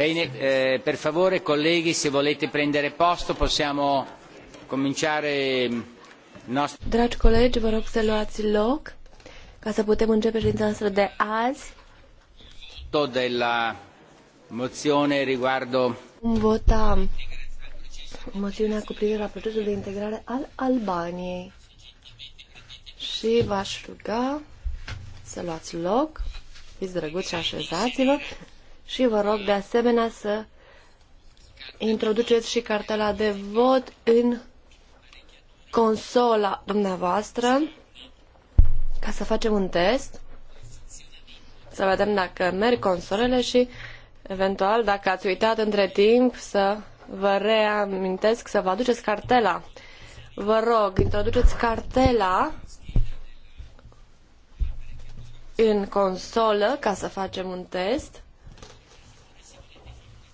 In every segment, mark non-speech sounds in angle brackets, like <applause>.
Bene, eh, per favore colleghi, se volete prendere posto possiamo cominciare mm, Dragi colegi, vă rog să luați loc ca să putem începe ședința noastră de azi. Tot de la moțiune riguardo... Vom vota moțiunea cu privire la procesul de integrare al Albaniei. Și v-aș ruga să luați loc, fiți drăguți și așezați-vă și vă rog de asemenea să introduceți și cartela de vot în consola dumneavoastră ca să facem un test, să vedem dacă merg consolele și eventual dacă ați uitat între timp să vă reamintesc să vă aduceți cartela. Vă rog, introduceți cartela în consolă ca să facem un test.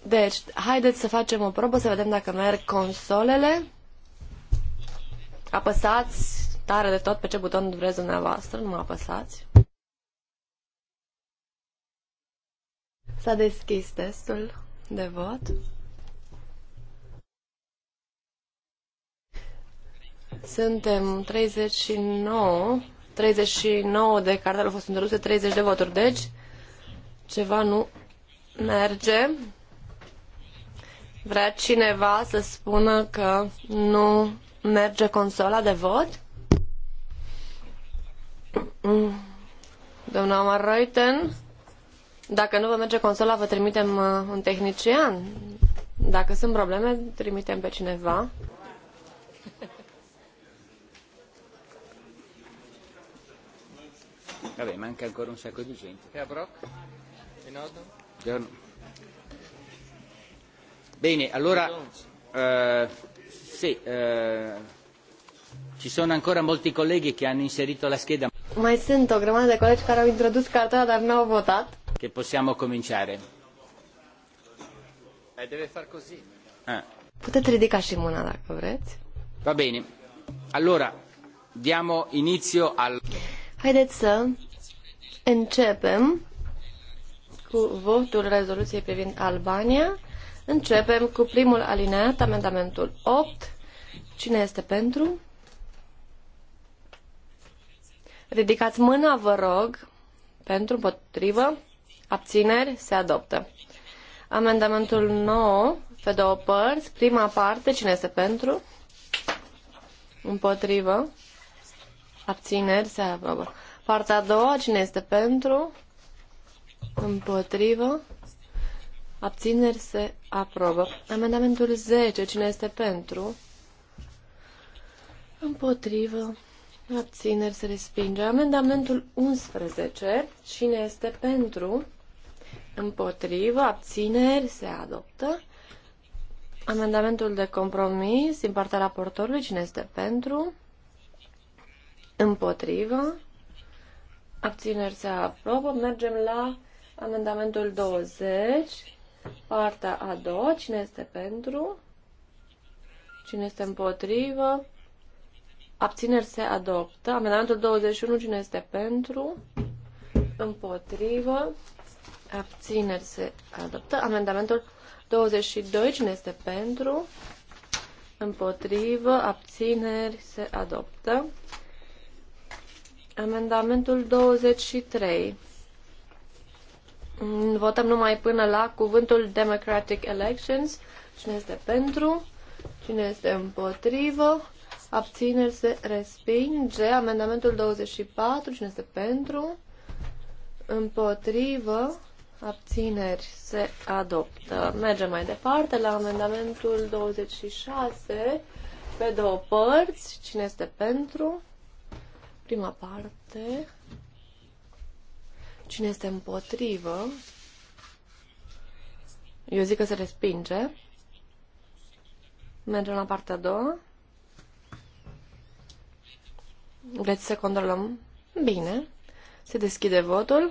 Deci, haideți să facem o probă, să vedem dacă merg consolele. Apăsați tare de tot pe ce buton vreți dumneavoastră, nu mă apăsați. S-a deschis testul de vot. Suntem 39, 39 de cartele au fost întrerupte, 30 de voturi, deci ceva nu merge. Vrea cineva să spună că nu merge consola de vot? Doamna Marroiten, dacă nu vă merge consola, vă trimitem uh, un tehnician. Dacă sunt probleme, trimitem pe cineva. Vabbè, manca ancora un sacco di gente. E a Brock? In ordine? Bene, allora eh, sì, eh, ci sono ancora molti colleghi che hanno inserito la scheda. Mai sunt o grămadă de colegi care au introdus cartela, dar nu au votat. Che possiamo cominciare. Eh, deve far così. Ah. Puteți ridica și mâna dacă vreți. Va bene. Allora, diamo inizio al... Haideți să începem cu votul rezoluției privind Albania. Începem cu primul alineat, amendamentul 8. Cine este pentru? Ridicați mâna, vă rog. Pentru, împotrivă, abțineri, se adoptă. Amendamentul 9, pe două părți, prima parte, cine este pentru? Împotrivă, abțineri, se aprobă. Partea a doua, cine este pentru? Împotrivă, Abțineri se aprobă. Amendamentul 10. Cine este pentru? Împotrivă. Abțineri se respinge. Amendamentul 11. Cine este pentru? Împotrivă. Abțineri se adoptă. Amendamentul de compromis din partea raportorului. Cine este pentru? Împotrivă. Abțineri se aprobă. Mergem la amendamentul 20. Partea a doua, cine este pentru? Cine este împotrivă? Abțineri se adoptă. Amendamentul 21, cine este pentru? Împotrivă. Abțineri se adoptă. Amendamentul 22, cine este pentru? Împotrivă. Abțineri se adoptă. Amendamentul 23. Votăm numai până la cuvântul Democratic Elections. Cine este pentru? Cine este împotrivă? Abțineri se respinge. Amendamentul 24. Cine este pentru? Împotrivă. Abțineri se adoptă. Mergem mai departe la amendamentul 26 pe două părți. Cine este pentru? Prima parte. Cine este împotrivă? Eu zic că se respinge. Mergem la partea a doua. Vreți să controlăm? Bine. Se deschide votul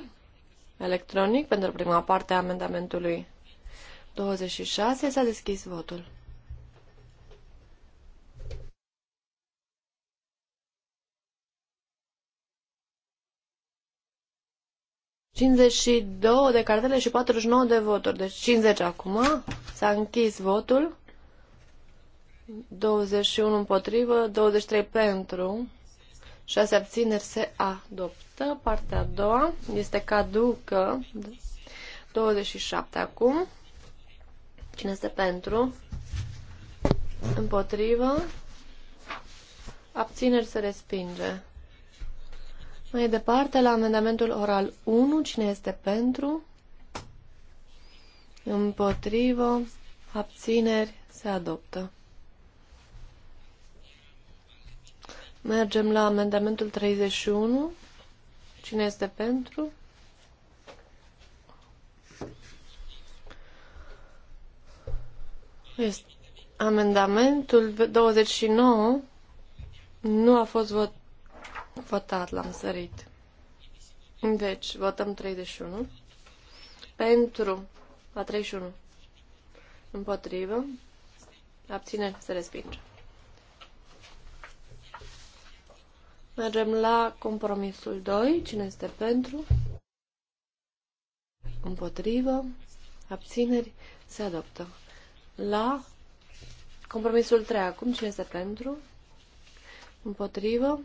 electronic pentru prima parte a amendamentului 26. S-a deschis votul. 52 de cartele și 49 de voturi. Deci 50 acum. S-a închis votul. 21 împotrivă, 23 pentru. 6 abțineri se adoptă. Partea a doua este caducă. 27 acum. Cine este pentru? Împotrivă. Abțineri se respinge. Mai departe, la amendamentul oral 1, cine este pentru? Împotrivă, abțineri, se adoptă. Mergem la amendamentul 31. Cine este pentru? Este amendamentul 29 nu a fost votat Votat, l-am sărit. Deci, votăm 31. Pentru. La 31. Împotrivă. Abține, se respinge. Mergem la compromisul 2. Cine este pentru? Împotrivă. Abțineri. Se adoptă. La compromisul 3. Acum cine este pentru? Împotrivă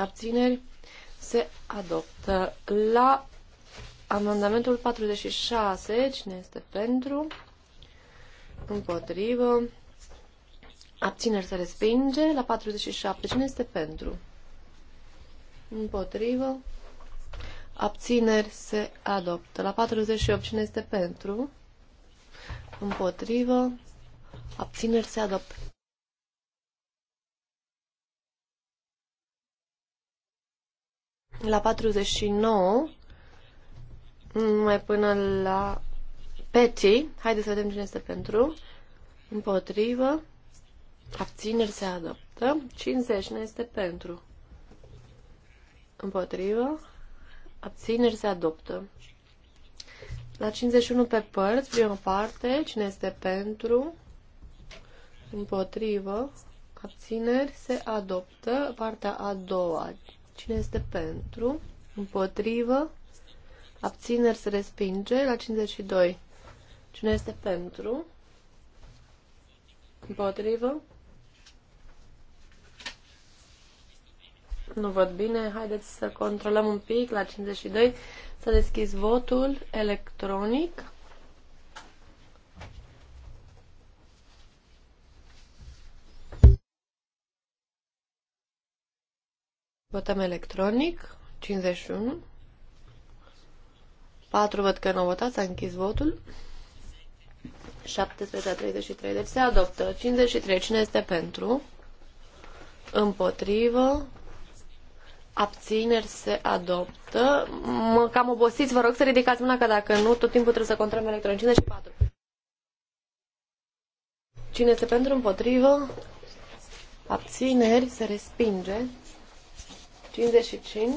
abțineri, se adoptă. La amendamentul 46, cine este pentru, împotrivă, abțineri se respinge. La 47, cine este pentru, împotrivă, abțineri se adoptă. La 48, cine este pentru, împotrivă, abțineri se adoptă. la 49, numai până la Peti. Haideți să vedem cine este pentru. Împotrivă. Abțineri se adoptă. 50 nu este pentru. Împotrivă. Abțineri se adoptă. La 51 pe părți, prima parte, cine este pentru, împotrivă, abțineri, se adoptă. Partea a doua, Cine este pentru? Împotrivă? Abțineri se respinge la 52. Cine este pentru? Împotrivă? Nu văd bine. Haideți să controlăm un pic la 52. Să deschizi votul electronic. Votăm electronic. 51. 4 văd că nu au votat, s-a închis votul. 17 la 33, deci se adoptă. 53, cine este pentru? Împotrivă. Abțineri se adoptă. Mă cam obosiți, vă rog să ridicați mâna, că dacă nu, tot timpul trebuie să controlăm electronic. 54. Cine este pentru? Împotrivă. Abțineri se respinge. 55.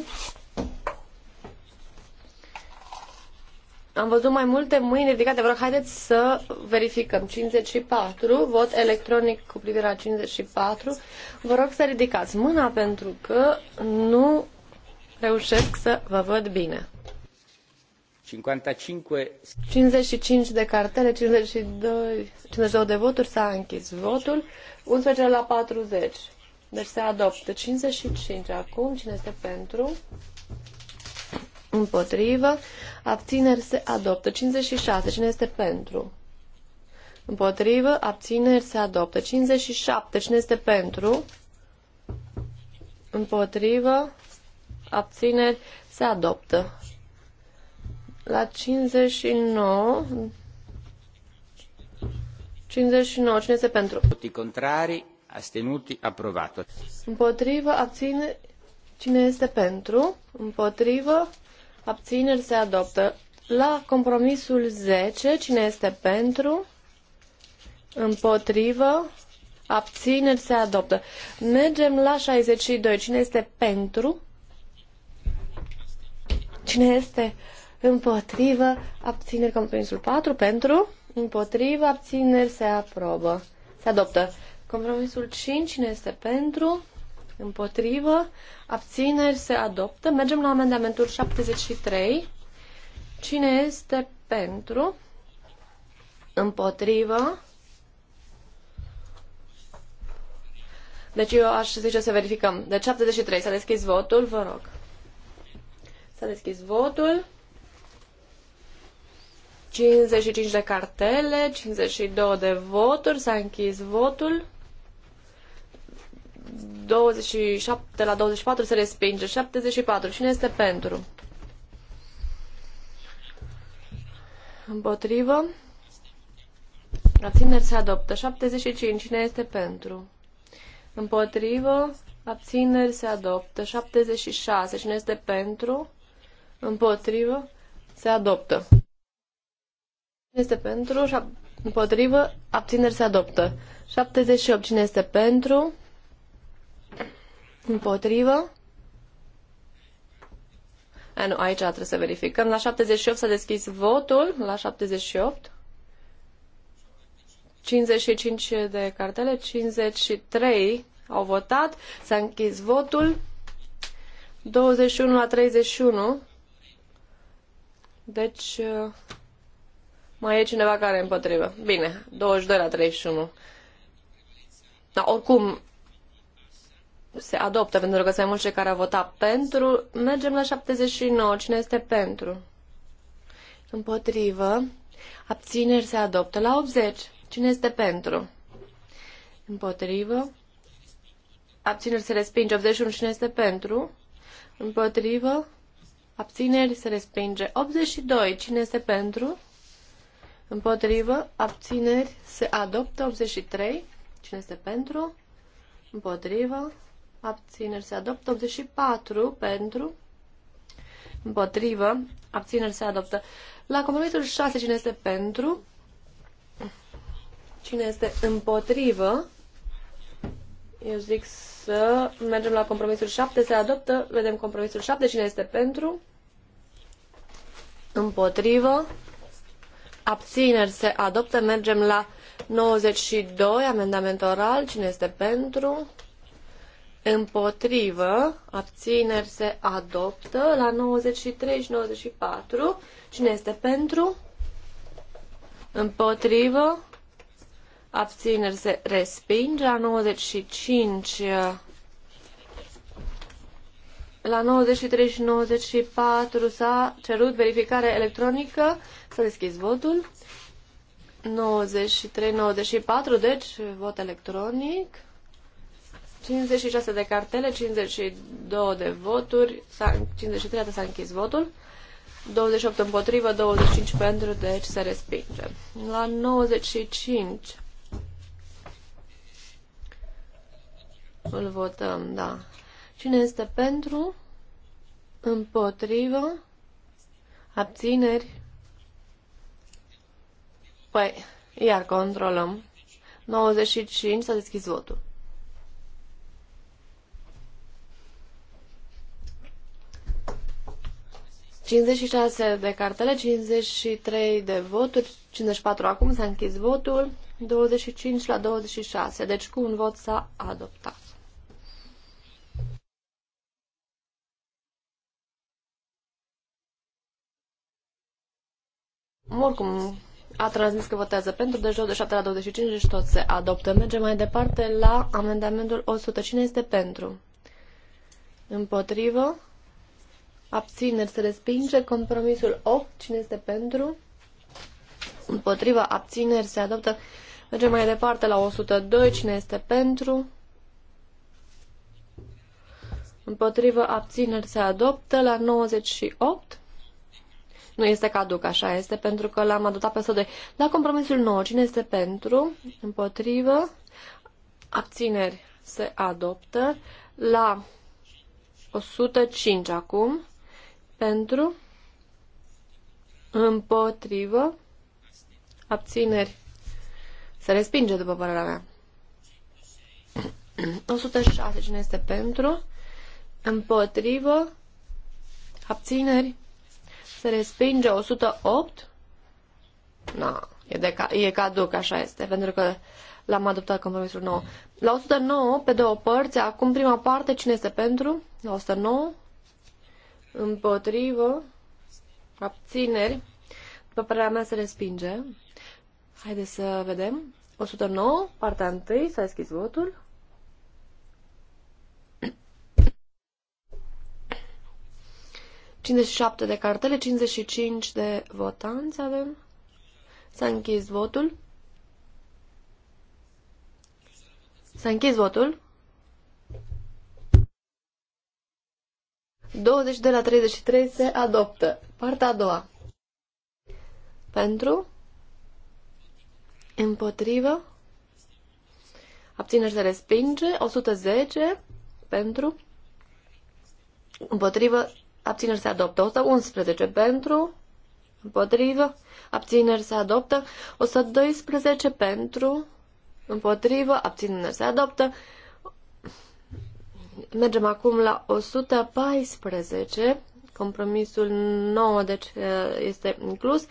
Am văzut mai multe mâini ridicate, vreau haideți să verificăm. 54, vot electronic cu privire la 54. Vă rog să ridicați mâna pentru că nu reușesc să vă văd bine. 55... 55 de cartele, 52, 52 de voturi, s-a închis votul, 11 la 40. Deci se adoptă 55 acum. Cine este pentru? Împotrivă. Abțineri se adoptă. 56. Cine este pentru? Împotrivă. Abțineri se adoptă. 57. Cine este pentru? Împotrivă. Abțineri se adoptă. La 59... 59. Cine este pentru? Tutti contrari astenuti, approvato. Împotrivă, abține, cine este pentru? Împotrivă, abțineri se adoptă. La compromisul 10, cine este pentru? Împotrivă, abțineri se adoptă. Mergem la 62, cine este pentru? Cine este împotrivă, abțineri, compromisul 4, pentru? Împotrivă, abțineri se aprobă. Se adoptă. Compromisul 5, cine este pentru? Împotrivă. Abțineri se adoptă. Mergem la amendamentul 73. Cine este pentru? Împotrivă. Deci eu aș zice să verificăm. Deci 73. S-a deschis votul, vă rog. S-a deschis votul. 55 de cartele, 52 de voturi, s-a închis votul. 27 la 24 se respinge. 74. Cine este pentru? Împotrivă. Abțineri se adoptă. 75. Cine este pentru? Împotrivă. Abțineri se adoptă. 76. Cine este pentru? Împotrivă. Se adoptă. Cine este pentru? Împotrivă. Abțineri se adoptă. 78. Cine este pentru? Împotrivă? A, nu, aici trebuie să verificăm. La 78 s-a deschis votul. La 78. 55 de cartele, 53 au votat, s-a închis votul. 21 la 31. Deci, mai e cineva care e împotrivă. Bine, 22 la 31. Dar oricum, se adoptă, pentru că sunt mai mulți care au votat pentru. Mergem la 79. Cine este pentru? Împotrivă. Abțineri se adoptă. La 80. Cine este pentru? Împotrivă. Abțineri se respinge. 81. Cine este pentru? Împotrivă. Abțineri se respinge. 82. Cine este pentru? Împotrivă. Abțineri se adoptă. 83. Cine este pentru? Împotrivă abțineri se adoptă. 84 pentru, împotrivă, abțineri se adoptă. La compromisul 6, cine este pentru? Cine este împotrivă? Eu zic să mergem la compromisul 7, se adoptă, vedem compromisul 7, cine este pentru? Împotrivă. Abțineri se adoptă, mergem la 92, amendament oral, cine este pentru? împotrivă, abțineri se adoptă la 93 și 94. Cine este pentru? Împotrivă, abțineri se respinge la 95 la 93 și 94 s-a cerut verificare electronică. Să deschizi votul. 93-94, deci vot electronic. 56 de cartele, 52 de voturi, 53 de s-a închis votul, 28 împotrivă, 25 pentru, deci se respinge. La 95 îl votăm, da. Cine este pentru? Împotrivă? Abțineri? Păi, iar controlăm. 95 s-a deschis votul. 56 de cartele, 53 de voturi, 54 acum s-a închis votul, 25 la 26, deci cu un vot s-a adoptat. Oricum, a transmis că votează pentru, deci 27 la 25, deci tot se adoptă. Mergem mai departe la amendamentul 100. Cine este pentru? Împotrivă? abțineri se respinge. Compromisul 8, cine este pentru? Împotriva, abțineri se adoptă. Mergem mai departe la 102, cine este pentru? Împotriva abțineri se adoptă la 98. Nu este caduc, așa este, pentru că l-am adoptat pe 102. La compromisul 9, cine este pentru? Împotrivă, abțineri se adoptă la 105 acum pentru, împotrivă, abțineri. Se respinge, după părerea mea. 106. <clears throat> Cine este pentru? Împotrivă, abțineri. Se respinge 108. Na, e, de ca, e caduc, așa este, pentru că l-am adoptat compromisul nou. La 109, pe două părți, acum prima parte, cine este pentru? La 109, împotrivă, abțineri, după părerea mea se respinge. Haideți să vedem. 109, partea 1, s-a deschis votul. <clears throat> șapte de cartele, 55 de votanți avem. S-a închis votul. S-a închis votul. 20 de la 33 se adoptă. Partea a doua. Pentru, împotrivă, abțineri se respinge, 110 pentru, împotrivă, abțineri se adoptă, 111 pentru, împotrivă, abțineri se adoptă, 112 pentru, împotrivă, abțineri se adoptă, Mergem acum la 114. Compromisul 9, deci este inclus.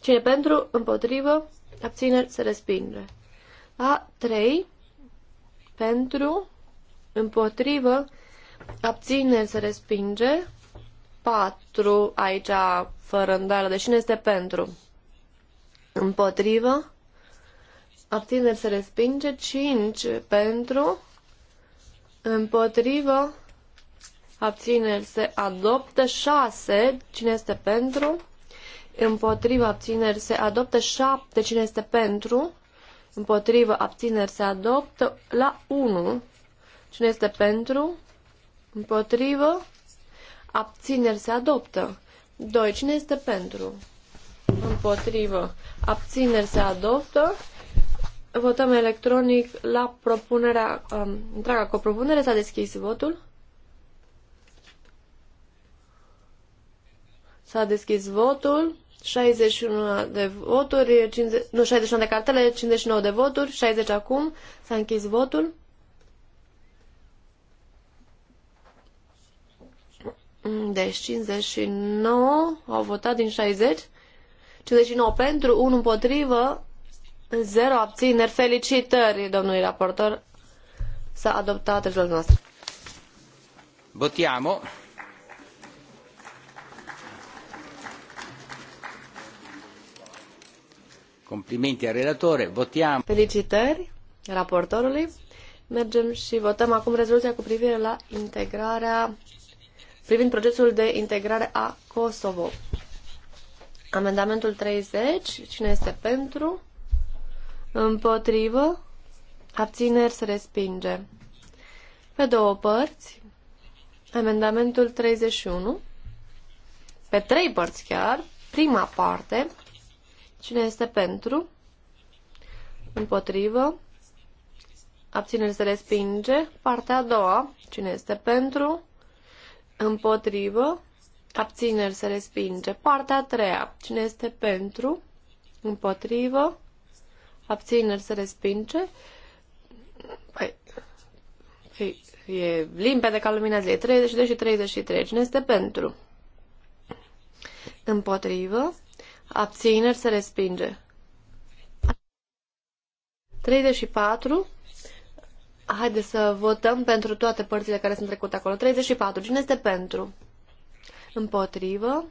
Cine pentru, împotrivă, abțineri, se respinge. A 3, pentru, împotrivă, abțineri, se respinge. 4, aici, fără îndoială, deși nu este pentru. Împotrivă, abțineri, se respinge. 5, pentru, Împotrivă. Abțineri se adoptă 6. Cine este pentru? Împotrivă abțineri se adoptă 7. Cine este pentru? Împotrivă abțineri se adoptă la 1. Cine este pentru? Împotrivă abțineri se adoptă. 2. Cine este pentru? Împotrivă abțineri se adoptă. Votăm electronic la propunerea, um, întreaga copropunere. S-a deschis votul. S-a deschis votul. 61 de voturi, 50, nu 61 de cartele, 59 de voturi, 60 acum. S-a închis votul. Deci 59 au votat din 60. 59 pentru, 1 împotrivă, Zero abțineri. Felicitări, domnului raportor. S-a adoptat rezultatul nostru. Votiamo. Complimenti al relatore. Votiamo. Felicitări raportorului. Mergem și votăm acum rezoluția cu privire la integrarea privind procesul de integrare a Kosovo. Amendamentul 30. Cine este pentru? Împotrivă. Abțineri se respinge. Pe două părți. Amendamentul 31. Pe trei părți chiar. Prima parte. Cine este pentru? Împotrivă. Abțineri se respinge. Partea a doua. Cine este pentru? Împotrivă. Abțineri se respinge. Partea a treia. Cine este pentru? Împotrivă abțineri se respinge. Păi, e limpede ca lumina zilei. 30 și 33. Cine este pentru? Împotrivă. Abțineri se respinge. 34. Haideți să votăm pentru toate părțile care sunt trecute acolo. 34. Cine este pentru? Împotrivă.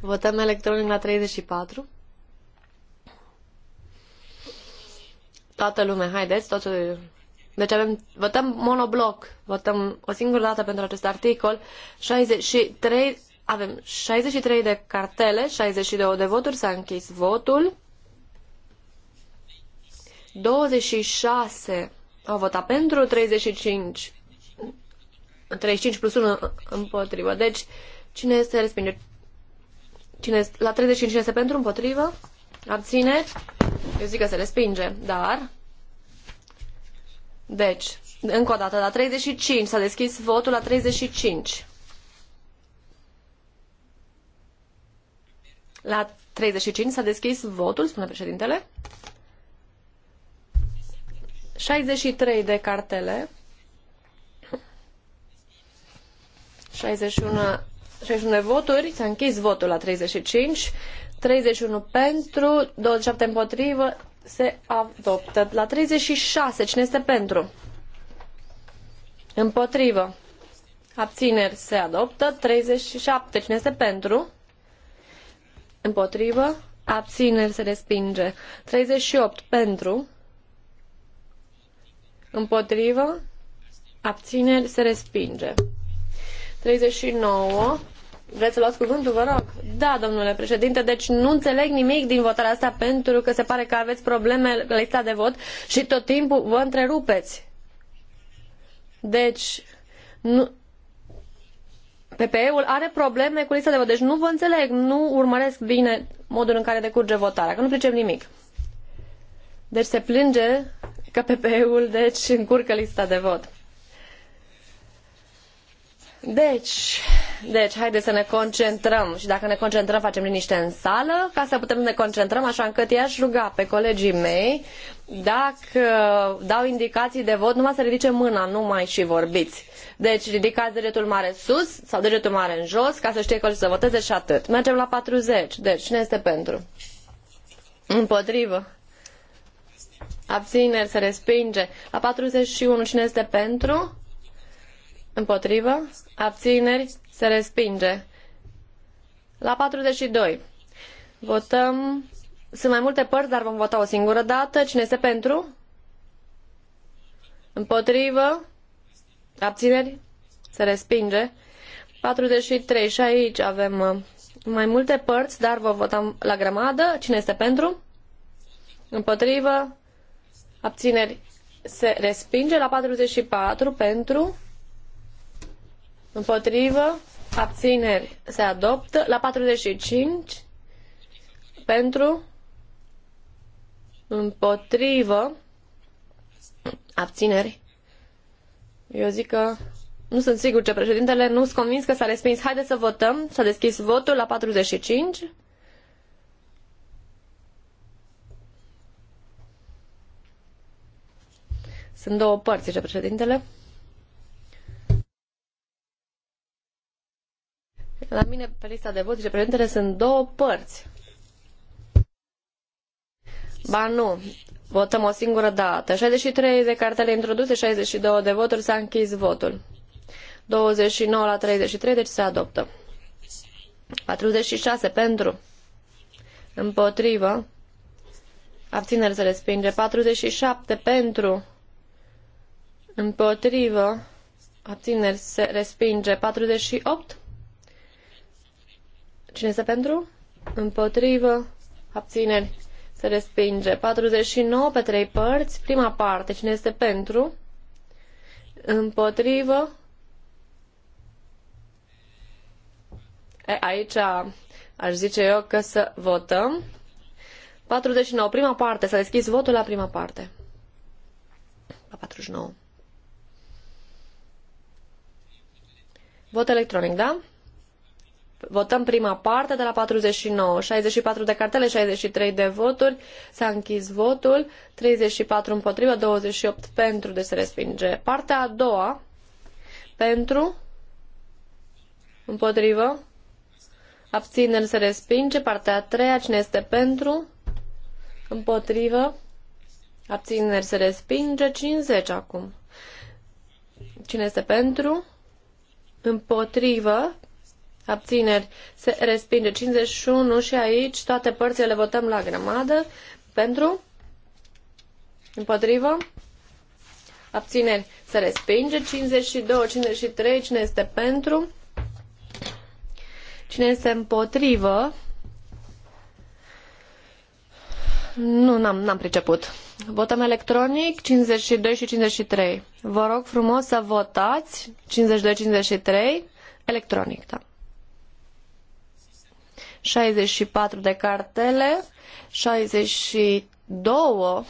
Votăm electronic la 34. Toată lumea, haideți, toți. Deci avem, votăm monobloc, votăm o singură dată pentru acest articol, 63, avem 63 de cartele, 62 de voturi, s-a închis votul, 26 au votat pentru, 35, 35 plus 1 împotrivă. Deci, cine este respinge? Cine, la 35 cine este pentru, împotrivă, Abține? eu zic că se respinge, dar... Deci, încă o dată, la 35 s-a deschis votul la 35. La 35 s-a deschis votul, spune președintele. 63 de cartele. 61 31 voturi, s-a închis votul la 35, 31 pentru, 27 împotrivă, se adoptă. La 36, cine este pentru? Împotrivă. Abțineri se adoptă. 37, cine este pentru? Împotrivă. Abțineri se respinge. 38, pentru. Împotrivă. Abțineri se respinge. 39. Vreți să luați cuvântul, vă rog? Da, domnule președinte, deci nu înțeleg nimic din votarea asta pentru că se pare că aveți probleme la lista de vot și tot timpul vă întrerupeți. Deci, nu... PPE-ul are probleme cu lista de vot, deci nu vă înțeleg, nu urmăresc bine modul în care decurge votarea, că nu pricep nimic. Deci se plânge că PPE-ul, deci, încurcă lista de vot. Deci, deci, haideți să ne concentrăm și dacă ne concentrăm facem liniște în sală ca să putem să ne concentrăm așa încât i-aș ruga pe colegii mei dacă dau indicații de vot numai să ridice mâna, nu mai și vorbiți. Deci ridicați degetul mare sus sau degetul mare în jos ca să știe că să voteze și atât. Mergem la 40. Deci cine este pentru? Împotrivă. Abțineri se respinge. La 41 cine este pentru? Împotrivă. Abțineri. Se respinge. La 42. Votăm. Sunt mai multe părți, dar vom vota o singură dată. Cine este pentru? Împotrivă. Abțineri. Se respinge. 43. Și aici avem uh, mai multe părți, dar vom vota la grămadă. Cine este pentru? Împotrivă. Abțineri. Se respinge la 44 pentru Împotrivă. Abțineri. Se adoptă. La 45. Pentru. Împotrivă. Abțineri. Eu zic că nu sunt sigur ce președintele, nu sunt convins că s-a respins. Haideți să votăm. S-a deschis votul la 45. Sunt două părți, ce președintele. La mine, pe lista de vot, vicepreședintele, sunt două părți. Ba nu. Votăm o singură dată. 63 de cartele introduse, 62 de voturi, s-a închis votul. 29 la 33, deci se adoptă. 46 pentru. Împotrivă. Abțineri se respinge. 47 pentru. Împotrivă. Abțineri se respinge. 48 Cine este pentru? Împotrivă. Abțineri. Se respinge. 49 pe 3 părți. Prima parte. Cine este pentru? Împotrivă. E, aici aș zice eu că să votăm. 49. Prima parte. S-a deschis votul la prima parte. La 49. Vot electronic, da? Votăm prima parte de la 49, 64 de cartele, 63 de voturi, s-a închis votul, 34 împotrivă, 28 pentru, deci se respinge. Partea a doua, pentru, împotrivă, abțineri se respinge. Partea a treia, cine este pentru, împotrivă, abțineri se respinge, 50 acum. Cine este pentru, împotrivă, abțineri, se respinge 51 și aici toate părțile votăm la grămadă. Pentru? Împotrivă? Abțineri, se respinge 52, 53, cine este pentru? Cine este împotrivă? Nu, n-am, n-am priceput. Votăm electronic 52 și 53. Vă rog frumos să votați 52-53 electronic, da. 64 de cartele, 62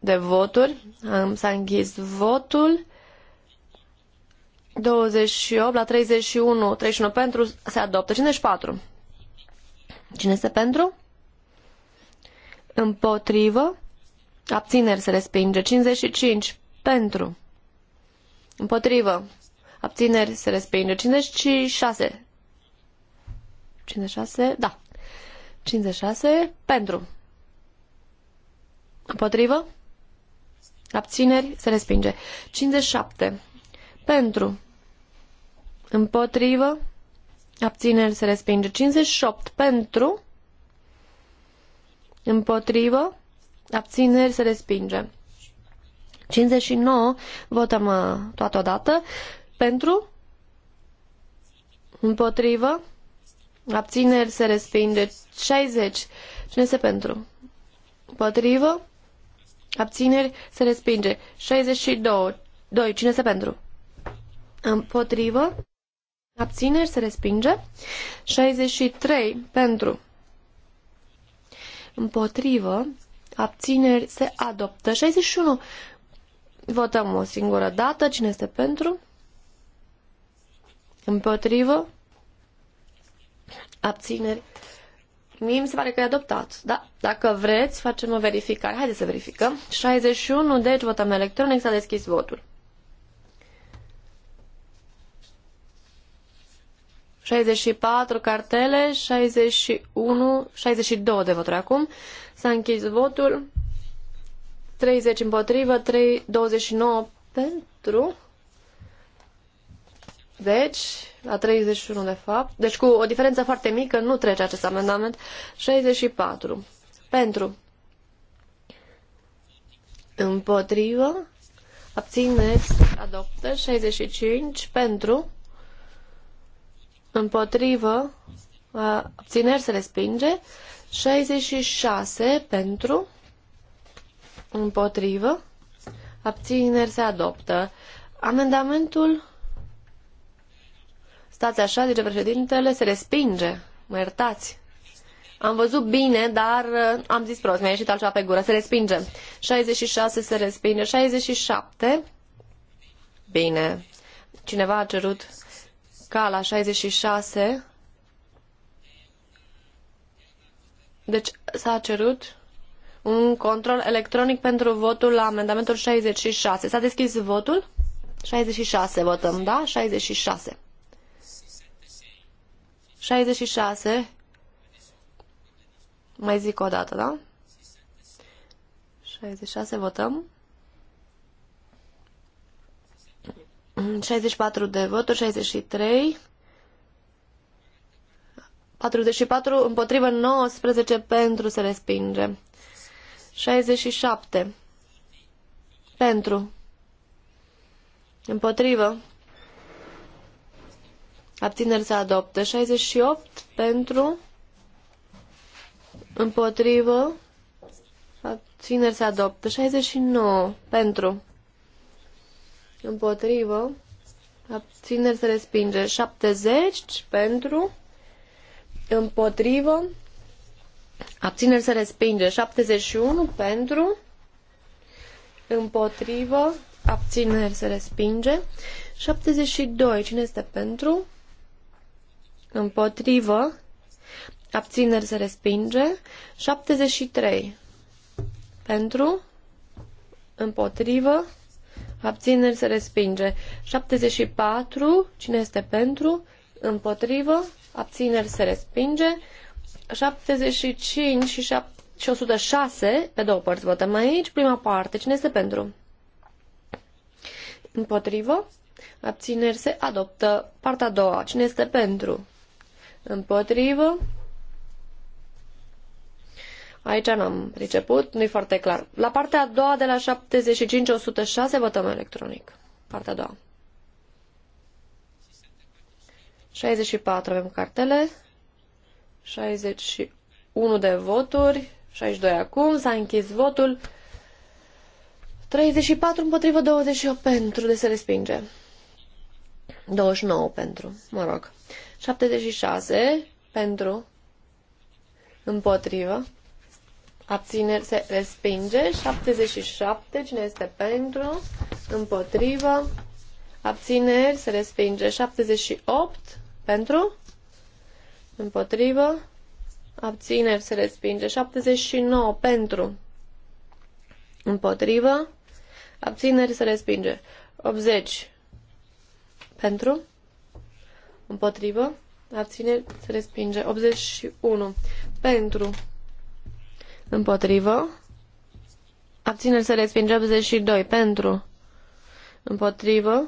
de voturi, s-a închis votul, 28 la 31, 31 pentru, se adoptă, 54. Cine este pentru? Împotrivă. Abțineri se respinge. 55. Pentru. Împotrivă. Abțineri se respinge. 56. 56, da. 56 pentru. Împotrivă? Abțineri? Se respinge. 57 pentru. Împotrivă? Abțineri? Se respinge. 58 pentru. Împotrivă? Abțineri? Se respinge. 59 votăm uh, toată dată Pentru? Împotrivă? Abțineri se respinge. 60. Cine este pentru? Potrivă? Abțineri se respinge. 62. 2. Cine este pentru? Împotrivă. Abțineri se respinge. 63. Pentru. Împotrivă. Abțineri se adoptă. 61. Votăm o singură dată. Cine este pentru? Împotrivă abțineri. Mie mi se pare că e adoptat. Da, dacă vreți, facem o verificare. Haideți să verificăm. 61, deci votăm electronic, s-a deschis votul. 64 cartele, 61, 62 de voturi acum. S-a închis votul. 30 împotrivă, 3, 29 pentru. Deci, la 31 de fapt, deci cu o diferență foarte mică nu trece acest amendament, 64 pentru împotrivă, abțineți, adoptă, 65 pentru împotrivă, abțineri se respinge, 66 pentru împotrivă, abțineri se adoptă. Amendamentul Stați așa, zice președintele, se respinge. Mă iertați. Am văzut bine, dar uh, am zis prost, mi-a ieșit altceva pe gură. Se respinge. 66 se respinge. 67. Bine. Cineva a cerut ca la 66. Deci s-a cerut un control electronic pentru votul la amendamentul 66. S-a deschis votul? 66 votăm, da? 66. 66. Mai zic o dată, da? 66, votăm. 64 de voturi, 63. 44 împotrivă, 19 pentru se respinge. 67. Pentru. Împotrivă abțineri se adoptă. 68 pentru, împotrivă, abțineri se adoptă. 69 pentru, împotrivă, abțineri se respinge. 70 pentru, împotrivă, abțineri se respinge. 71 pentru, împotrivă, abțineri se respinge. 72. Cine este pentru? împotrivă, abțineri se respinge, 73 pentru, împotrivă, abțineri se respinge, 74, cine este pentru, împotrivă, abțineri se respinge, 75 și și 106, pe două părți votăm aici, prima parte, cine este pentru? Împotrivă, abțineri se adoptă, partea a doua, cine este pentru? Împotrivă. Aici n-am priceput, nu-i foarte clar. La partea a doua de la 75-106 votăm electronic. Partea a doua. 64 avem cartele. 61 de voturi. 62 acum. S-a închis votul. 34 împotrivă 28 pentru de deci se respinge. 29 pentru, mă rog. 76 pentru, împotrivă, abțineri se respinge. 77, cine este pentru, împotrivă, abțineri se respinge. 78 pentru, împotrivă, abțineri se respinge. 79 pentru, împotrivă, abțineri se respinge. 80 pentru, Împotrivă. Abțineri. Se respinge. 81. Pentru. Împotrivă. Abțineri. Se respinge. 82. Pentru. Împotrivă.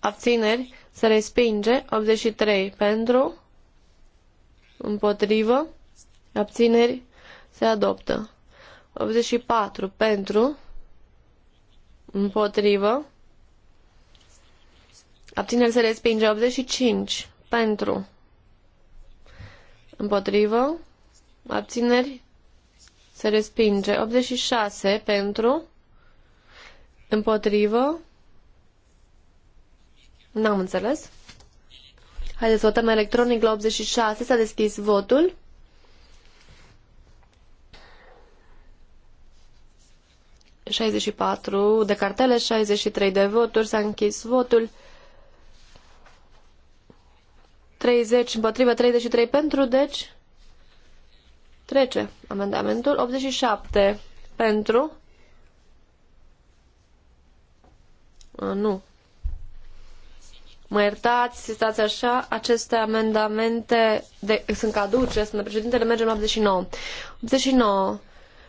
Abțineri. Se respinge. 83. Pentru. Împotrivă. Abțineri. Se adoptă. 84. Pentru. Împotrivă. Abțineri se respinge 85 pentru. Împotrivă. Abțineri se respinge 86 pentru. Împotrivă. N-am înțeles. Haideți, votăm electronic la 86. S-a deschis votul. ...64 de cartele, 63 de voturi, s-a închis votul 30 împotrivă, 33 pentru, deci trece amendamentul. 87 pentru. A, nu. Mă iertați, stați așa, aceste amendamente de, sunt caduce, sunt președintele, mergem la 89. 89.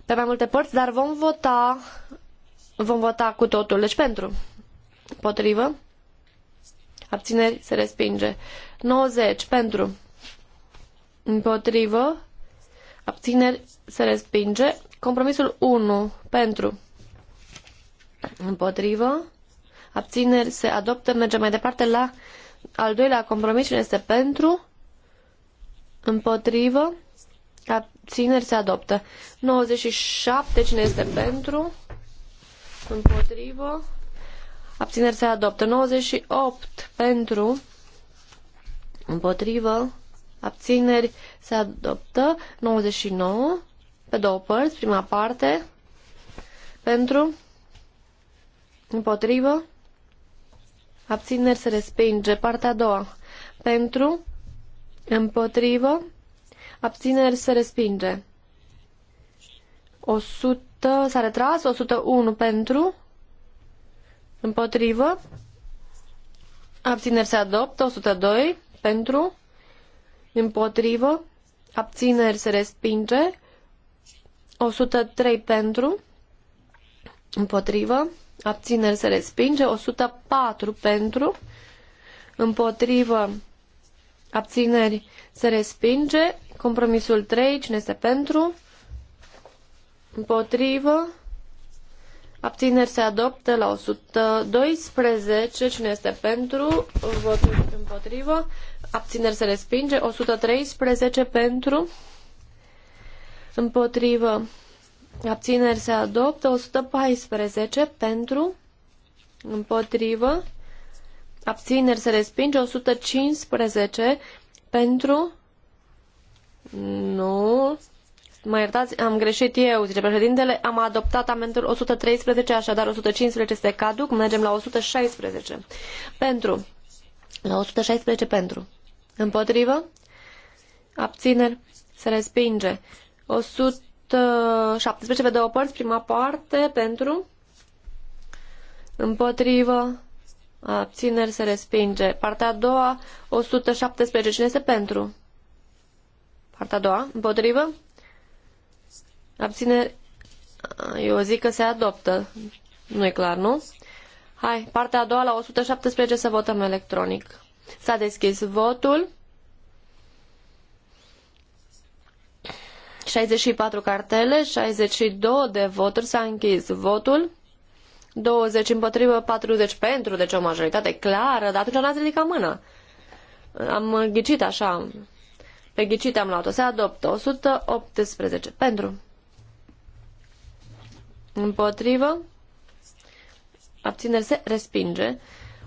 Pe mai multe părți, dar vom vota, vom vota cu totul. Deci pentru. Potrivă. Abțineri se respinge. 90 pentru. Împotrivă. Abțineri se respinge. Compromisul 1 pentru. Împotrivă. Abțineri se adoptă. Mergem mai departe la al doilea compromis. Cine este pentru? Împotrivă. Abțineri se adoptă. 97. Cine este pentru? Împotrivă. Abțineri se adoptă. 98 pentru. Împotrivă. Abțineri se adoptă. 99 pe două părți, prima parte. Pentru. Împotrivă. Abțineri se respinge. Partea a doua. Pentru. Împotrivă. Abțineri se respinge. 100 s-a retras, 101 pentru, împotrivă, abțineri se adoptă, 102 pentru, împotrivă, abțineri se respinge, 103 pentru, împotrivă, abțineri se respinge, 104 pentru, împotrivă, abțineri se respinge, compromisul 3, cine este pentru, împotrivă, Abțineri se adoptă la 112. Cine este pentru? Votul împotrivă abțineri se respinge, 113 pentru, împotrivă, abțineri se adoptă, 114 pentru, împotrivă, abțineri se respinge, 115 pentru, nu, mă iertați, am greșit eu, zice președintele, am adoptat amendul 113, așadar 115 este caduc, mergem la 116. Pentru. La 116 pentru. Împotrivă? Abțineri? Se respinge. 117 pe două părți, prima parte, pentru? Împotrivă? Abțineri? Se respinge. Partea a doua, 117. Cine este pentru? Partea a doua, împotrivă? Abțineri? Eu zic că se adoptă. Nu e clar, nu? Hai, partea a doua la 117 să votăm electronic. S-a deschis votul. 64 cartele, 62 de voturi, s-a închis votul. 20 împotrivă, 40 pentru, deci o majoritate clară, dar atunci n-ați ridicat mână. Am ghicit așa, pe ghicit am luat-o, se adoptă 118 pentru. Împotrivă, abțineri se respinge,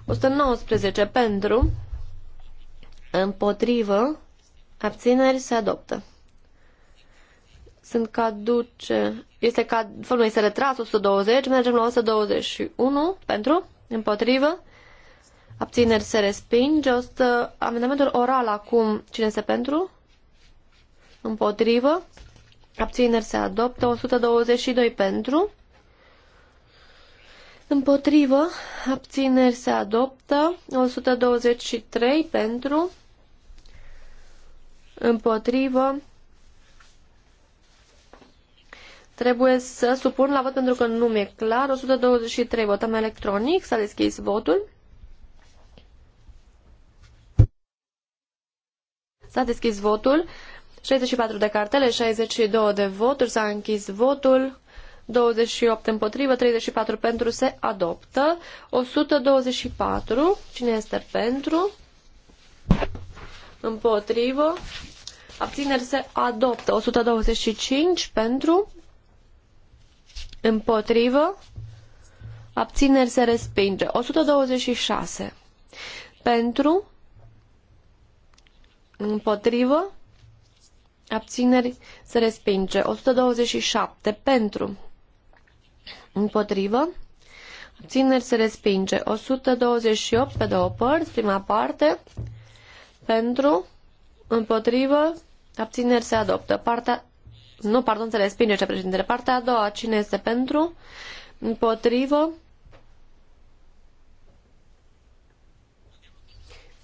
119 pentru, Împotrivă. Abțineri se adoptă. Sunt caduce. Este ca, Formă, este retras 120, mergem la 121 pentru, împotrivă. Abțineri se respinge. să, amendamentul oral acum, cine este pentru? Împotrivă. Abțineri se adoptă. 122 pentru. Împotrivă. Abțineri se adoptă. 123 pentru împotrivă, trebuie să supun la vot pentru că nu mi-e clar. 123, votăm electronic, s-a deschis votul. S-a deschis votul. 64 de cartele, 62 de voturi, s-a închis votul. 28 împotrivă, 34 pentru, se adoptă. 124, cine este pentru? împotrivă, abțineri se adoptă. 125 pentru, împotrivă, abțineri se respinge. 126 pentru, împotrivă, abțineri se respinge. 127 pentru, împotrivă, Abțineri se respinge. 128 pe două părți, prima parte, pentru, împotrivă, abțineri se adoptă. Partea, nu, pardon, se respinge ce președintele. Partea a doua, cine este pentru, împotrivă,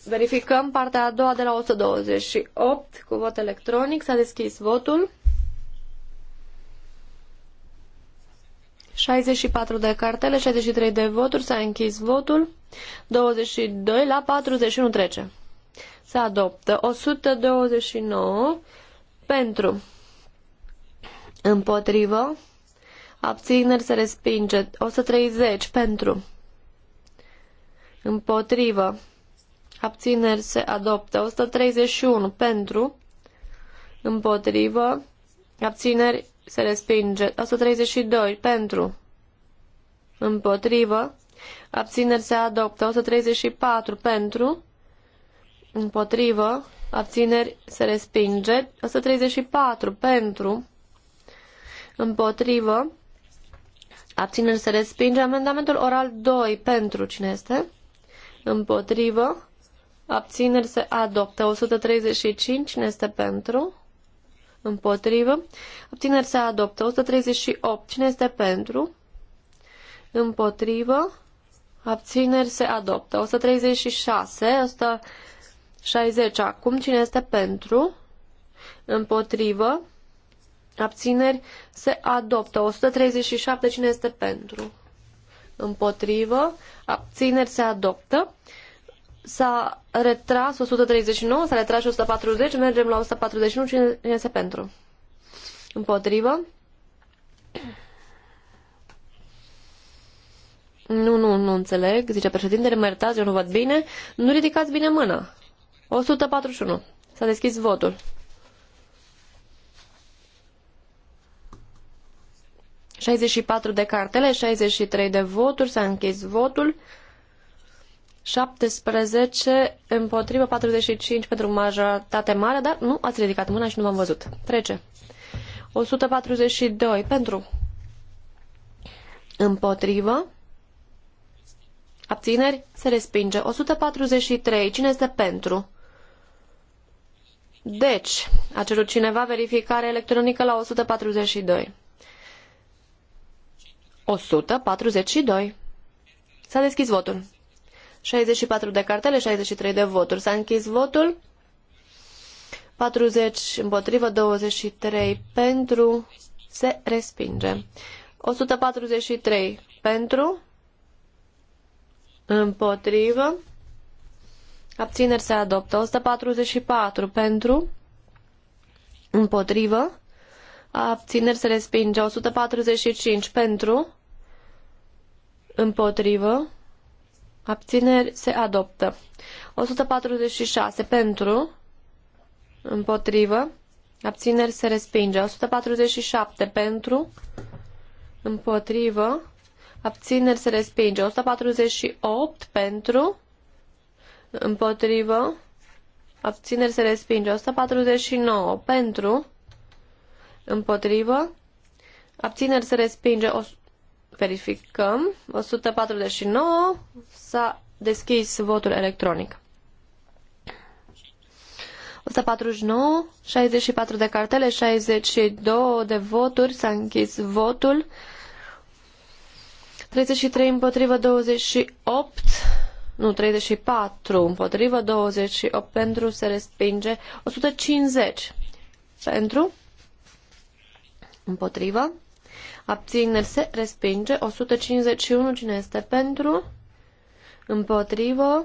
Verificăm partea a doua de la 128 cu vot electronic. S-a deschis votul. 64 de cartele, 63 de voturi, s-a închis votul. 22 la 41 trece. Se adoptă. 129 pentru. Împotrivă. Abțineri se respinge. 130 pentru. Împotrivă. Abțineri se adoptă. 131 pentru. Împotrivă. Abțineri se respinge. 132 pentru. Împotrivă. Abțineri se adoptă. 134 pentru împotrivă, abțineri, se respinge. 134 pentru, împotrivă, abțineri, se respinge. Amendamentul oral 2 pentru, cine este? Împotrivă, abțineri, se adoptă. 135, cine este pentru? Împotrivă, abțineri, se adoptă. 138, cine este pentru? Împotrivă, abțineri, se adoptă. 136, 100 60 acum. Cine este pentru? Împotrivă. Abțineri se adoptă. 137. Cine este pentru? Împotrivă. Abțineri se adoptă. S-a retras 139, s-a retras 140, mergem la 141, cine este pentru? Împotrivă. Nu, nu, nu înțeleg, zice președintele, mă iertați, eu nu văd bine. Nu ridicați bine mâna. 141. S-a deschis votul. Șaizeci patru de cartele, 63 de voturi, s-a închis votul. 17 împotrivă, 45 pentru majoritate mare, dar nu ați ridicat mâna și nu v-am văzut. Trece. 142 pentru împotrivă. Abțineri se respinge. 143. Cine este pentru? Deci, a cerut cineva verificare electronică la 142. 142. S-a deschis votul. 64 de cartele, 63 de voturi. S-a închis votul. 40 împotrivă, 23 pentru. Se respinge. 143 pentru. Împotrivă abțineri se adoptă. 144 pentru, împotrivă, abțineri se respinge. 145 pentru, împotrivă, abțineri se adoptă. 146 pentru, împotrivă, abțineri se respinge. 147 pentru, împotrivă, abțineri se respinge. 148 pentru, Împotrivă. Abțineri se respinge. 149 pentru. Împotrivă. Abțineri se respinge. O, verificăm. 149. S-a deschis votul electronic. 149, 64 de cartele, 62 de voturi, s-a închis votul. 33 împotrivă, 28 nu, 34 împotrivă, 28 pentru, se respinge, 150 pentru, împotrivă, abțineri, se respinge, 151 cine este pentru, împotrivă,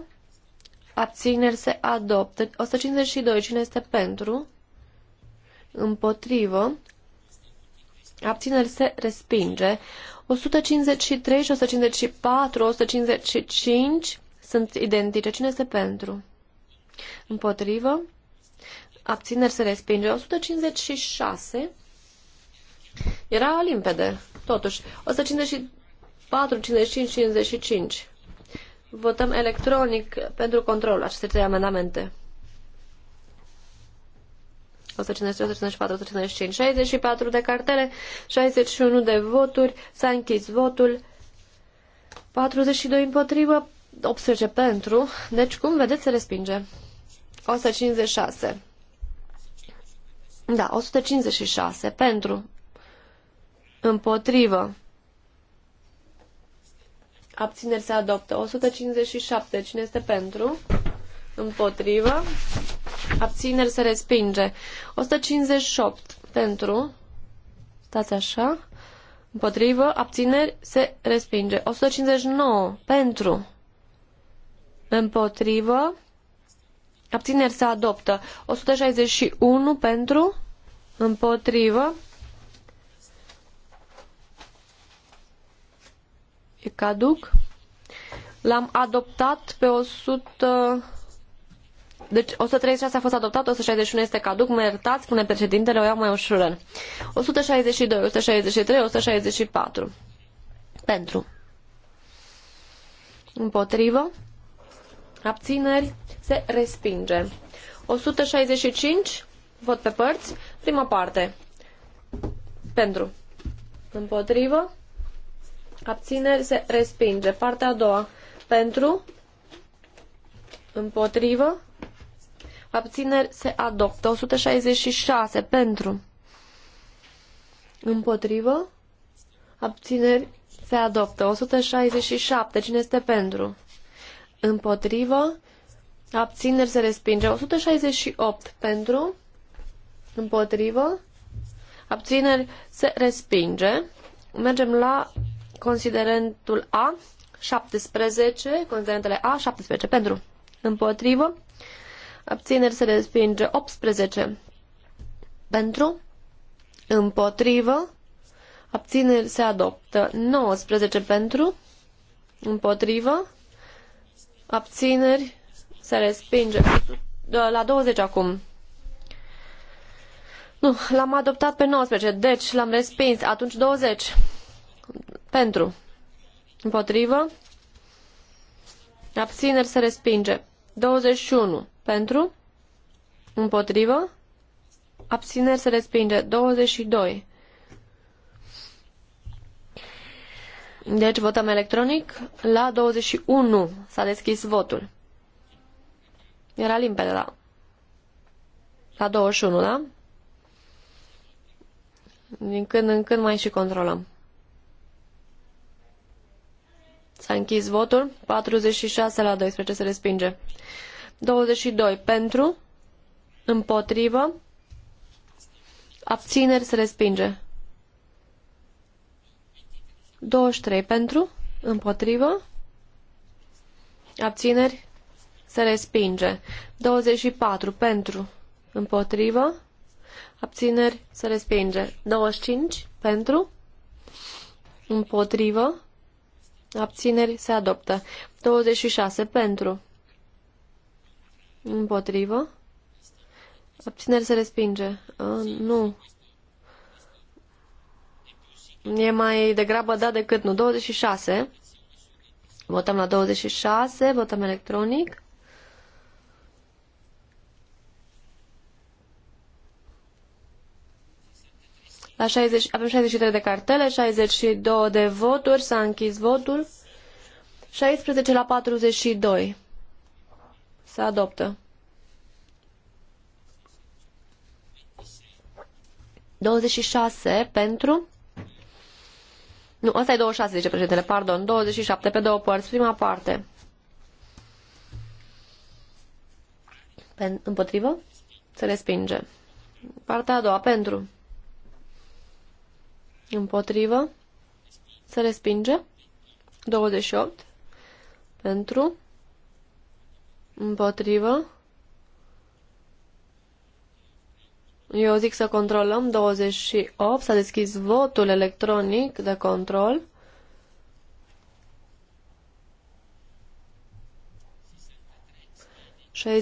abțineri, se adoptă, 152 cine este pentru, împotrivă, abțineri, se respinge, 153 și 154, 155 sunt identice. Cine este pentru? Împotrivă. Abțineri se respinge. 156. Era limpede, totuși. 154, 55, 55. Votăm electronic pentru control aceste trei amendamente. 153, 154, 155, 64 de cartele, 61 de voturi, s-a închis votul, 42 împotrivă, 18 pentru, deci cum vedeți se respinge. 156. Da, 156 pentru. Împotrivă. Abțineri se adoptă. 157. Cine este pentru? Împotrivă. Abțineri se respinge. 158. Pentru. Stați așa. Împotrivă. Abțineri se respinge. 159. Pentru. Împotrivă. Abțineri se adoptă. 161 pentru. Împotrivă. E caduc. L-am adoptat pe 100... Deci 136 a fost adoptat, 161 este caduc, mă iertați, spune președintele, o iau mai ușor. 162, 163, 164. Pentru. Împotrivă abțineri, se respinge. 165, vot pe părți, prima parte, pentru, împotrivă, abțineri, se respinge. Partea a doua, pentru, împotrivă, abțineri, se adoptă. 166, pentru, împotrivă, abțineri, se adoptă. 167, cine este pentru? împotrivă, abțineri se respinge. 168 pentru, împotrivă, abțineri se respinge. Mergem la considerentul A, 17, considerentele A, 17 pentru, împotrivă, abțineri se respinge. 18 pentru, împotrivă, abțineri se adoptă. 19 pentru, împotrivă, abțineri, se respinge. La 20 acum. Nu, l-am adoptat pe 19, deci l-am respins. Atunci 20. Pentru. Împotrivă. Abțineri se respinge. 21. Pentru. Împotrivă. Abțineri se respinge. 22. Deci votăm electronic. La 21 s-a deschis votul. Era limpede, da. La 21, da? Din când în când mai și controlăm. S-a închis votul. 46 la 12 se respinge. 22 pentru, împotrivă, abțineri se respinge. 23 pentru, împotrivă, abțineri, se respinge. 24 pentru, împotrivă, abțineri, se respinge. 25 pentru, împotrivă, abțineri, se adoptă. 26 pentru, împotrivă, abțineri, se respinge. A, nu, E mai degrabă da decât nu. 26. Votăm la 26, votăm electronic. La 60, avem 63 de cartele, 62 de voturi, s-a închis votul. 16 la 42. Se adoptă. 26 pentru nu, asta e 26, zice președintele, pardon, 27 pe două părți, prima parte. Pen împotrivă? Se respinge. Partea a doua, pentru. Împotrivă? Se respinge. 28. Pentru. Împotrivă? Eu zic să controlăm 28, s-a deschis votul electronic de control.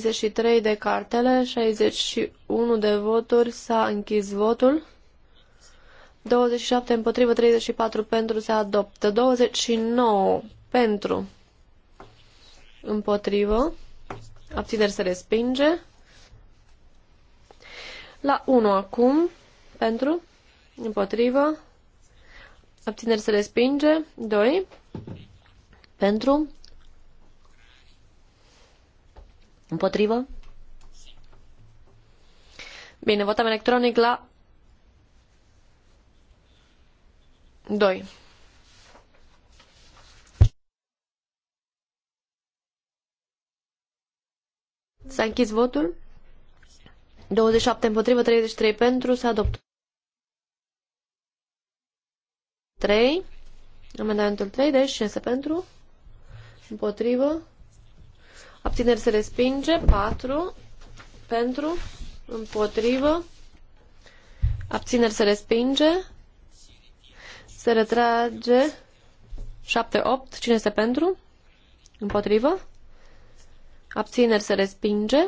și trei de cartele, 61 de voturi, s-a închis votul. 27 împotrivă, 34 pentru se adoptă, 29 pentru împotrivă, abțineri se respinge. La 1 acum, pentru, împotrivă, abțineri se respinge, 2, pentru, împotrivă. Bine, votăm electronic la 2. S-a închis votul? 27 împotrivă, 33 pentru, se adoptă. 3. Amendamentul 3, deci 6 pentru, împotrivă, abțineri se respinge, 4 pentru, împotrivă, abțineri se respinge, se retrage 7-8, cine este pentru, împotrivă, abțineri se respinge,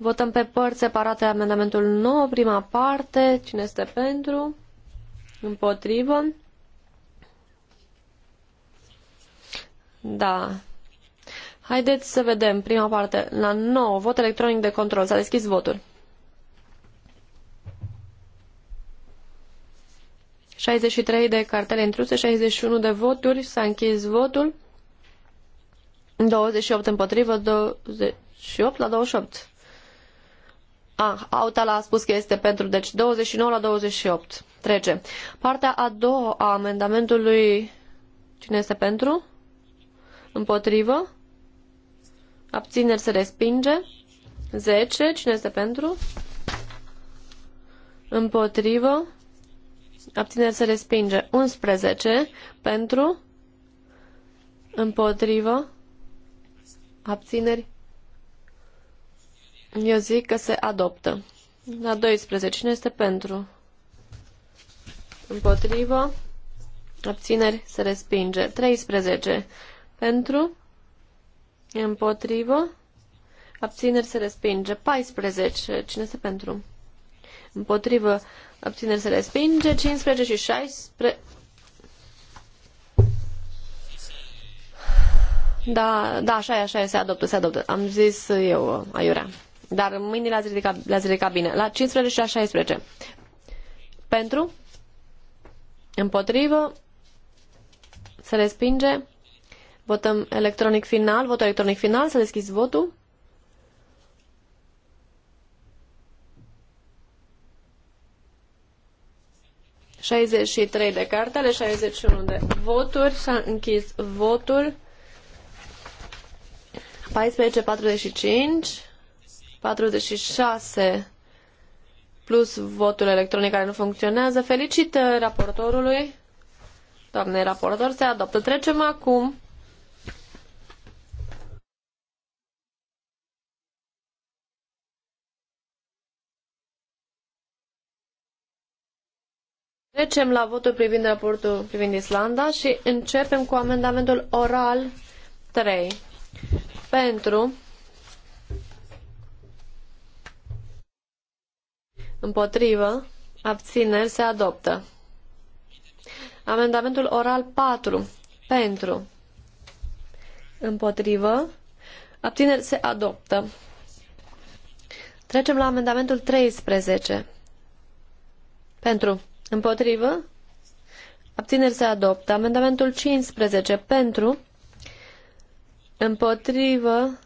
Votăm pe părți separate amendamentul 9, prima parte. Cine este pentru? Împotrivă? Da. Haideți să vedem prima parte. La 9, vot electronic de control. S-a deschis votul. 63 de cartele intruse, 61 de voturi, s-a închis votul. 28 împotrivă, 28 la 28. Ah, Autala a spus că este pentru, deci 29 la 28. Trece. Partea a doua a amendamentului, cine este pentru? Împotrivă? Abțineri se respinge. 10, cine este pentru? Împotrivă? Abțineri se respinge. 11, pentru? Împotrivă? Abțineri eu zic că se adoptă. La 12. Cine este pentru? Împotrivă. Abțineri se respinge. 13. Pentru. Împotrivă. Abțineri se respinge. 14. Cine este pentru? Împotrivă. Abțineri se respinge. 15 și 16. Da, da, așa e, așa e, se adoptă, se adoptă. Am zis eu, aiurea. Dar mâinile le-ați ridicat, le ridicat bine. La 15 și la 16. Pentru? Împotrivă? Se respinge? Votăm electronic final. Votul electronic final. Să deschizi votul. ...63 de carte, ale 61 de voturi. S-a închis votul. 14.45. 46 plus votul electronic care nu funcționează. Felicitări uh, raportorului. Doamne raportor, se adoptă. Trecem acum Trecem la votul privind raportul privind Islanda și începem cu amendamentul oral 3. Pentru, Împotrivă. Abțineri se adoptă. Amendamentul oral 4. Pentru. Împotrivă. Abțineri se adoptă. Trecem la amendamentul 13. Pentru. Împotrivă. Abțineri se adoptă. Amendamentul 15. Pentru. Împotrivă.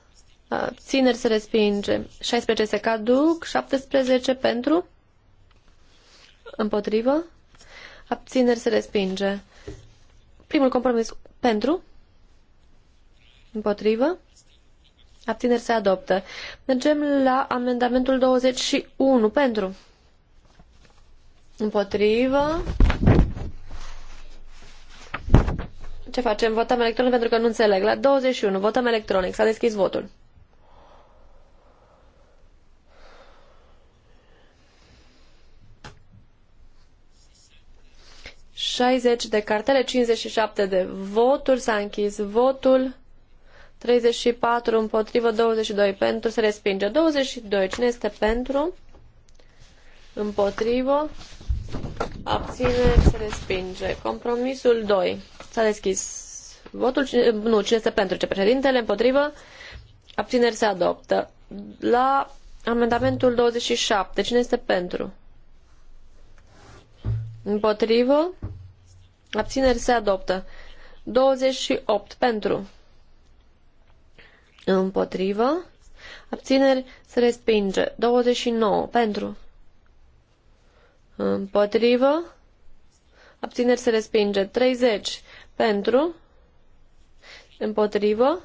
Țineri se respinge. 16 se caduc. 17 pentru. Împotrivă. Abțineri se respinge. Primul compromis pentru. Împotrivă. Abțineri se adoptă. Mergem la amendamentul 21. Pentru. Împotrivă. Ce facem? Votăm electronic pentru că nu înțeleg. La 21. Votăm electronic. S-a deschis votul. 60 de cartele, 57 de voturi, s-a închis votul. 34 împotrivă, 22 pentru, se respinge. 22, cine este pentru? Împotrivă, abține, se respinge. Compromisul 2, s-a deschis votul, nu, cine este pentru, ce președintele, împotrivă, abțineri se adoptă. La amendamentul 27, cine este pentru? Împotrivă, Abțineri se adoptă. 28 pentru. Împotrivă. Abțineri se respinge. 29 pentru. Împotrivă. Abțineri se respinge. 30 pentru. Împotrivă.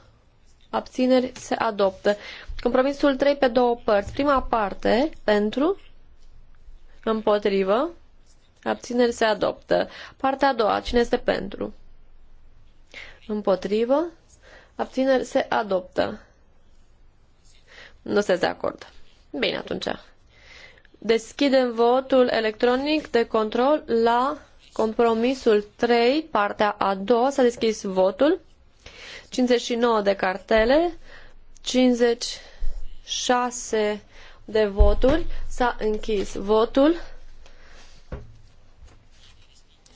Abțineri se adoptă. Compromisul 3 pe două părți. Prima parte pentru. Împotrivă. Abțineri se adoptă. Partea a doua. Cine este pentru? Împotrivă. Abțineri se adoptă. Nu se de acord. Bine, atunci. Deschidem votul electronic de control la compromisul 3, partea a doua. S-a deschis votul. 59 de cartele, 56 de voturi. S-a închis votul.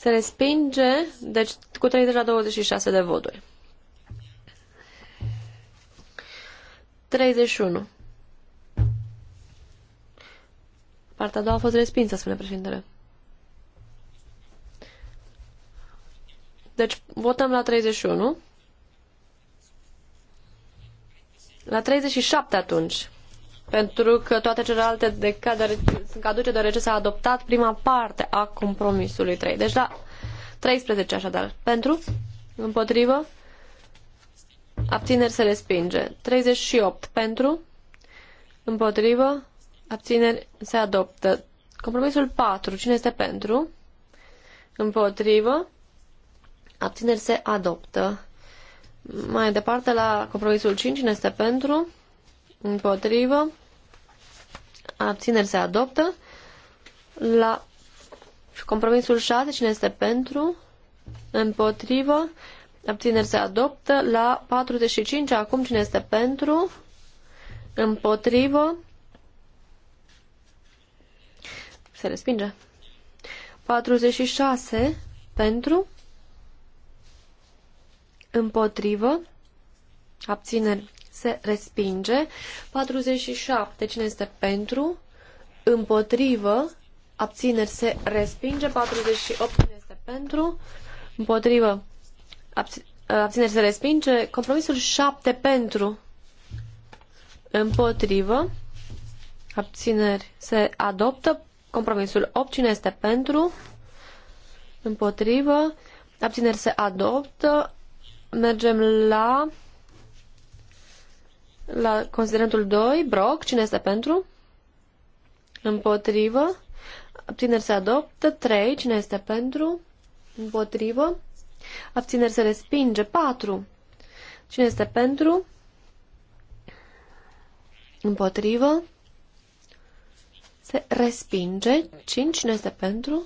Se respinge, deci cu 30 la 26 de voturi. 31. Partea a doua a fost respinsă, spune președintele. Deci votăm la 31. La 37 atunci pentru că toate celelalte decade sunt caduce deoarece s-a adoptat prima parte a compromisului 3. Deci la 13 așadar. Pentru? Împotrivă? Abțineri se respinge. 38 pentru? Împotrivă? Abțineri se adoptă. Compromisul 4. Cine este pentru? Împotrivă? Abțineri se adoptă. Mai departe la compromisul 5. Cine este pentru? Împotrivă? abțineri se adoptă. La compromisul 6, cine este pentru, împotrivă, abțineri se adoptă. La 45, acum cine este pentru, împotrivă, se respinge. 46, pentru, împotrivă, abțineri se respinge. 47. Cine este pentru? Împotrivă. Abțineri se respinge. 48. Cine este pentru? Împotrivă. Abțineri se respinge. Compromisul 7 pentru. Împotrivă. Abțineri se adoptă. Compromisul 8. Cine este pentru? Împotrivă. Abțineri se adoptă. Mergem la la considerentul 2, Brock, cine este pentru? Împotrivă. Abțineri se adoptă. 3, cine este pentru? Împotrivă. Abțineri se respinge. 4, cine este pentru? Împotrivă. Se respinge. 5, cine este pentru?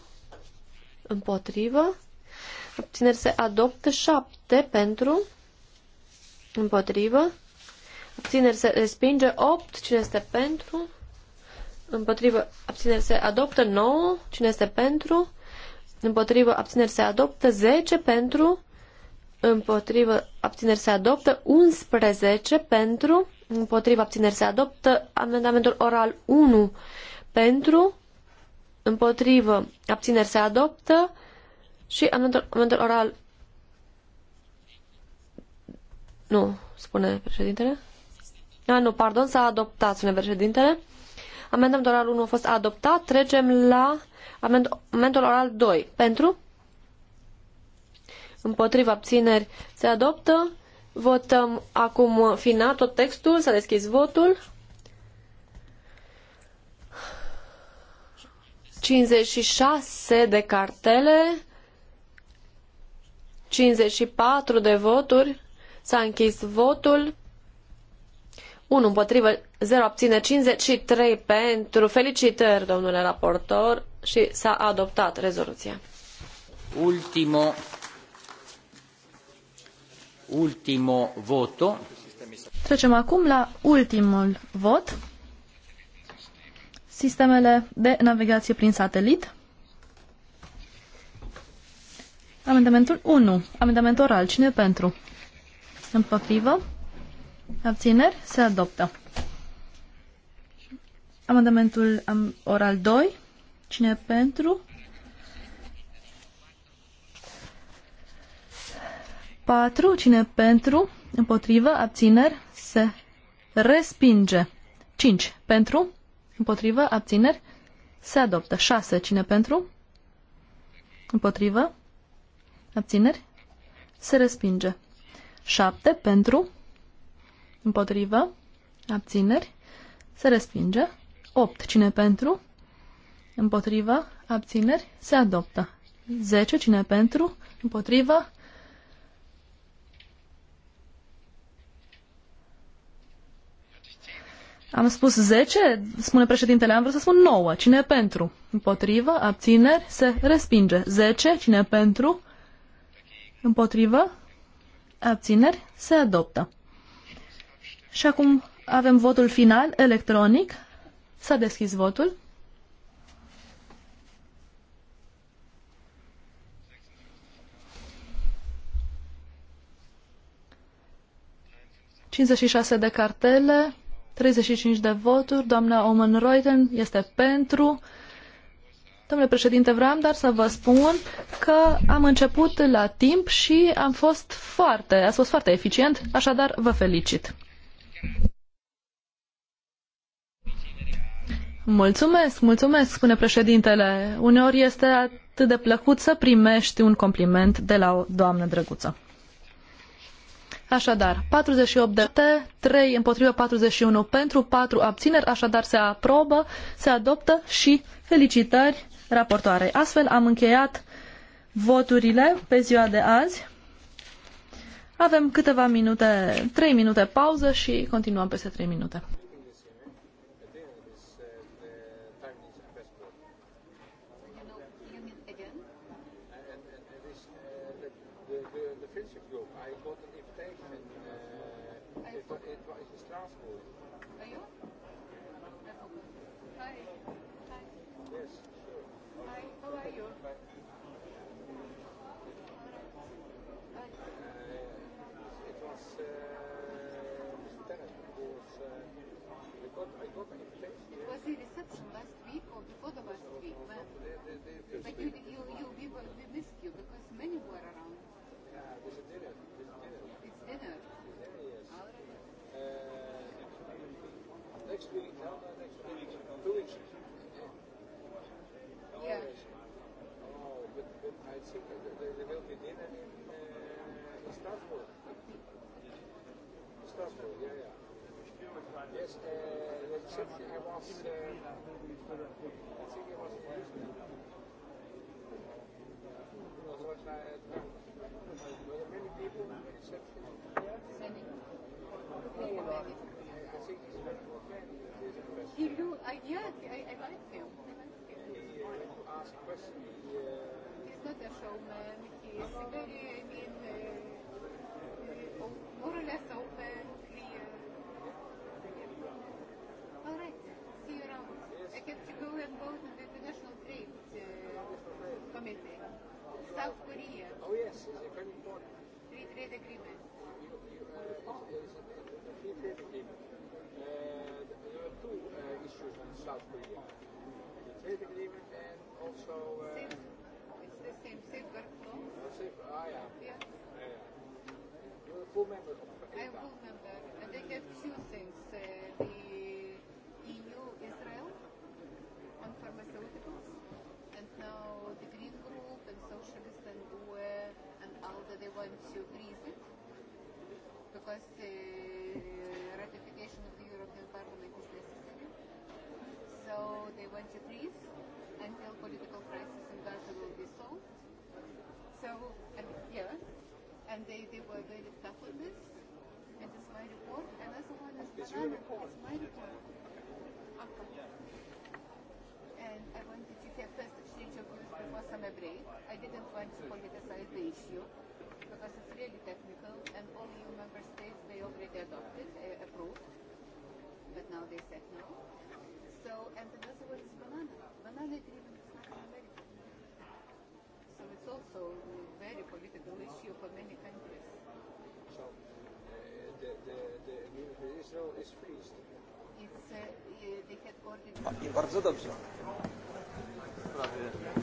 Împotrivă. Abțineri se adoptă. 7, pentru? Împotrivă abțineri se respinge, 8, cine este pentru, împotrivă, abțineri se adoptă, 9, cine este pentru, împotrivă, abțineri se adoptă, 10 pentru, împotrivă, abțineri se adoptă, 11 pentru, împotrivă, abțineri se adoptă, amendamentul oral 1 pentru, împotrivă, abțineri se adoptă și amendamentul oral nu, spune președintele. A, ah, nu, pardon, s-a adoptat, spune președintele. Amendamentul oral 1 a fost adoptat. Trecem la amendamentul oral 2. Pentru? Împotriva abțineri se adoptă. Votăm acum final tot textul. S-a deschis votul. 56 de cartele, 54 de voturi, s-a închis votul, 1 împotrivă, 0 abține, 53 pentru. Felicitări, domnule raportor, și s-a adoptat rezoluția. Ultimo, ultimo voto. Trecem acum la ultimul vot. Sistemele de navigație prin satelit. Amendamentul 1. Amendament oral. Cine pentru? Împotrivă? Abțineri? Se adoptă. Amendamentul oral 2. Cine e pentru? 4. Cine e pentru? Împotrivă? Abțineri? Se respinge. 5. Pentru? Împotrivă? Abțineri? Se adoptă. 6. Cine pentru? Împotrivă? Abțineri? Se respinge. 7. Pentru? Împotrivă. Abțineri. Se respinge. 8. Cine pentru? Împotrivă. Abțineri. Se adoptă. 10. Cine pentru? Împotrivă. Am spus 10, spune președintele, am vrut să spun 9. Cine pentru? Împotrivă, abțineri, se respinge. 10, cine pentru? Împotrivă, abțineri, se adoptă. Și acum avem votul final, electronic. S-a deschis votul. ...56 de cartele, 35 de voturi, doamna Omen Reuten este pentru. Domnule președinte, vreau dar să vă spun că am început la timp și am fost foarte, a fost foarte eficient, așadar vă felicit. Mulțumesc, mulțumesc, spune președintele. Uneori este atât de plăcut să primești un compliment de la o doamnă drăguță. Așadar, 48 de T, 3 împotriva 41 pentru, 4 abțineri, așadar se aprobă, se adoptă și felicitări raportoarei. Astfel am încheiat voturile pe ziua de azi. Avem câteva minute, 3 minute pauză și continuăm peste 3 minute. now they said no. So, and one is banana. Banana is not in America. So it's also a very political issue for many countries. So uh, the, the, the Israel is freezed. Bardzo dobrze. Prawie.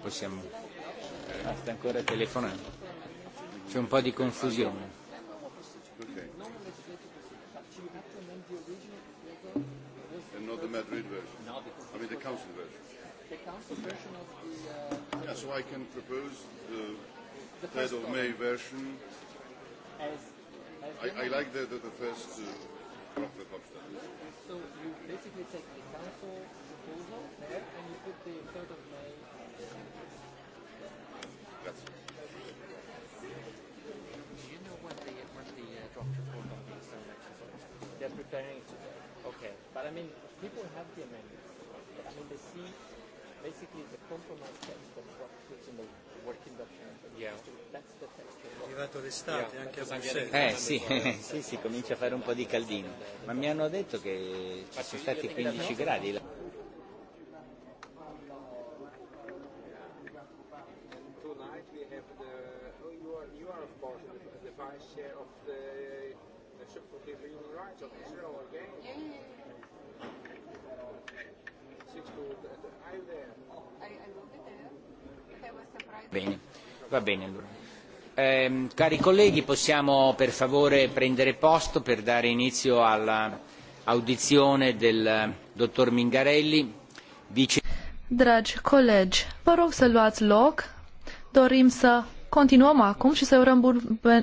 possiamo... Ah, sta ancora telefonando. C'è un po' di confusione. not the Madrid version. I mean the council version. The council version of the. Uh, yeah, so I can propose the, the third of May version. As, as I, I like the, the, the first. Uh, so you basically take the council proposal there and you put the 3 of May Do you know when when the the on They're preparing it today. Okay. But I mean, people have the amendments. I mean, they see basically the compromise text of what was in the working document. Yeah. That's the text. arrivato l'estate anche a Bruxelles. Eh sì, <laughs> sì, sì, comincia a fare un po' di caldino. Ma mi hanno detto che ci sono stati 15 gradi. Bene, va bene allora. Eh, cari colleghi, possiamo per favore prendere posto per dare inizio all'audizione del dottor Mingarelli. Vice... Dragi colegi, vă rog să luați loc. Dorim să continuăm acum și să urăm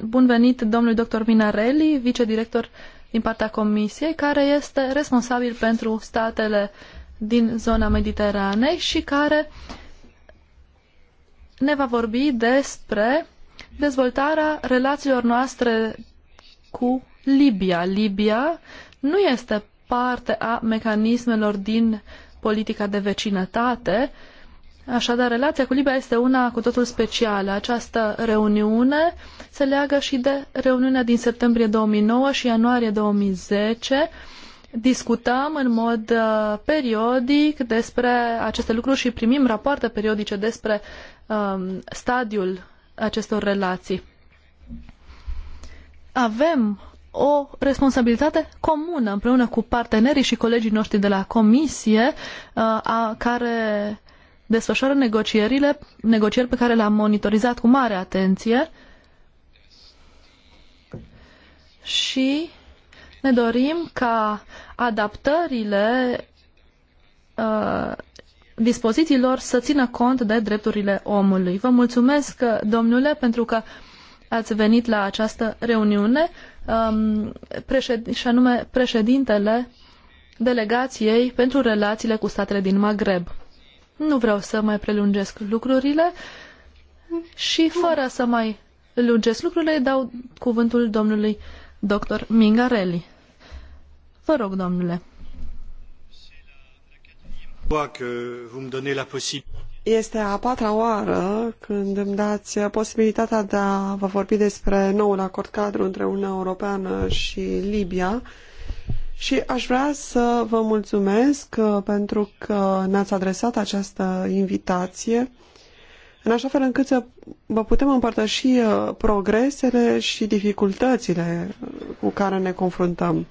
bun venit domnului dr. Minarelli, vicedirector din partea Comisiei, care este responsabil pentru statele uh, din zona Mediteranei și care ne va vorbi despre dezvoltarea relațiilor noastre cu Libia. Libia nu este parte a mecanismelor din politica de vecinătate, Așadar, relația cu Libia este una cu totul specială. Această reuniune se leagă și de reuniunea din septembrie 2009 și ianuarie 2010 discutăm în mod uh, periodic despre aceste lucruri și primim rapoarte periodice despre um, stadiul acestor relații. Avem o responsabilitate comună împreună cu partenerii și colegii noștri de la comisie uh, a, care desfășoară negocierile, negocieri pe care le-am monitorizat cu mare atenție și ne dorim ca adaptările uh, dispozițiilor să țină cont de drepturile omului. Vă mulțumesc, domnule, pentru că ați venit la această reuniune um, președ, și anume președintele delegației pentru relațiile cu statele din Maghreb. Nu vreau să mai prelungesc lucrurile și fără să mai lungesc lucrurile dau cuvântul domnului dr. Mingarelli. Vă rog, domnule. Este a patra oară când îmi dați posibilitatea de a vă vorbi despre noul acord cadru între Uniunea Europeană și Libia și aș vrea să vă mulțumesc uh, pentru că ne-ați adresat această invitație în așa fel încât să vă putem împărtăși uh, progresele și dificultățile cu care ne confruntăm.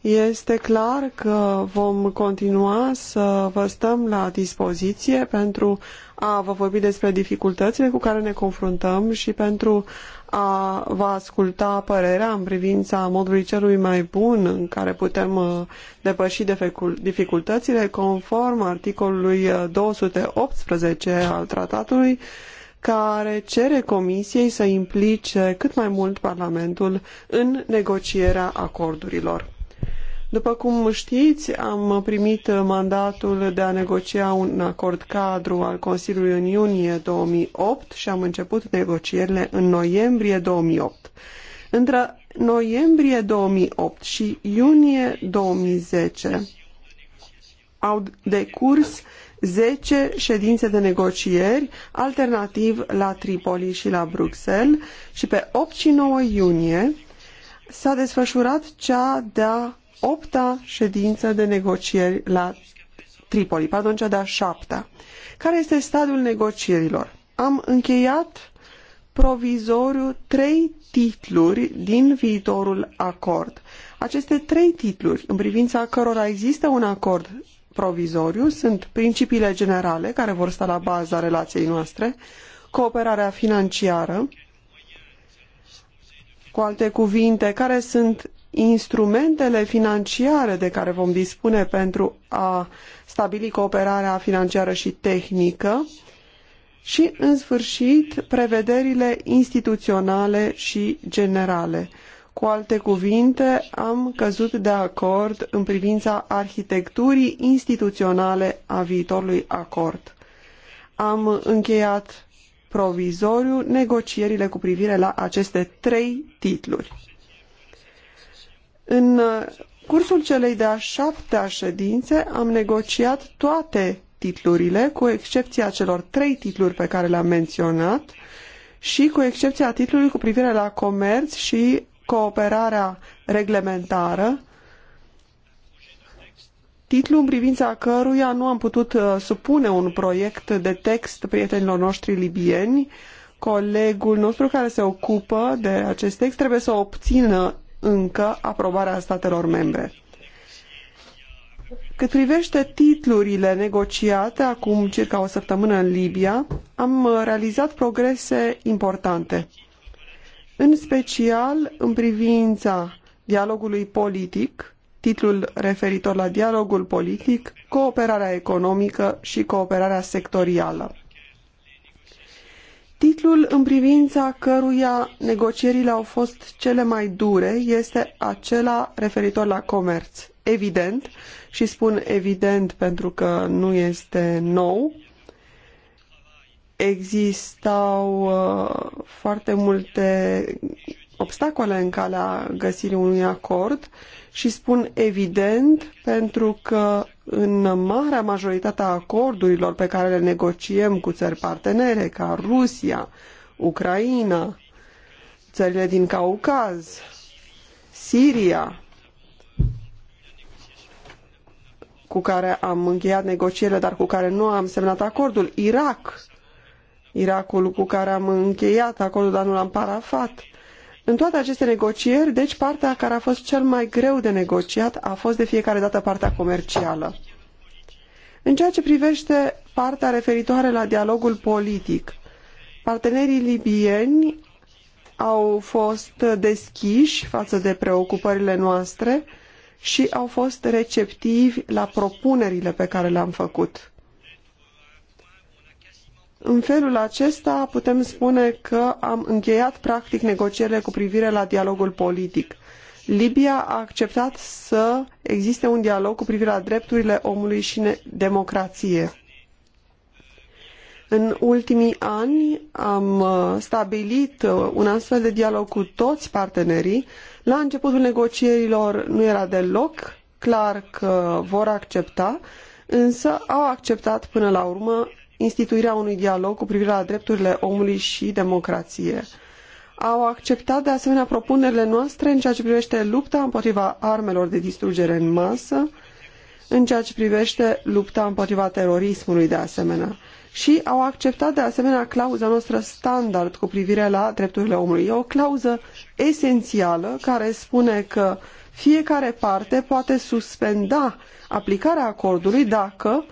Este clar că vom continua să vă stăm la dispoziție pentru a vă vorbi despre dificultățile cu care ne confruntăm și pentru a vă asculta părerea în privința modului celui mai bun în care putem depăși dificultățile conform articolului 218 al tratatului care cere Comisiei să implice cât mai mult Parlamentul în negocierea acordurilor. După cum știți, am primit mandatul de a negocia un acord cadru al Consiliului în iunie 2008 și am început negocierile în noiembrie 2008. Între noiembrie 2008 și iunie 2010 au decurs 10 ședințe de negocieri, alternativ la Tripoli și la Bruxelles și pe 8 și 9 iunie s-a desfășurat cea de-a opta ședință de negocieri la Tripoli, pardon, cea de-a șaptea. Care este stadiul negocierilor? Am încheiat provizoriu trei titluri din viitorul acord. Aceste trei titluri, în privința cărora există un acord provizoriu, sunt principiile generale care vor sta la baza relației noastre, cooperarea financiară, cu alte cuvinte, care sunt instrumentele financiare de care vom dispune pentru a stabili cooperarea financiară și tehnică și, în sfârșit, prevederile instituționale și generale. Cu alte cuvinte, am căzut de acord în privința arhitecturii instituționale a viitorului acord. Am încheiat provizoriu negocierile cu privire la aceste trei titluri. În uh, cursul celei de-a șaptea ședințe am negociat toate titlurile, cu excepția celor trei titluri pe care le-am menționat și cu excepția titlului cu privire la comerț și cooperarea reglementară, Titlul în privința căruia nu am putut uh, supune un proiect de text prietenilor noștri libieni. Colegul nostru care se ocupă de acest text trebuie să obțină încă aprobarea statelor membre. Cât privește titlurile negociate acum circa o săptămână în Libia, am realizat progrese importante, în special în privința dialogului politic, titlul referitor la dialogul politic, cooperarea economică și cooperarea sectorială. Titlul în privința căruia negocierile au fost cele mai dure este acela referitor la comerț. Evident, și spun evident pentru că nu este nou, existau uh, foarte multe obstacole în calea găsirii unui acord și spun evident pentru că în marea majoritate a acordurilor pe care le negociem cu țări partenere ca Rusia, Ucraina, țările din Caucaz, Siria, cu care am încheiat negocierile, dar cu care nu am semnat acordul, Irak, Irakul cu care am încheiat acordul, dar nu l-am parafat, în toate aceste negocieri, deci partea care a fost cel mai greu de negociat a fost de fiecare dată partea comercială. În ceea ce privește partea referitoare la dialogul politic, partenerii libieni au fost deschiși față de preocupările noastre și au fost receptivi la propunerile pe care le-am făcut. În felul acesta putem spune că am încheiat practic negocierile cu privire la dialogul politic. Libia a acceptat să existe un dialog cu privire la drepturile omului și democrație. În ultimii ani am uh, stabilit uh, un astfel de dialog cu toți partenerii. La începutul negocierilor nu era deloc clar că vor accepta, însă au acceptat până la urmă instituirea unui dialog cu privire la drepturile omului și democrație. Au acceptat de asemenea propunerile noastre în ceea ce privește lupta împotriva armelor de distrugere în masă, în ceea ce privește lupta împotriva terorismului de asemenea. Și au acceptat de asemenea clauza noastră standard cu privire la drepturile omului. E o clauză esențială care spune că fiecare parte poate suspenda aplicarea acordului dacă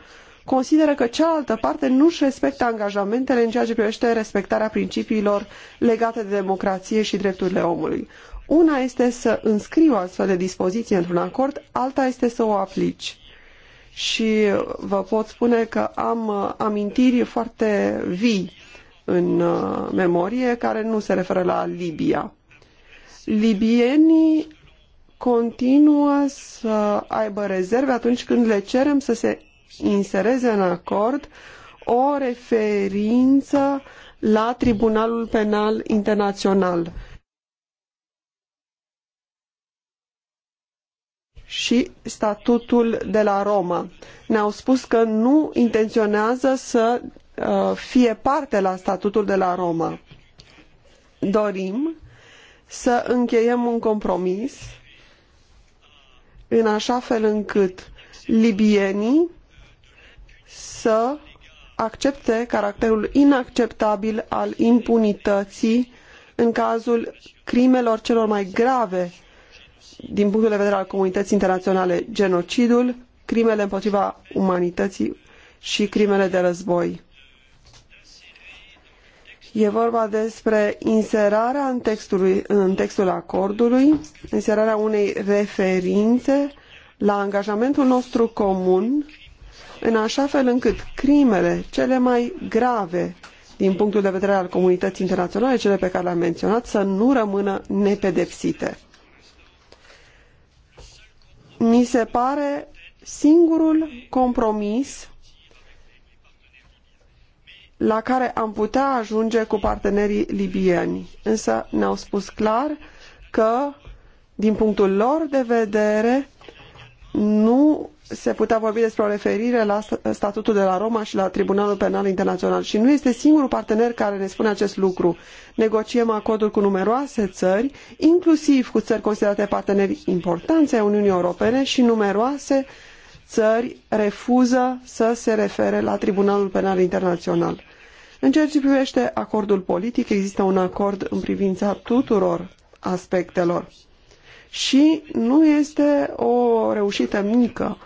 consideră că cealaltă parte nu își respectă angajamentele în ceea ce privește respectarea principiilor legate de democrație și drepturile omului. Una este să înscrii o astfel de dispoziție într-un acord, alta este să o aplici. Și vă pot spune că am amintiri foarte vii în uh, memorie care nu se referă la Libia. Libienii continuă să aibă rezerve atunci când le cerem să se insereze în acord o referință la Tribunalul Penal Internațional. și statutul de la Roma. Ne-au spus că nu intenționează să uh, fie parte la statutul de la Roma. Dorim să încheiem un compromis în așa fel încât libienii să accepte caracterul inacceptabil al impunității în cazul crimelor celor mai grave din punctul de vedere al comunității internaționale, genocidul, crimele împotriva umanității și crimele de război. E vorba despre inserarea în, textului, în textul acordului, inserarea unei referințe la angajamentul nostru comun în așa fel încât crimele cele mai grave din punctul de vedere al comunității internaționale, cele pe care le-am menționat, să nu rămână nepedepsite. Mi se pare singurul compromis la care am putea ajunge cu partenerii libieni. Însă ne-au spus clar că, din punctul lor de vedere, nu se putea vorbi despre o referire la statutul de la Roma și la Tribunalul Penal Internațional și nu este singurul partener care ne spune acest lucru. Negociem acorduri cu numeroase țări, inclusiv cu țări considerate parteneri importanți ai Uniunii Europene și numeroase țări refuză să se refere la Tribunalul Penal Internațional. În ceea ce privește acordul politic, există un acord în privința tuturor aspectelor și nu este o reușită mică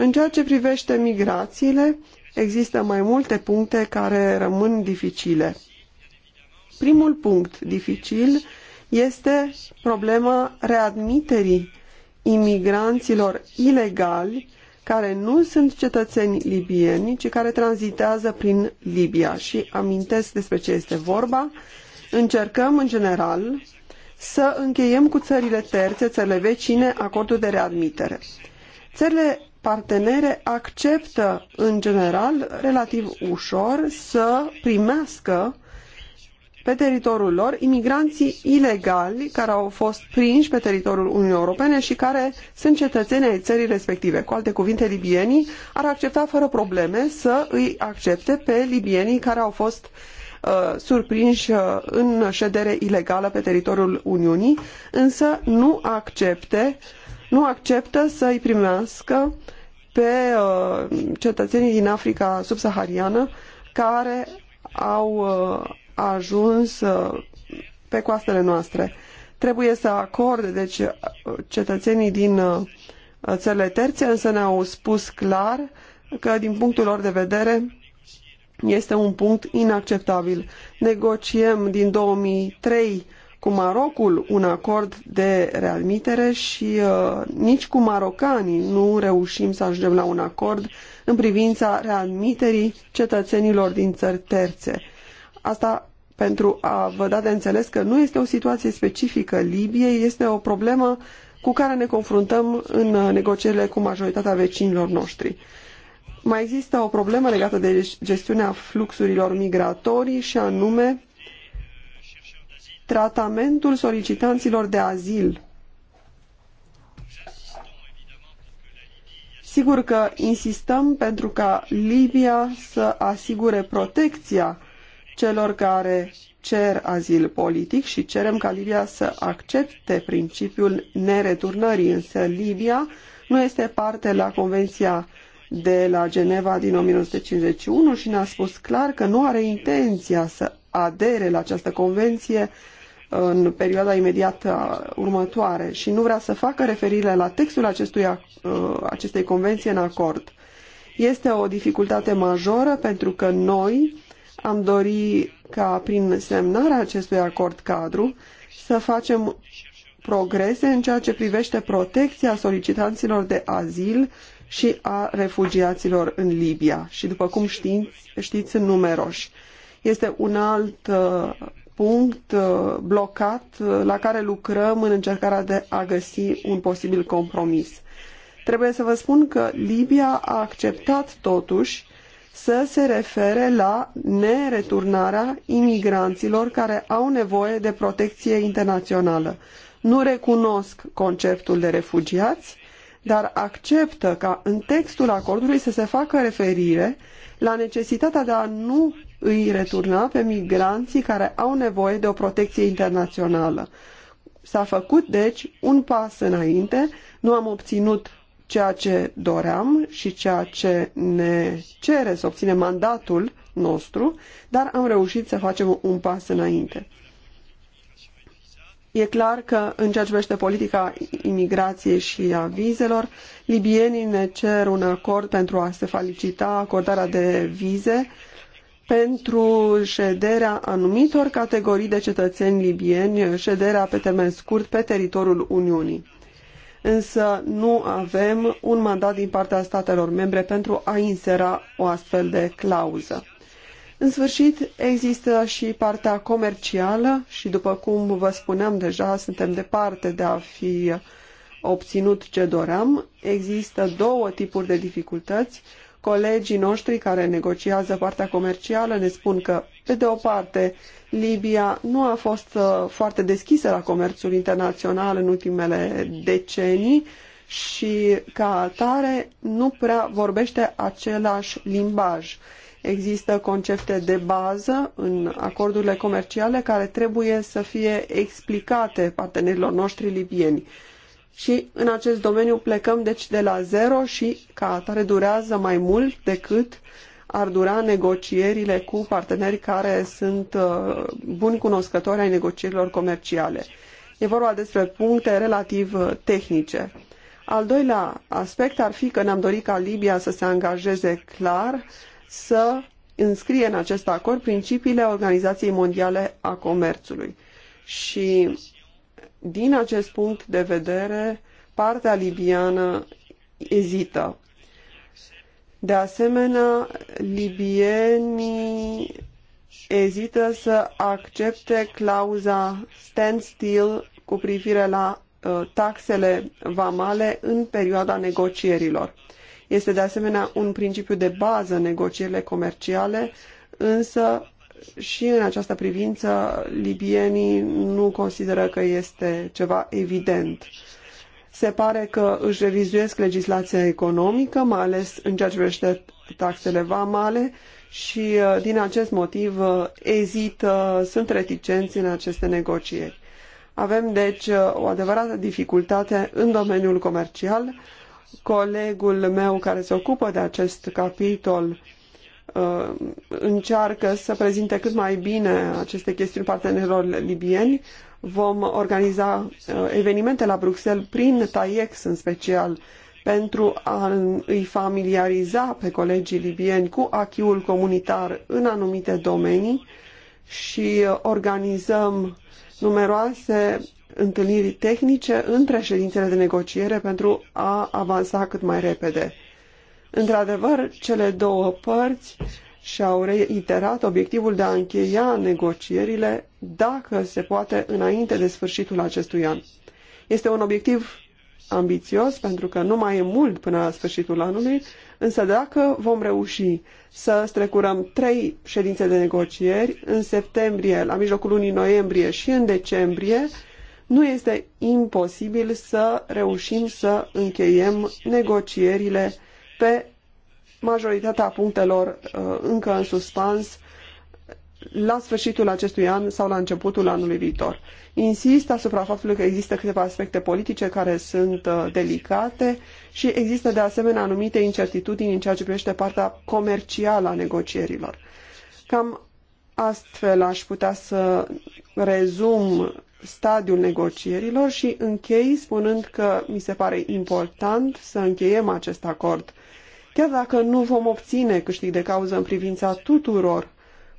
în ceea ce privește migrațiile, există mai multe puncte care rămân dificile. Primul punct dificil este problema readmiterii imigranților ilegali care nu sunt cetățeni libieni, ci care tranzitează prin Libia. Și amintesc despre ce este vorba. Încercăm, în general, să încheiem cu țările terțe, țările vecine, acordul de readmitere. Țările partenere acceptă în general relativ ușor să primească pe teritoriul lor imigranții ilegali care au fost prinși pe teritoriul Uniunii Europene și care sunt cetățeni ai țării respective. Cu alte cuvinte, libienii ar accepta fără probleme să îi accepte pe libienii care au fost uh, surprinși uh, în ședere ilegală pe teritoriul Uniunii, însă nu accepte, nu acceptă să îi primească uh, pe uh, cetățenii din Africa subsahariană care au uh, ajuns uh, pe coastele noastre. Trebuie să acorde, deci cetățenii din țările terțe, însă ne-au spus clar că din punctul lor de vedere este un punct inacceptabil. Negociem din 2003 cu Marocul un acord de readmitere și uh, nici cu marocanii nu reușim să ajungem la un acord în privința readmiterii cetățenilor din țări terțe. Asta pentru a vă da de înțeles că nu este o situație specifică Libiei, este o problemă cu care ne confruntăm în uh, negocierile cu majoritatea vecinilor noștri. Mai există o problemă legată de gestiunea fluxurilor migratorii și anume tratamentul solicitanților de azil. Sigur că insistăm pentru ca Libia să asigure protecția celor care cer azil politic și cerem ca Libia să accepte principiul nereturnării, însă Libia nu este parte la Convenția de la Geneva din 1951 și ne-a spus clar că nu are intenția să adere la această convenție în perioada imediată următoare și nu vrea să facă referire la textul acestui, uh, acestei convenții în acord. Este o dificultate majoră pentru că noi am dori ca prin semnarea acestui acord cadru să facem progrese în ceea ce privește protecția solicitanților de azil și a refugiaților în Libia și după cum știți, știți sunt numeroși. Este un alt uh, punct uh, blocat uh, la care lucrăm în încercarea de a găsi un posibil compromis. Trebuie să vă spun că Libia a acceptat totuși să se refere la nereturnarea imigranților care au nevoie de protecție internațională. Nu recunosc conceptul de refugiați, dar acceptă ca în textul acordului să se facă referire la necesitatea de a nu îi returna pe migranții care au nevoie de o protecție internațională. S-a făcut, deci, un pas înainte, nu am obținut ceea ce doream și ceea ce ne cere să obține mandatul nostru, dar am reușit să facem un pas înainte. E clar că în ceea ce vește politica imigrației și a vizelor, libienii ne cer un acord pentru a se felicita acordarea de vize pentru șederea anumitor categorii de cetățeni libieni, șederea pe termen scurt pe teritoriul Uniunii. Însă nu avem un mandat din partea statelor membre pentru a insera o astfel de clauză. În sfârșit, există și partea comercială și, după cum vă spuneam deja, suntem departe de a fi obținut ce doream. Există două tipuri de dificultăți Colegii noștri care negociază partea comercială ne spun că, pe de o parte, Libia nu a fost uh, foarte deschisă la comerțul internațional în ultimele decenii și, ca atare, nu prea vorbește același limbaj. Există concepte de bază în acordurile comerciale care trebuie să fie explicate partenerilor noștri libieni și în acest domeniu plecăm deci de la zero și ca atare durează mai mult decât ar dura negocierile cu parteneri care sunt uh, buni cunoscători ai negocierilor comerciale. E vorba despre puncte relativ uh, tehnice. Al doilea aspect ar fi că ne-am dorit ca Libia să se angajeze clar să înscrie în acest acord principiile Organizației Mondiale a Comerțului. Și din acest punct de vedere, partea libiană ezită. De asemenea, libienii ezită să accepte clauza standstill cu privire la uh, taxele vamale în perioada negocierilor. Este de asemenea un principiu de bază în negocierile comerciale, însă și în această privință libienii nu consideră că este ceva evident. Se pare că își revizuiesc legislația economică, mai ales în ceea ce privește taxele vamale și uh, din acest motiv uh, ezită, uh, sunt reticenți în aceste negocieri. Avem deci o adevărată dificultate în domeniul comercial. Colegul meu care se ocupă de acest capitol Uh, încearcă să prezinte cât mai bine aceste chestiuni partenerilor libieni. Vom organiza uh, evenimente la Bruxelles prin TAIEX în special pentru a îi familiariza pe colegii libieni cu achiul comunitar în anumite domenii și uh, organizăm numeroase întâlniri tehnice între ședințele de negociere pentru a avansa cât mai repede. Într-adevăr, cele două părți și-au reiterat obiectivul de a încheia negocierile dacă se poate înainte de sfârșitul acestui an. Este un obiectiv ambițios pentru că nu mai e mult până la sfârșitul anului, însă dacă vom reuși să strecurăm trei ședințe de negocieri în septembrie, la mijlocul lunii noiembrie și în decembrie, nu este imposibil să reușim să încheiem negocierile pe majoritatea punctelor uh, încă în suspans la sfârșitul acestui an sau la începutul anului viitor. Insist asupra faptului că există câteva aspecte politice care sunt uh, delicate și există de asemenea anumite incertitudini în ceea ce privește partea comercială a negocierilor. Cam astfel aș putea să rezum stadiul negocierilor și închei spunând că mi se pare important să încheiem acest acord Chiar dacă nu vom obține câștig de cauză în privința tuturor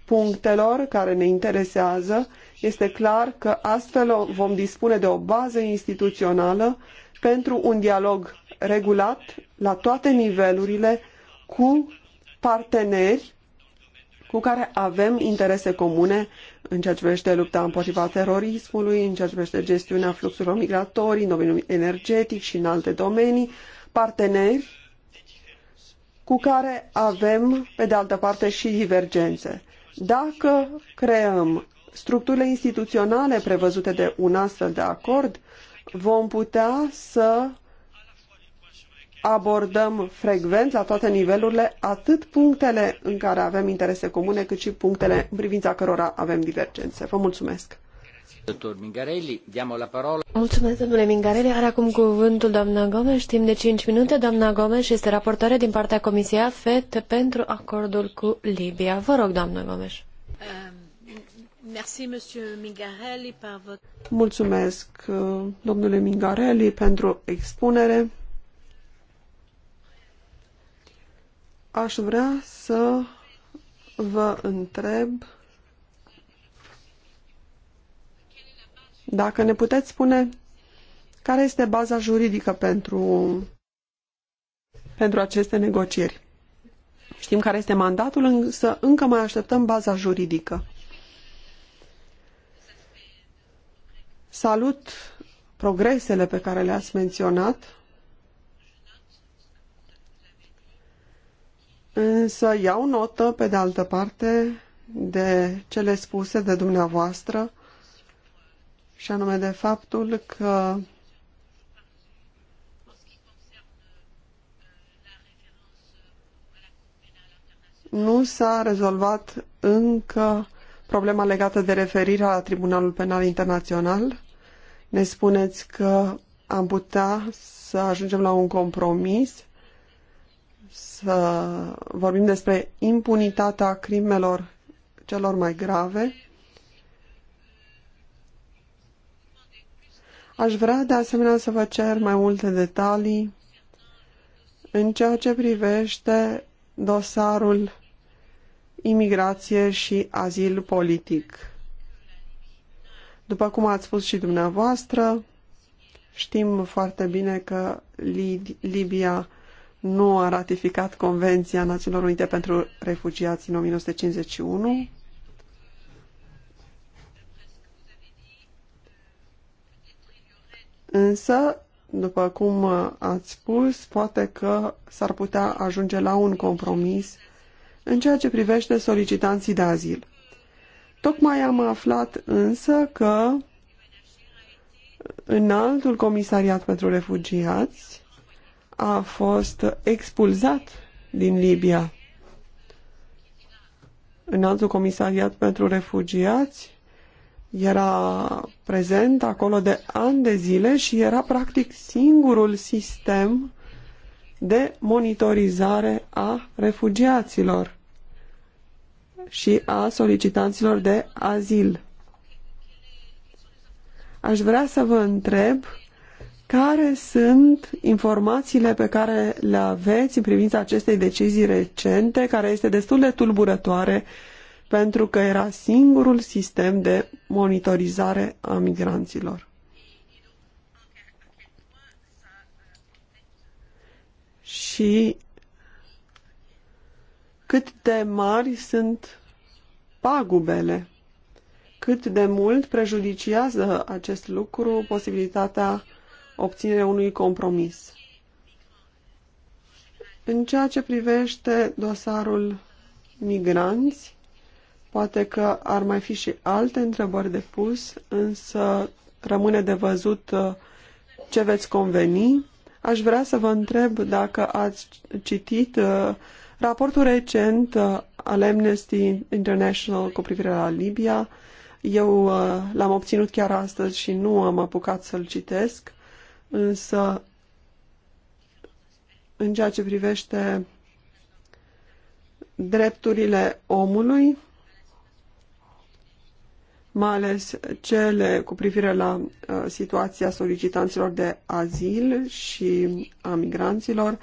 punctelor care ne interesează, este clar că astfel vom dispune de o bază instituțională pentru un dialog regulat la toate nivelurile cu parteneri cu care avem interese comune în ceea ce privește lupta împotriva terorismului, în ceea ce privește gestiunea fluxurilor migratorii, în domeniul energetic și în alte domenii, parteneri cu care avem, pe de altă parte, și divergențe. Dacă creăm structurile instituționale prevăzute de un astfel de acord, vom putea să abordăm frecvent la toate nivelurile atât punctele în care avem interese comune, cât și punctele în privința cărora avem divergențe. Vă mulțumesc! Dr. Mingarelli, diamo la parola. Mulțumesc, domnule Mingarelli. Are acum cuvântul doamna Gomes. Timp de cinci minute, doamna Gomes este raportoare din partea Comisiei AFET pentru acordul cu Libia. Vă rog, doamna Gomes. Um, Mulțumesc, domnule Mingarelli, pentru expunere. Aș vrea să vă întreb Dacă ne puteți spune care este baza juridică pentru, pentru aceste negocieri. Știm care este mandatul, însă încă mai așteptăm baza juridică. Salut progresele pe care le-ați menționat, însă iau notă, pe de altă parte, de cele spuse de dumneavoastră și anume de faptul că nu s-a rezolvat încă problema legată de referirea la Tribunalul Penal Internațional. Ne spuneți că am putea să ajungem la un compromis, să vorbim despre impunitatea crimelor celor mai grave. Aș vrea de asemenea să vă cer mai multe detalii în ceea ce privește dosarul imigrație și azil politic. După cum ați spus și dumneavoastră, știm foarte bine că Libia nu a ratificat Convenția Națiunilor Unite pentru Refugiați în 1951. Însă, după cum uh, ați spus, poate că s-ar putea ajunge la un compromis în ceea ce privește solicitanții de azil. Tocmai am aflat însă că altul comisariat pentru refugiați a fost expulzat din Libia. altul comisariat pentru refugiați era prezent acolo de ani de zile și era practic singurul sistem de monitorizare a refugiaților și a solicitanților de azil. Aș vrea să vă întreb care sunt informațiile pe care le aveți în privința acestei decizii recente, care este destul de tulburătoare uh, pentru că era singurul sistem de monitorizare a migranților. Și cât de mari sunt pagubele, cât de mult prejudiciază acest lucru posibilitatea obținerea unui compromis. În ceea ce privește dosarul migranți, Poate că ar mai fi și alte întrebări de pus, însă rămâne de văzut uh, ce veți conveni. Aș vrea să vă întreb dacă ați citit uh, raportul recent uh, al Amnesty International cu privire la Libia. Eu l-am obținut chiar astăzi și nu am apucat să-l citesc, însă în ceea ce privește drepturile omului, mai ales cele cu privire la uh, situația solicitanților de azil și a migranților,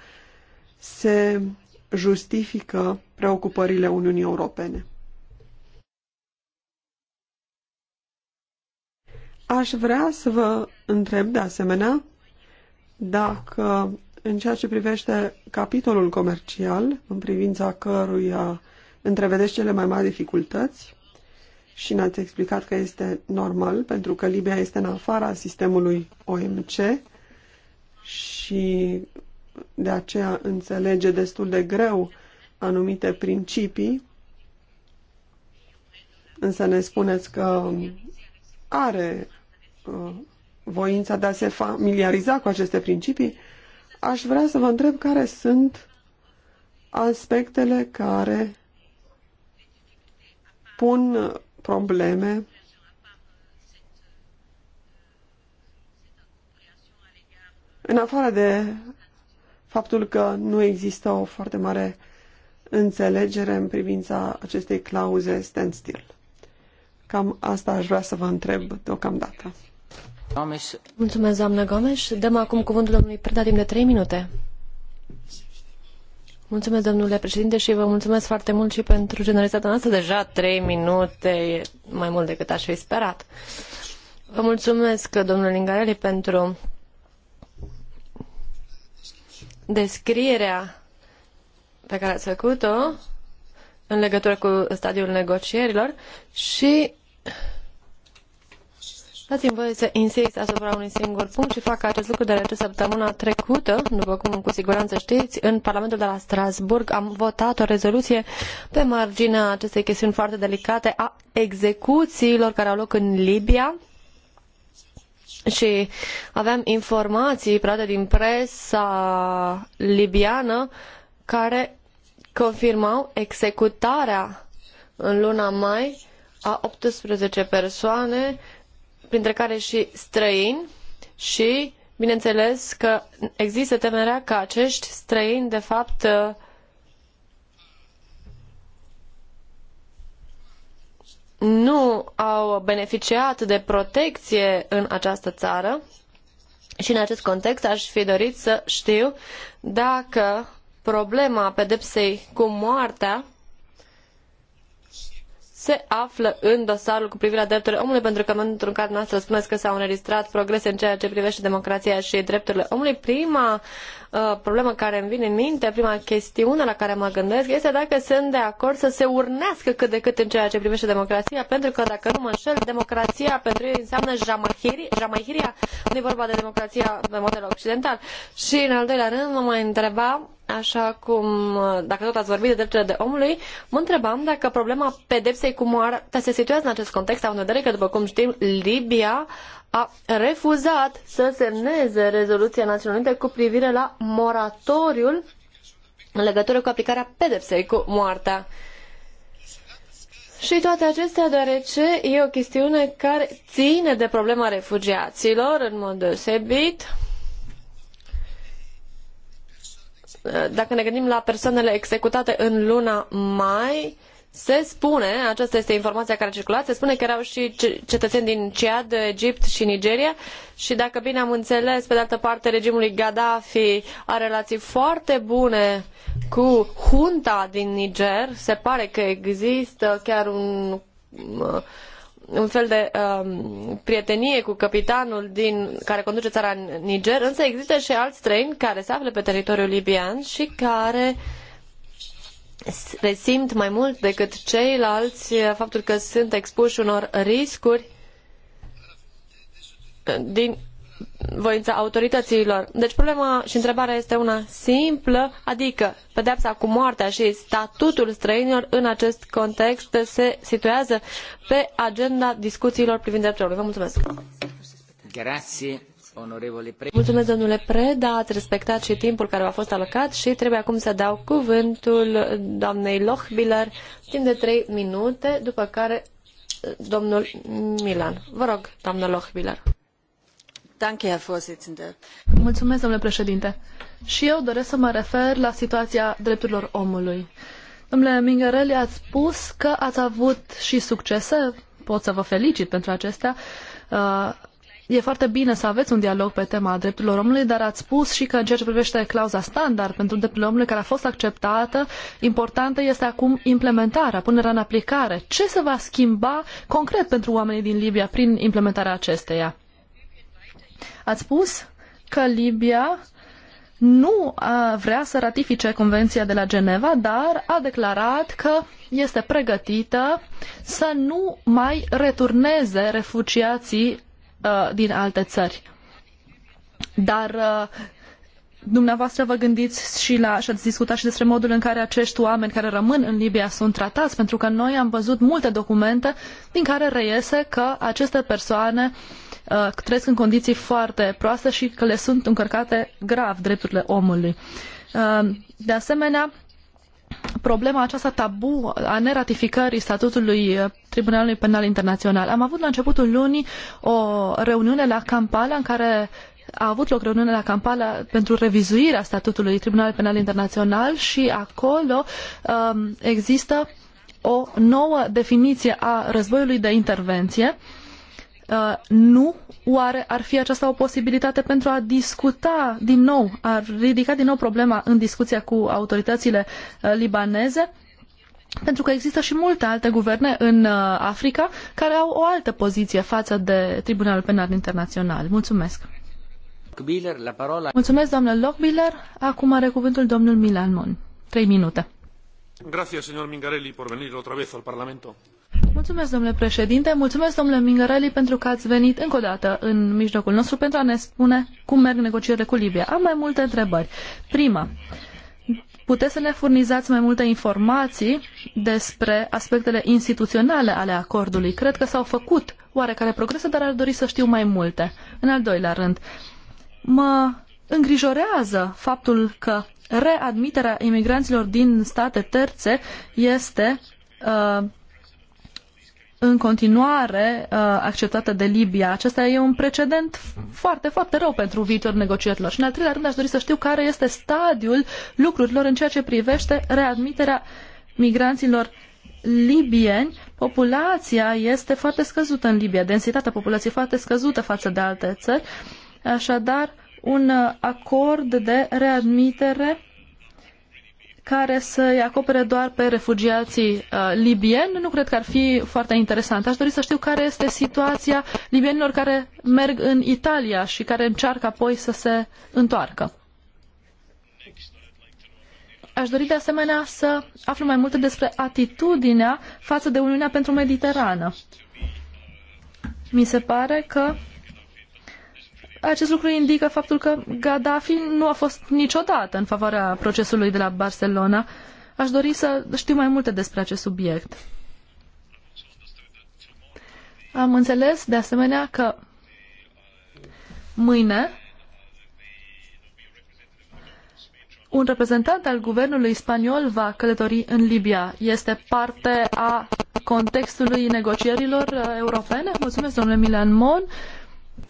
se justifică preocupările Uniunii Europene. Aș vrea să vă întreb de asemenea dacă în ceea ce privește capitolul comercial, în privința căruia întrevedeți cele mai mari dificultăți, și ne-ați explicat că este normal pentru că Libia este în afara sistemului OMC și de aceea înțelege destul de greu anumite principii, însă ne spuneți că are uh, voința de a se familiariza cu aceste principii, aș vrea să vă întreb care sunt aspectele care pun probleme în afară de faptul că nu există o foarte mare înțelegere în privința acestei clauze standstill. Cam asta aș vrea să vă întreb deocamdată. Gomes. Mulțumesc, doamnă Gomes. Dăm acum cuvântul domnului Preda timp de 3 minute. Mulțumesc, domnule președinte, și vă mulțumesc foarte mult și pentru generozitatea noastră. Deja trei minute e mai mult decât aș fi sperat. Vă mulțumesc, domnule Lingarelli, pentru descrierea pe care ați făcut-o în legătură cu stadiul negocierilor și Dați-mi voie să insist asupra unui singur punct și fac acest lucru deoarece săptămâna trecută, după cum cu siguranță știți, în Parlamentul de la Strasburg am votat o rezoluție pe marginea acestei chestiuni foarte delicate a execuțiilor care au loc în Libia și aveam informații prate din presa libiană care confirmau executarea în luna mai a 18 persoane uh, printre care și străini și, bineînțeles, că există temerea că acești străini, de fapt, uh, nu au beneficiat de protecție în această țară și în acest context aș fi dorit să știu dacă problema pedepsei cu moartea se află în dosarul cu privire la drepturile omului, pentru că în momentul în care noastră spuneți că s-au înregistrat progrese în ceea ce privește democrația și drepturile omului, prima uh, problemă care îmi vine în minte, prima chestiune la care mă gândesc este dacă sunt de acord să se urnească cât de cât în ceea ce privește democrația, pentru că dacă nu mă înșel, democrația pentru ei înseamnă jamahiri, jamahiria, nu e vorba de democrația pe modelul occidental. Și în al doilea rând mă mai întreba așa cum, dacă tot ați vorbit de drepturile de omului, mă întrebam dacă problema pedepsei cu moartea se situează în acest context, având în vedere că, după cum știm, Libia a refuzat să semneze rezoluția Națiunilor Unite cu privire la moratoriul în legătură cu aplicarea pedepsei cu moartea. Și toate acestea deoarece e o chestiune care ține de problema refugiaților în mod deosebit, dacă ne gândim la persoanele executate în luna mai, se spune, aceasta este informația care a circulat, se spune că erau și cetățeni din Ciad, Egipt și Nigeria și dacă bine am înțeles, pe de altă parte, regimul lui Gaddafi are relații foarte bune cu junta din Niger. Se pare că există chiar un uh, un fel de um, prietenie cu capitanul din, care conduce țara Niger, însă există și alți străini care se află pe teritoriul libian și care resimt mai mult decât ceilalți uh, faptul că sunt expuși unor riscuri uh, din voința autorităților. Deci problema și întrebarea este una simplă, adică pedepsa cu moartea și statutul străinilor în acest context se situează pe agenda discuțiilor privind drepturile. Vă mulțumesc! Grazie. Mulțumesc, domnule Preda, ați respectat și timpul care v-a fost alocat și trebuie acum să dau cuvântul doamnei Lochbiller timp de trei minute, după care eh, domnul Milan. Vă rog, doamnă Lochbiller. Mulțumesc, domnule președinte. Și eu doresc să mă refer la situația drepturilor omului. Domnule Mingarelli, ați spus că ați avut și succese, pot să vă felicit pentru acestea. Uh, e foarte bine să aveți un dialog pe tema drepturilor omului, dar ați spus și că în ceea ce privește clauza standard pentru drepturile omului care a fost acceptată, importantă este acum implementarea, punerea în aplicare. Ce se va schimba concret pentru oamenii din Libia prin implementarea acesteia? Ați spus că Libia nu vrea să ratifice Convenția de la Geneva, dar a declarat că este pregătită să nu mai returneze refugiații uh, din alte țări. Dar uh, dumneavoastră vă gândiți și la, și ați discutat și despre modul în care acești oameni care rămân în Libia sunt tratați, pentru că noi am văzut multe documente din care reiese că aceste persoane uh, uh, trăiesc în condiții foarte proaste și că le sunt încărcate grav drepturile omului. Uh, de asemenea, problema aceasta tabu a neratificării statutului uh, Tribunalului Penal Internațional. Am avut la începutul lunii o reuniune la Kampala în care a avut loc reuniune la Kampala pentru revizuirea statutului Tribunalului Penal Internațional și acolo um, există o nouă definiție a războiului de intervenție Uh, nu, oare ar fi aceasta o posibilitate pentru a discuta din nou, a ridica din nou problema în discuția cu autoritățile uh, libaneze? Pentru că există și multe alte guverne în uh, Africa care au o altă poziție față de Tribunalul Penal Internațional. Mulțumesc! Mulțumesc, doamnă Lockbiller. Acum are cuvântul domnul Milan Mon. Trei minute. Grazie, signor Mingarelli, por venir otra vez al Parlamento. Mulțumesc, domnule președinte, mulțumesc, domnule Mingarelli, pentru că ați venit încă o dată în mijlocul nostru pentru a ne spune cum merg negocierile cu Libia. Am mai multe întrebări. Prima, puteți să ne furnizați mai multe informații despre aspectele instituționale ale acordului. Cred că s-au făcut oarecare progrese, dar ar dori să știu mai multe. În al doilea rând, mă îngrijorează faptul că readmiterea imigranților din state terțe este uh, în continuare uh, acceptată de Libia. Acesta e un precedent foarte, foarte rău pentru viitorul negocierilor. Și în al treilea rând aș dori să știu care este stadiul lucrurilor în ceea ce privește readmiterea migranților libieni, populația este foarte scăzută în Libia, densitatea populației foarte scăzută față de alte țări, așadar un acord de readmitere care să-i acopere doar pe refugiații uh, libieni, nu cred că ar fi foarte interesant. Aș dori să știu care este situația libienilor care merg în Italia și care încearcă apoi să se întoarcă. Aș dori de asemenea să aflu mai multe despre atitudinea față de Uniunea pentru Mediterană. Mi se pare că acest lucru indică faptul că Gaddafi nu a fost niciodată în favoarea procesului de la Barcelona. Aș dori să știu mai multe despre acest subiect. Am înțeles, de asemenea, că mâine un reprezentant al guvernului spaniol va călători în Libia. Este parte a contextului negocierilor uh, europene? Mulțumesc, domnule Milan Mon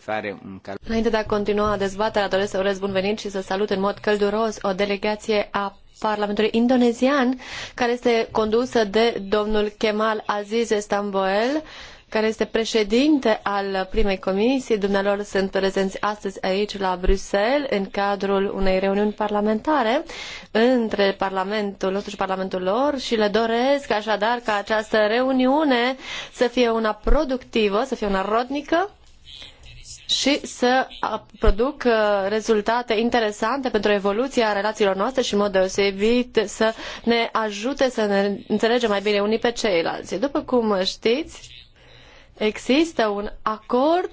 fare un cal... Înainte de a continua dezbaterea, doresc să urez bun venit și să salut în mod călduros o delegație a Parlamentului indonezian, care este condusă de domnul Kemal Aziz Estamboel, care este președinte al primei comisii. Dumnealor sunt prezenți astăzi aici la Bruxelles în cadrul unei reuniuni parlamentare între Parlamentul nostru și Parlamentul lor și le doresc așadar ca această reuniune să fie una productivă, să fie una rodnică și să produc uh, rezultate interesante pentru evoluția relațiilor noastre și, în mod deosebit, să ne ajute să ne înțelegem mai bine unii pe ceilalți. După cum știți, există un acord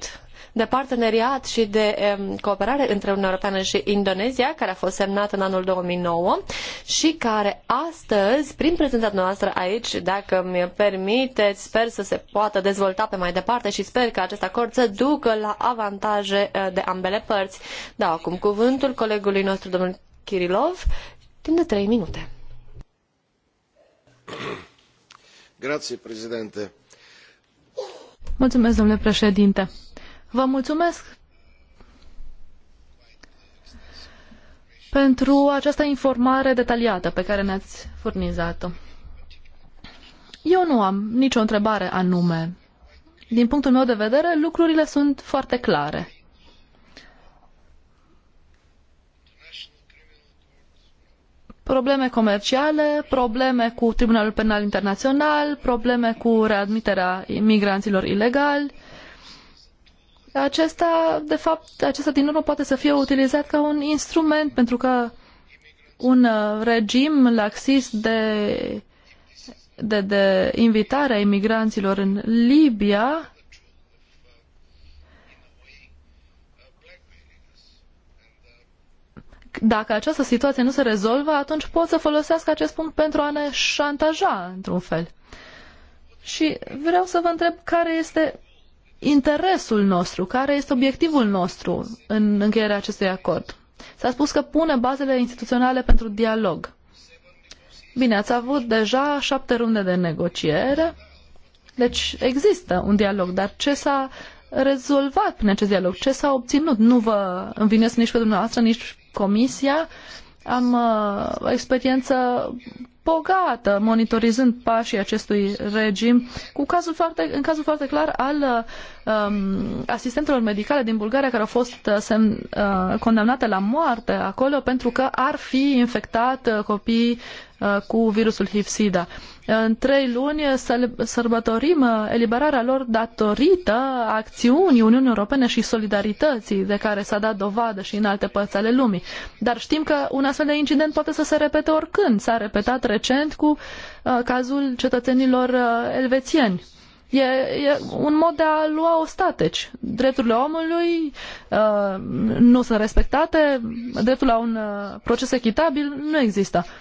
de parteneriat și de cooperare între Uniunea Europeană și Indonezia, care a fost semnat în anul 2009 și care astăzi, prin prezența noastră aici, dacă mi permiteți, sper să se poată dezvolta pe mai departe și sper că acest acord să ducă la avantaje eh, de ambele părți. Dau acum cuvântul colegului nostru, domnul Kirilov, timp de trei minute. Grazie, Mulțumesc, domnule președinte. Vă mulțumesc pentru această informare detaliată pe care ne-ați furnizat-o. Eu nu am nicio întrebare anume. Din punctul meu de vedere, lucrurile sunt foarte clare. Probleme comerciale, probleme cu Tribunalul Penal Internațional, probleme cu readmiterea migranților ilegali, acesta, de fapt, acesta din urmă poate să fie utilizat ca un instrument, pentru că un uh, regim laxist de, de, de invitare a imigranților în Libia dacă această situație nu se rezolvă, atunci pot să folosească acest punct pentru a ne șantaja, într-un fel. Și vreau să vă întreb care este interesul nostru, care este obiectivul nostru în încheierea acestui acord. S-a spus că pune bazele instituționale pentru dialog. Bine, ați avut deja șapte runde de negociere, deci există un dialog, dar ce s-a rezolvat prin acest dialog? Ce s-a obținut? Nu vă învinesc nici pe dumneavoastră, nici comisia. Am uh, experiență bogată, monitorizând pașii acestui regim, cu cazul foarte, în cazul foarte clar al um, asistentelor medicale din Bulgaria care au fost uh, sem, uh, condamnate la moarte acolo pentru că ar fi infectat uh, copii uh, cu virusul HIV-SIDA în trei luni sărbătorim uh, eliberarea lor datorită acțiunii Uniunii Europene și solidarității de care s-a dat dovadă și în alte părți ale lumii. Dar știm că un astfel de incident poate să se repete oricând. S-a repetat recent cu uh, cazul cetățenilor uh, elvețieni. E, e, un mod de a lua o stateci. Drepturile omului uh, nu sunt respectate, dreptul la un proces echitabil nu există. Uh,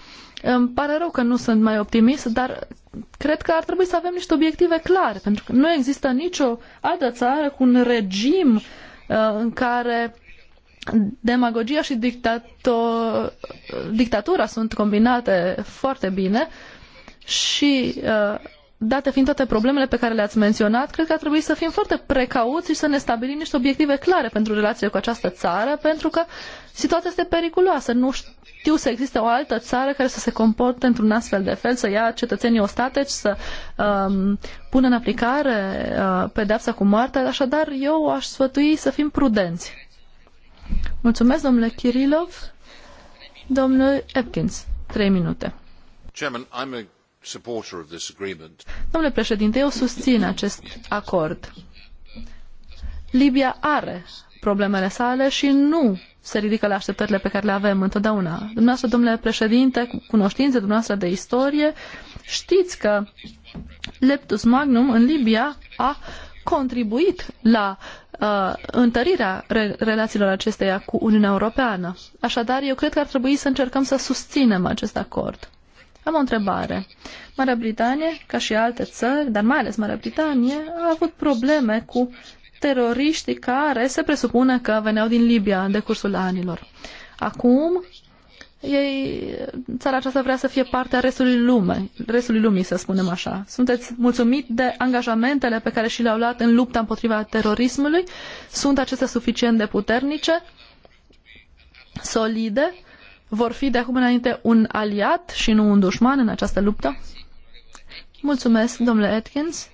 îmi pare rău că nu sunt mai optimist, dar cred că ar trebui să avem niște obiective clare, pentru că nu există nicio altă țară cu un regim uh, în care demagogia și dictato- dictatura sunt combinate foarte bine și uh, date fiind toate problemele pe care le-ați menționat, cred că ar trebui să fim foarte precauți și să ne stabilim niște obiective clare pentru relațiile cu această țară, pentru că situația este periculoasă. Nu știu să existe o altă țară care să se comporte într-un astfel de fel, să ia cetățenii ostateci, să um, pună în aplicare uh, pedepsa cu moartea. Așadar, eu aș sfătui să fim prudenți. Mulțumesc, domnule Kirilov. Domnul Epkins, trei minute. Chairman, I'm a Domnule președinte, eu susțin acest acord. Libia are problemele sale și nu se ridică la așteptările pe care le avem întotdeauna. Dumneavoastră, domnule președinte, cu cunoștințe dumneavoastră de istorie, știți că Leptus Magnum în Libia a contribuit la uh, întărirea re- relațiilor acesteia cu Uniunea Europeană. Așadar, eu cred că ar trebui să încercăm să susținem acest acord. Am o întrebare. Marea Britanie, ca și alte țări, dar mai ales Marea Britanie, a avut probleme cu teroriștii care se presupune că veneau din Libia în decursul anilor. Acum, ei, țara aceasta vrea să fie parte a restului lumei, restului lumii, să spunem așa. Sunteți mulțumit de angajamentele pe care și le-au luat în lupta împotriva terorismului? Sunt acestea suficient de puternice, solide vor fi de acum înainte un aliat și nu un dușman în această luptă? Mulțumesc, domnule Atkins.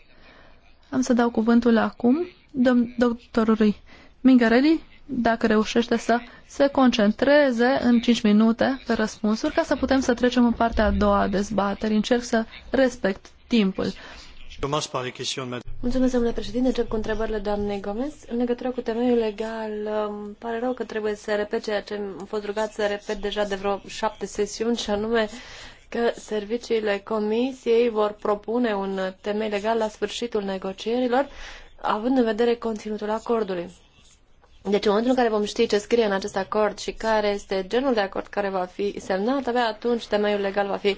Am să dau cuvântul acum dom- doctorului Mingarelli, dacă reușește să se concentreze în 5 minute pe răspunsuri, ca să putem să trecem în partea a doua a dezbaterii. Încerc să respect timpul. Mulțumesc, domnule președinte. Încep cu întrebările doamnei Gomez. În legătură cu temeiul legal, îmi um, pare rău că trebuie să repet ceea ce am fost rugat să repet deja de vreo șapte sesiuni, și anume că serviciile comisiei vor propune un temei legal la sfârșitul negocierilor, având în vedere conținutul acordului. Deci în momentul în care vom ști ce scrie în acest acord și care este genul de acord care va fi semnat, abia atunci temeiul legal va fi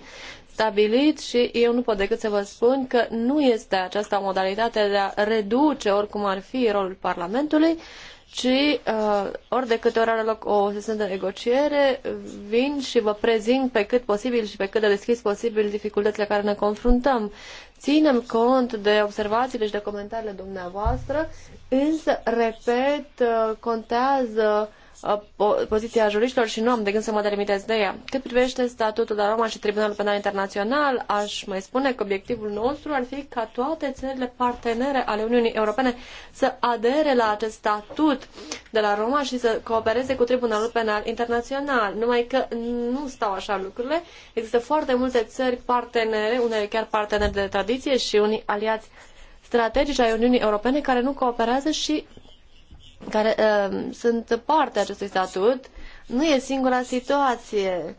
stabilit și eu nu pot decât să vă spun că nu este aceasta o modalitate de a reduce oricum ar fi rolul Parlamentului, ci uh, ori de câte ori are loc o sesiune de negociere, vin și vă prezint pe cât posibil și pe cât de deschis posibil dificultățile care ne confruntăm. Ținem cont de observațiile și de comentariile dumneavoastră, însă, repet, uh, contează Uh, poziția juriștilor și nu am de gând să mă delimitez de ea. Cât privește statutul de Roma și Tribunalul Penal Internațional, aș mai spune că obiectivul nostru ar fi ca toate țările partenere ale Uniunii Europene să adere la acest statut de la Roma și să coopereze cu Tribunalul Penal Internațional. Numai că nu stau așa lucrurile. Există foarte multe țări partenere, unele chiar parteneri de tradiție și unii aliați strategici ai Uniunii Europene care nu cooperează și care uh, sunt parte a acestui statut, nu e singura situație.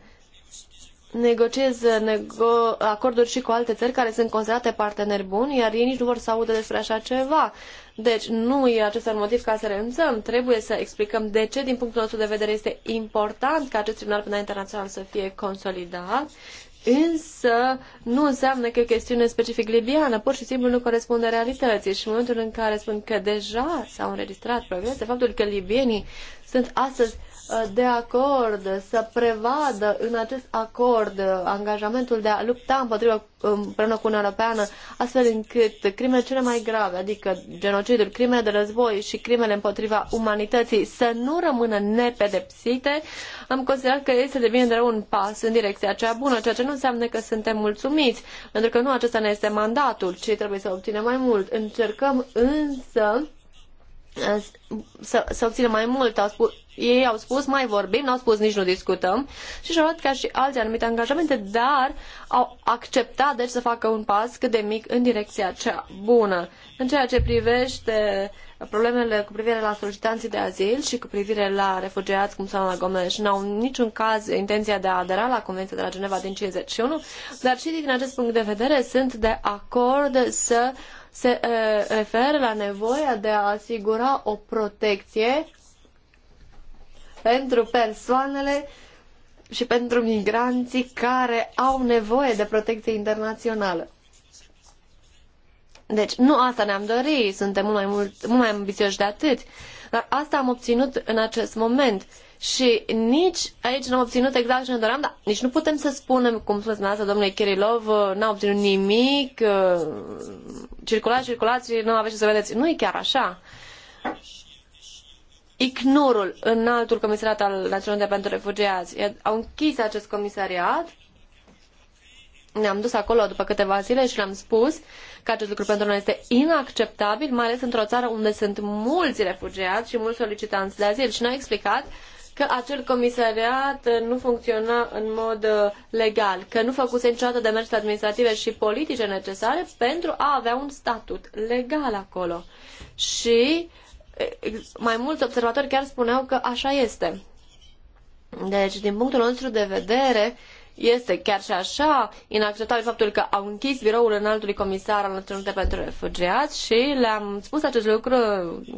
Negociez uh, nego- acorduri și cu alte țări care sunt considerate parteneri buni, iar ei nici nu vor să audă despre așa ceva. Deci nu e acest motiv ca să renunțăm. Trebuie să explicăm de ce, din punctul nostru de vedere, este important ca acest Tribunal Penal Internațional să fie consolidat însă nu înseamnă că e o chestiune specific libiană, pur și simplu nu corespunde realității. Și în momentul în care spun că deja s-au înregistrat progrese, faptul că libienii sunt astăzi Uh, de acord să prevadă în acest acord uh, angajamentul de a lupta împotriva împreună cu Uniunea Europeană, astfel încât crimele cele mai grave, adică genocidul, crimele de război și crimele împotriva umanității să nu rămână nepedepsite, am considerat că este de de un pas în direcția aceea bună, ceea ce nu înseamnă că suntem mulțumiți, pentru că nu acesta ne este mandatul, ci trebuie să obținem mai mult. Încercăm însă să, să obțină mai mult. Au spus, ei au spus mai vorbim, n-au spus nici nu discutăm și și-au luat ca și alții anumite angajamente, dar au acceptat deci să facă un pas cât de mic în direcția cea bună. În ceea ce privește problemele cu privire la solicitanții de azil și cu privire la refugiați, cum doamna Gomes, n-au în niciun caz intenția de a adera la Convenția de la Geneva din 51, dar și din acest punct de vedere sunt de acord să uh, se referă la nevoia de a asigura o protecție pentru persoanele și pentru migranții care au nevoie de protecție internațională. Deci, nu asta ne-am dorit, suntem mult mai, mult, mult mai ambițioși de atât, dar asta am obținut în acest moment. Uh, și nici aici n-am obținut exact ce ne doream, dar nici nu putem să spunem, cum spuneți dumneavoastră, domnule Kirilov, uh, n-a obținut nimic, uh, circulați, circulați, nu aveți ce să vedeți. Nu e chiar așa. Ignorul în altul comisariat al Națiunilor pentru Refugiați, au închis acest comisariat. Ne-am dus acolo după câteva zile și le-am spus că acest lucru pentru noi este inacceptabil, mai ales într-o țară unde sunt mulți refugiați și mulți solicitanți de azil. Și ne-au explicat că acel comisariat uh, nu funcționa în mod uh, legal, că nu făcuse niciodată demersuri administrative și politice necesare pentru a avea un statut legal acolo. Și eh, mai mulți observatori chiar spuneau că așa este. Deci, din punctul nostru de vedere, este chiar și așa inacceptabil faptul că au închis biroul înaltului comisar al Națiunilor Unite pentru Refugiați și le-am spus acest lucru,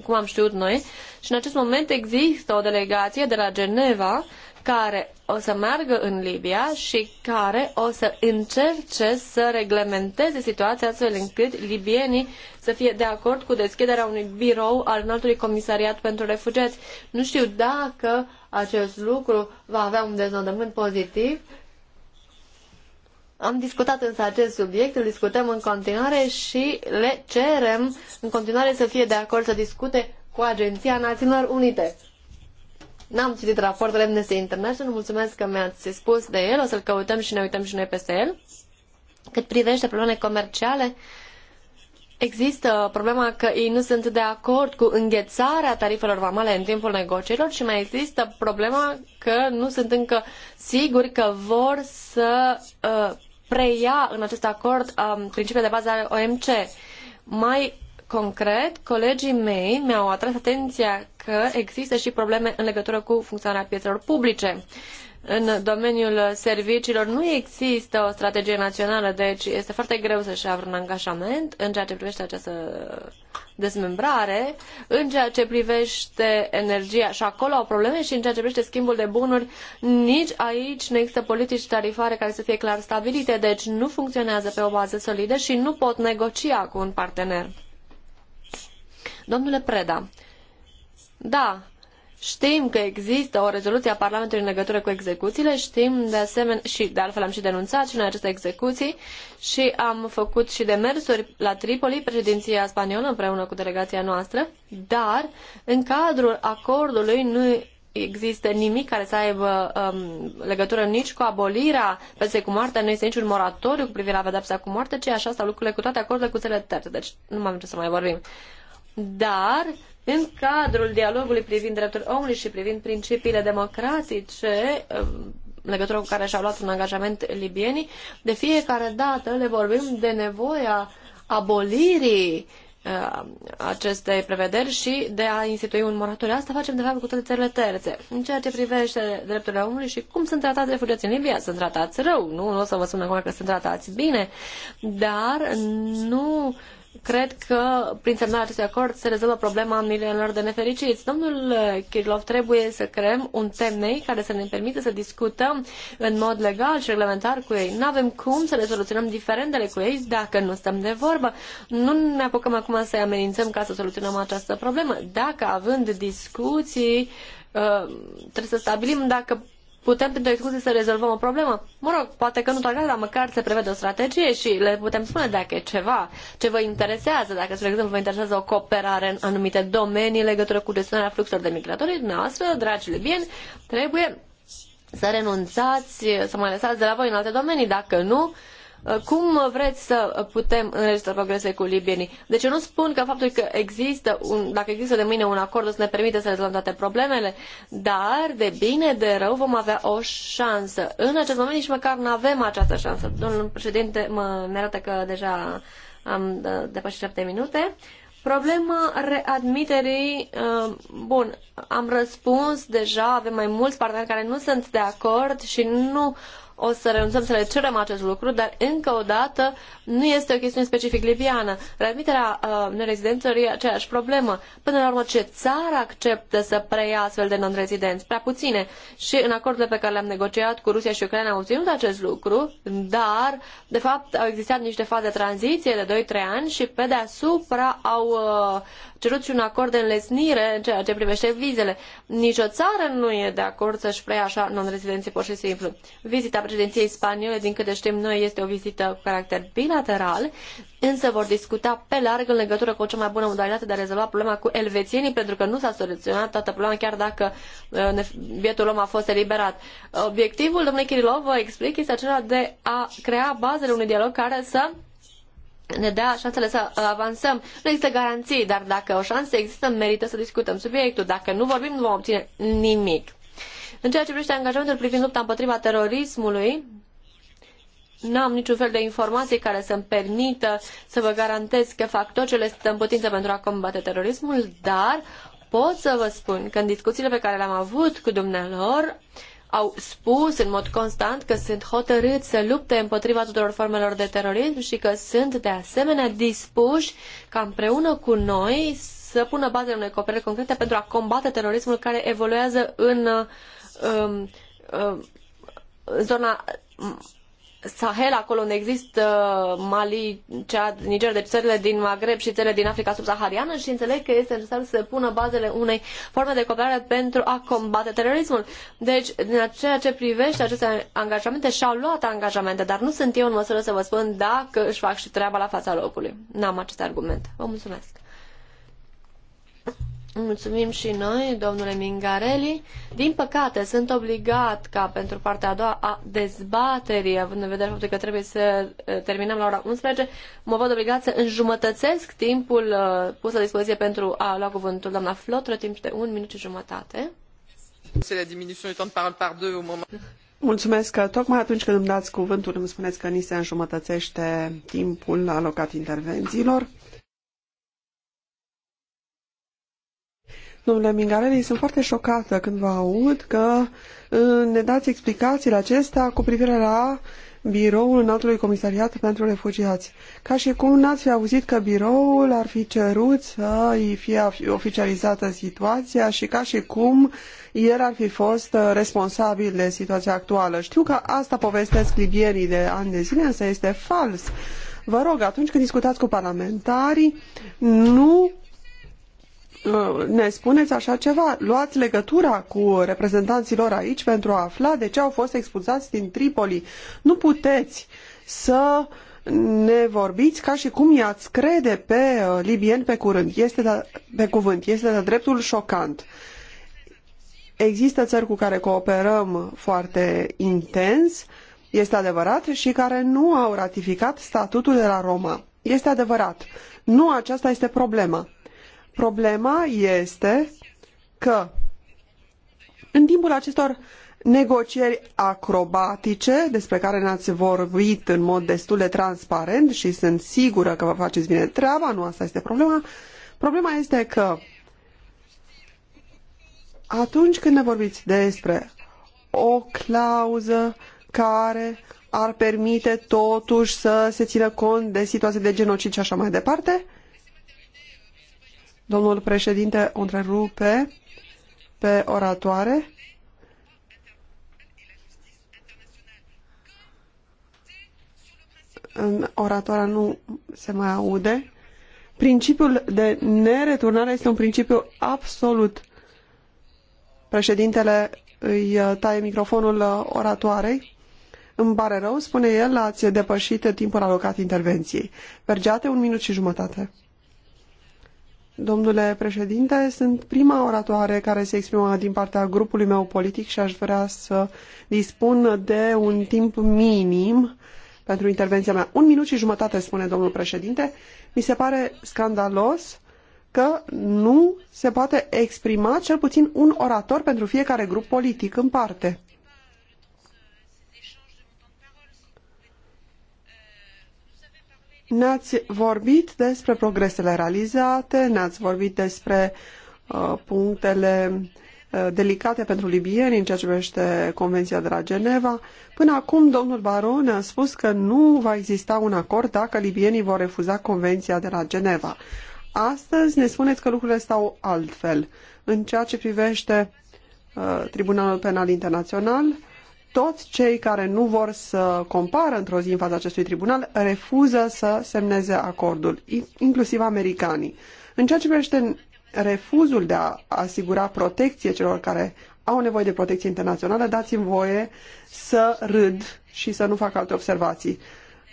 cum am știut noi, și în acest moment există o delegație de la Geneva care o să meargă în Libia și care o să încerce să reglementeze situația astfel încât libienii să fie de acord cu deschiderea unui birou al înaltului comisariat pentru refugiați. Nu știu dacă acest lucru va avea un deznodământ pozitiv am discutat însă acest subiect, îl discutăm în continuare și le cerem în continuare să fie de acord să discute cu Agenția Națiunilor Unite. N-am citit raportul Amnesty International, mulțumesc că mi-ați spus de el, o să-l căutăm și ne uităm și noi peste el. Cât privește probleme comerciale, Există problema că ei nu sunt de acord cu înghețarea tarifelor vamale în timpul negocierilor și mai există problema că nu sunt încă siguri că vor să uh, preia în acest acord um, principiile de bază ale OMC. Mai concret, colegii mei mi-au atras atenția că există și probleme în legătură cu funcționarea piețelor publice. Uh, în domeniul serviciilor nu există o strategie națională, deci este foarte greu să-și ia un angajament în ceea ce privește această dezmembrare, în ceea ce privește energia și acolo au probleme și în ceea ce privește schimbul de bunuri, nici aici nu există politici tarifare care să fie clar stabilite, deci nu funcționează pe o bază solidă și nu pot negocia cu un partener. Domnule Preda, da, Știm că există o rezoluție a Parlamentului în legătură cu execuțiile, știm de asemenea, și de altfel am și denunțat și în aceste execuții și am făcut și demersuri la Tripoli, președinția spaniolă împreună cu delegația noastră, dar în cadrul acordului nu există nimic care să aibă um, legătură nici cu abolirea pedepsei cu moartea, nu este niciun moratoriu cu privire la pedepsa cu moartea, ci așa stau lucrurile cu toate acordurile cu țările terțe, deci nu mai am ce să mai vorbim. Dar în cadrul dialogului privind drepturile omului și privind principiile democratice, um, în legătură cu care și-au luat un angajament libienii, de fiecare dată le vorbim de nevoia abolirii um, acestei prevederi și de a institui un moratoriu. Asta facem, de fapt, cu toate țările terțe. În ceea ce privește drepturile omului și cum sunt tratați refugiații în Libia, sunt tratați rău, nu, nu o să vă spun acum că sunt tratați bine, dar nu cred că prin semnarea acestui acord se rezolvă problema milionilor de nefericiți. Domnul Kirilov, trebuie să creăm un temei care să ne permită să discutăm în mod legal și reglementar cu ei. Nu avem cum să le soluționăm diferendele cu ei dacă nu stăm de vorbă. Nu ne apucăm acum să-i amenințăm ca să soluționăm această problemă. Dacă având discuții uh, trebuie să stabilim dacă putem printr o discuție să rezolvăm o problemă? Mă rog, poate că nu toate, dar măcar se prevede o strategie și le putem spune dacă e ceva ce vă interesează, dacă, spre exemplu, vă interesează o cooperare în anumite domenii în legătură cu gestionarea fluxurilor de migratorii, dumneavoastră, dragi libieni, trebuie să renunțați, să mai lăsați de la voi în alte domenii. Dacă nu, Uh, cum vreți să putem înregistra progrese cu libienii? Deci eu nu spun că faptul că există, un, dacă există de mâine un acord, o să ne permite să rezolvăm toate problemele, dar de bine, de rău, vom avea o șansă. În acest moment nici măcar nu avem această șansă. Domnul președinte mă arată că deja am uh, depășit șapte minute. Problema readmiterii, uh, bun, am răspuns deja, avem mai mulți parteneri care nu sunt de acord și nu o să renunțăm să le cerem acest lucru, dar încă o dată nu este o chestiune specific libiană. Readmiterea uh, nerezidenților e aceeași problemă. Până la urmă, ce țară acceptă să preia astfel de non-rezidenți? Prea puține. Și în acordurile pe care le-am negociat cu Rusia și Ucraina am obținut acest lucru, dar, de fapt, au existat niște faze de tranziție de 2-3 ani și pe deasupra au uh, cerut și un acord de înlesnire în ceea ce privește vizele. Nici o țară nu e de acord să-și preia așa non-rezidenții pur și simplu. Vizita președinției spaniole, din câte știm noi, este o vizită cu caracter bilateral, însă vor discuta pe larg în legătură cu cea mai bună modalitate de a rezolva problema cu elvețienii, pentru că nu s-a soluționat toată problema, chiar dacă uh, bietul om a fost eliberat. Obiectivul domnului Kirilov, vă explic, este acela de a crea bazele unui dialog care să ne dea șansele să uh, avansăm. Nu există garanții, dar dacă o șansă există, merită să discutăm subiectul. Dacă nu vorbim, nu vom obține nimic. În ceea ce privește angajamentul privind lupta împotriva terorismului, nu am niciun fel de informații care să-mi permită să vă garantez că fac tot ce le stă în putință pentru a combate terorismul, dar pot să vă spun că în discuțiile pe care le-am avut cu dumnealor, uh, au spus în mod constant că sunt hotărâți să lupte împotriva tuturor formelor de terorism și că sunt de asemenea dispuși ca împreună cu noi să pună bazele unei cooperări concrete pentru a combate terorismul care evoluează în um, um, zona Sahel, acolo unde există Mali, Chad, Niger, deci țările din Maghreb și țările din Africa subsahariană și înțeleg că este necesar să se pună bazele unei forme de cooperare pentru a combate terorismul. Deci, din ceea ce privește aceste angajamente, și-au luat angajamente, dar nu sunt eu în măsură să vă spun dacă își fac și treaba la fața locului. N-am aceste argumente. Vă mulțumesc. Mulțumim și noi, domnule Mingarelli. Din păcate, sunt obligat ca pentru partea a doua a dezbaterii, având în vedere faptul că trebuie să eh, terminăm la ora 11, mă văd obligat să înjumătățesc timpul eh, pus la dispoziție pentru a lua cuvântul doamna Flotră, timp de un minut și jumătate. Mulțumesc. Tocmai atunci când îmi dați cuvântul, îmi spuneți că ni se înjumătățește timpul alocat intervențiilor. Domnule Mingarelli, sunt foarte șocată când vă aud că uh, ne dați explicațiile acestea cu privire la biroul înaltului comisariat pentru refugiați. Ca și cum n-ați fi auzit că biroul ar fi cerut să îi fie oficializată situația și ca și cum el ar fi fost uh, responsabil de situația actuală. Știu că asta povestesc libierii de ani de zile, însă este fals. Vă rog, atunci când discutați cu parlamentarii, nu ne spuneți așa ceva. Luați legătura cu reprezentanții lor aici pentru a afla de ce au fost expulzați din Tripoli. Nu puteți să ne vorbiți ca și cum i-ați crede pe uh, libieni pe, curând. Este de, pe cuvânt. Este de dreptul șocant. Există țări cu care cooperăm foarte intens, este adevărat, și care nu au ratificat statutul de la Roma. Este adevărat. Nu aceasta este problema. Problema este că în timpul acestor negocieri acrobatice despre care ne-ați vorbit în mod destul de transparent și sunt sigură că vă faceți bine treaba, nu asta este problema. Problema este că atunci când ne vorbiți despre o clauză care ar permite totuși să se țină cont de situații de genocid și așa mai departe, Domnul președinte o întrerupe pe oratoare. În oratoarea nu se mai aude. Principiul de nereturnare este un principiu absolut. Președintele îi uh, taie microfonul uh, oratoarei. Îmi pare rău, spune el, ați depășit timpul alocat intervenției. Vergeate un minut și jumătate. Domnule președinte, sunt prima oratoare care se exprimă din partea grupului meu politic și aș vrea să dispun de un timp minim pentru intervenția mea. Un minut și jumătate, spune domnul președinte. Mi se pare scandalos că nu se poate exprima cel puțin un orator pentru fiecare grup politic în parte. Ne-ați vorbit despre progresele realizate, ne-ați vorbit despre uh, punctele uh, delicate pentru libieni în ceea ce privește Convenția de la Geneva. Până acum, domnul Baron a spus că nu va exista un acord dacă libienii vor refuza Convenția de la Geneva. Astăzi ne spuneți că lucrurile stau altfel. În ceea ce privește uh, Tribunalul Penal Internațional, toți cei care nu vor să compară într-o zi în fața acestui tribunal refuză să semneze acordul, inclusiv americanii. În ceea ce privește refuzul de a asigura protecție celor care au nevoie de protecție internațională, dați-mi voie să râd și să nu fac alte observații.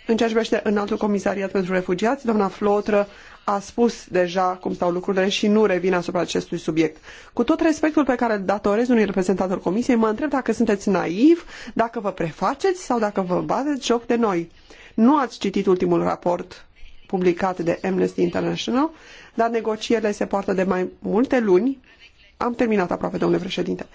În ceea ce privește altul comisariat pentru refugiați, doamna Flotră a spus deja cum stau lucrurile și nu revin asupra acestui subiect. Cu tot respectul pe care îl datorez unui reprezentant al Comisiei, mă întreb dacă sunteți naiv, dacă vă prefaceți sau dacă vă bateți joc de noi. Nu ați citit ultimul raport publicat de Amnesty International, dar negocierile se poartă de mai multe luni. Am terminat aproape, domnule președinte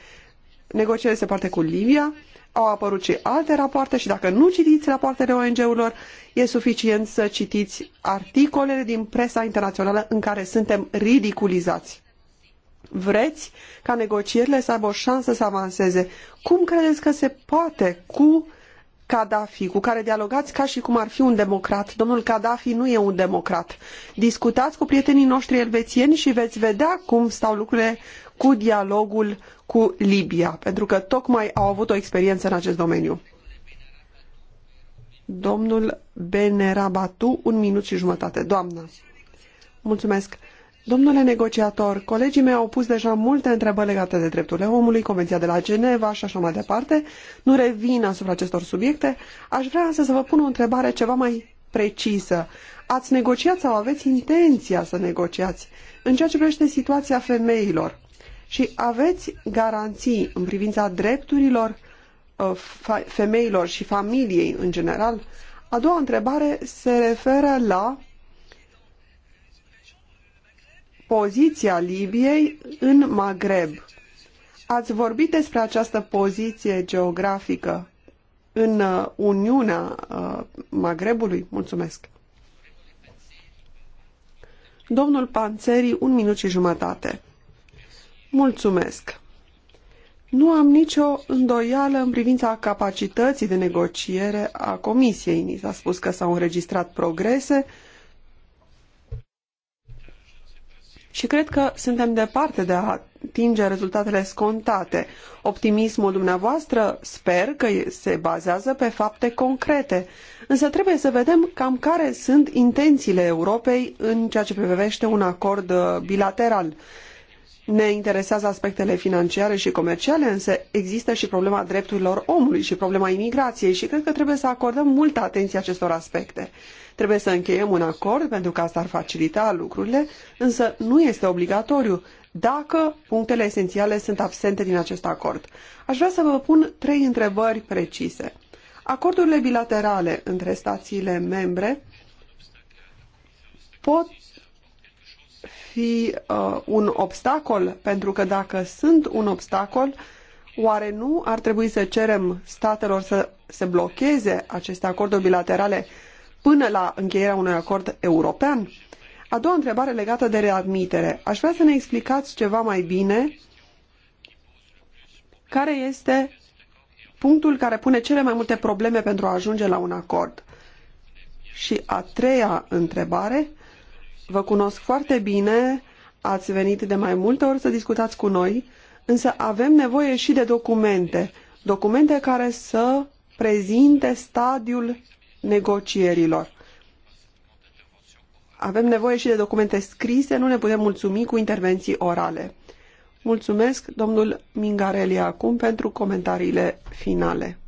negocierile se parte cu Libia, au apărut și alte rapoarte și dacă nu citiți rapoartele ONG-urilor, e suficient să citiți articolele din presa internațională în care suntem ridiculizați. Vreți ca negocierile să aibă o șansă să avanseze? Cum credeți că se poate cu Gaddafi, cu care dialogați ca și cum ar fi un democrat. Domnul Gaddafi nu e un democrat. Discutați cu prietenii noștri elvețieni și veți vedea cum stau lucrurile cu dialogul cu Libia, pentru că tocmai au avut o experiență în acest domeniu. Domnul Benerabatu, un minut și jumătate. Doamnă, mulțumesc. Domnule negociator, colegii mei au pus deja multe întrebări legate de drepturile omului, Convenția de la Geneva și așa mai departe. Nu revin asupra acestor subiecte. Aș vrea însă să vă pun o întrebare ceva mai precisă. Ați negociat sau aveți intenția să negociați în ceea ce privește situația femeilor? și aveți garanții în privința drepturilor uh, femeilor și familiei în general? A doua întrebare se referă la poziția Libiei în Maghreb. Ați vorbit despre această poziție geografică în uh, Uniunea uh, Maghrebului? Mulțumesc! Domnul Panțeri, un minut și jumătate. Mulțumesc. Nu am nicio îndoială în privința capacității de negociere a Comisiei. Ni s-a spus că s-au înregistrat progrese și cred că suntem departe de a atinge rezultatele scontate. Optimismul dumneavoastră sper că se bazează pe fapte concrete, însă trebuie să vedem cam care sunt intențiile Europei în ceea ce privește un acord uh, bilateral ne interesează aspectele financiare și comerciale, însă există și problema drepturilor omului și problema imigrației și cred că trebuie să acordăm multă atenție acestor aspecte. Trebuie să încheiem un acord pentru că asta ar facilita lucrurile, însă nu este obligatoriu dacă punctele esențiale sunt absente din acest acord. Aș vrea să vă pun trei întrebări precise. Acordurile bilaterale între stațiile membre pot fi uh, un obstacol, pentru că dacă sunt un obstacol, oare nu ar trebui să cerem statelor să se blocheze aceste acorduri bilaterale până la încheierea unui acord european? A doua întrebare legată de readmitere. Aș vrea să ne explicați ceva mai bine care este punctul care pune cele mai multe probleme pentru a ajunge la un acord. Și a treia întrebare Vă cunosc foarte bine, ați venit de mai multe ori să discutați cu noi, însă avem nevoie și de documente, documente care să prezinte stadiul negocierilor. Avem nevoie și de documente scrise, nu ne putem mulțumi cu intervenții orale. Mulțumesc, domnul Mingarelli, acum pentru comentariile finale.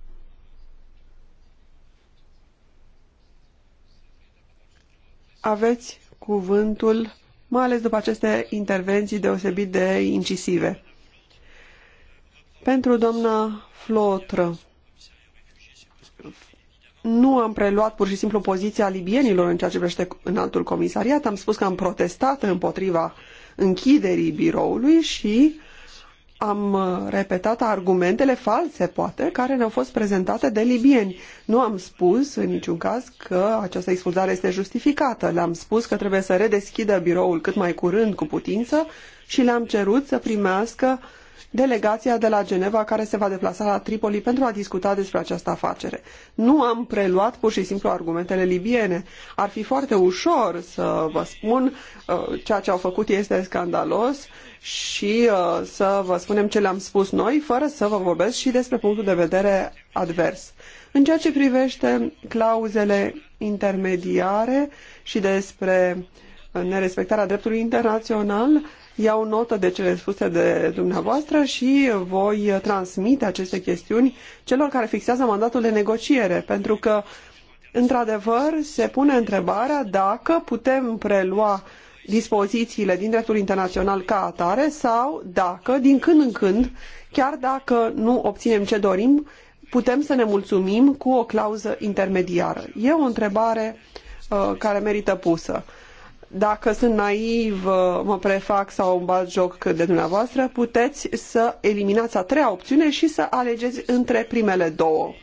Aveți cuvântul, mai ales după aceste intervenții deosebit de incisive. Pentru doamna Flotră, nu am preluat pur și simplu poziția libienilor în ceea ce privește în altul comisariat. Am spus că am protestat împotriva închiderii biroului și am uh, repetat argumentele false, poate, care ne-au fost prezentate de libieni. Nu am spus în niciun caz că această expulzare este justificată. Le-am spus că trebuie să redeschidă biroul cât mai curând cu putință și le-am cerut să primească delegația de la Geneva care se va deplasa la Tripoli pentru a discuta despre această afacere. Nu am preluat pur și simplu argumentele libiene. Ar fi foarte ușor să vă spun uh, ceea ce au făcut este scandalos și uh, să vă spunem ce le-am spus noi, fără să vă vorbesc și despre punctul de vedere advers. În ceea ce privește clauzele intermediare și despre nerespectarea dreptului internațional, Iau notă de cele spuse de dumneavoastră și voi transmite aceste chestiuni celor care fixează mandatul de negociere, pentru că, într-adevăr, se pune întrebarea dacă putem prelua dispozițiile din dreptul internațional ca atare sau dacă, din când în când, chiar dacă nu obținem ce dorim, putem să ne mulțumim cu o clauză intermediară. E o întrebare uh, care merită pusă dacă sunt naiv, uh, mă prefac sau îmi bat joc de dumneavoastră, puteți să eliminați a treia opțiune și să alegeți între primele două.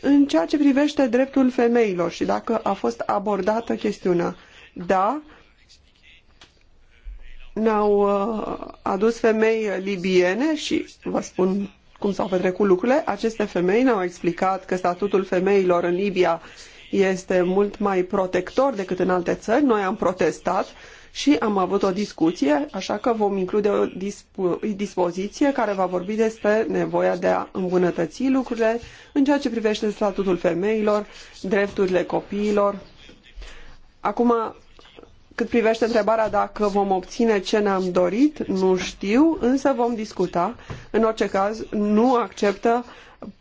În ceea ce privește dreptul femeilor și dacă a fost abordată chestiunea, da, ne-au uh, adus femei libiene și vă spun cum s-au petrecut lucrurile. Aceste femei ne-au explicat că statutul femeilor în Libia este mult mai protector decât în alte țări. Noi am protestat și am avut o discuție, așa că vom include o dispoziție care va vorbi despre nevoia de a îmbunătăți lucrurile în ceea ce privește statutul femeilor, drepturile copiilor. Acum, cât privește întrebarea dacă vom obține ce ne-am dorit, nu știu, însă vom discuta. În orice caz, nu acceptă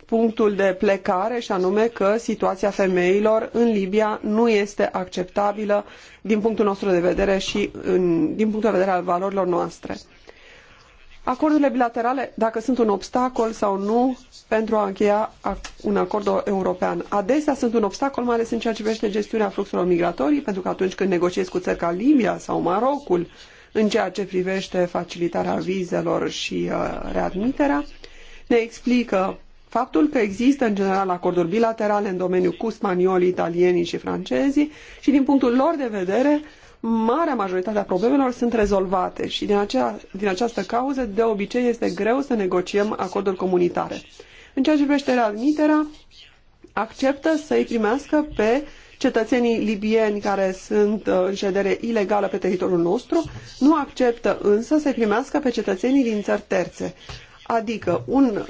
punctul de plecare și anume că situația femeilor în Libia nu este acceptabilă din punctul nostru de vedere și în, din punctul de vedere al valorilor noastre. Acordurile bilaterale, dacă sunt un obstacol sau nu pentru a încheia un acord european, adesea sunt un obstacol, mai ales în ceea ce privește gestiunea fluxurilor migratorii, pentru că atunci când negociezi cu țări ca Libia sau Marocul, în ceea ce privește facilitarea vizelor și uh, readmiterea, ne explică faptul că există în general acorduri bilaterale în domeniul cu spaniolii, italienii și francezii și din punctul lor de vedere, marea majoritate a problemelor sunt rezolvate și din, acea, din această cauză de obicei este greu să negociem acorduri comunitare. În ceea ce privește readmiterea, acceptă să îi primească pe cetățenii libieni care sunt uh, în ședere ilegală pe teritoriul nostru, nu acceptă însă să-i primească pe cetățenii din țări terțe. Adică un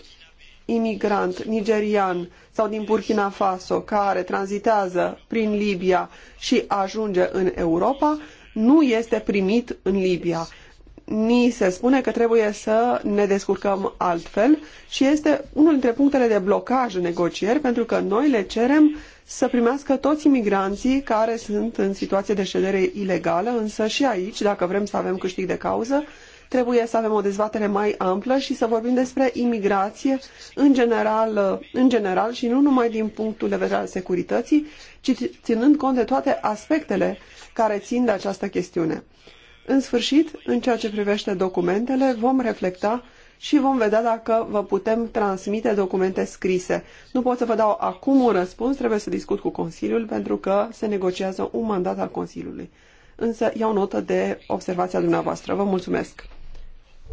imigrant nigerian sau din Burkina Faso care tranzitează prin Libia și ajunge în Europa nu este primit în Libia. Ni se spune că trebuie să ne descurcăm altfel și este unul dintre punctele de blocaj în negocieri pentru că noi le cerem să primească toți imigranții care sunt în situație de ședere ilegală, însă și aici, dacă vrem să avem câștig de cauză, Trebuie să avem o dezbatere mai amplă și să vorbim despre imigrație în general, în general și nu numai din punctul de vedere al securității, ci ținând cont de toate aspectele care țin de această chestiune. În sfârșit, în ceea ce privește documentele, vom reflecta și vom vedea dacă vă putem transmite documente scrise. Nu pot să vă dau acum un răspuns, trebuie să discut cu Consiliul pentru că se negociază un mandat al Consiliului. Însă iau notă de observația dumneavoastră. Vă mulțumesc!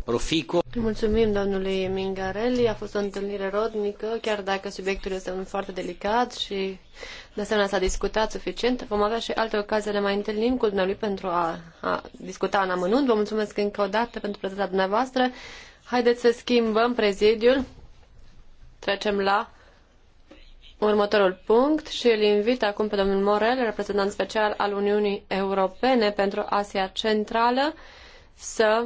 proficuo. Mulțumim domnului Mingarelli, a fost o întâlnire rodnică, chiar dacă subiectul este unul foarte delicat și de asemenea s-a discutat suficient. Vom avea și alte ocazii ne mai întâlnim cu dumneavoastră pentru a, a discuta în amănunt. Vă mulțumesc încă o dată pentru prezența dumneavoastră. Haideți să schimbăm prezidiul. Trecem la următorul punct și îl invit acum pe domnul Morel, reprezentant special al Uniunii Europene pentru Asia Centrală, să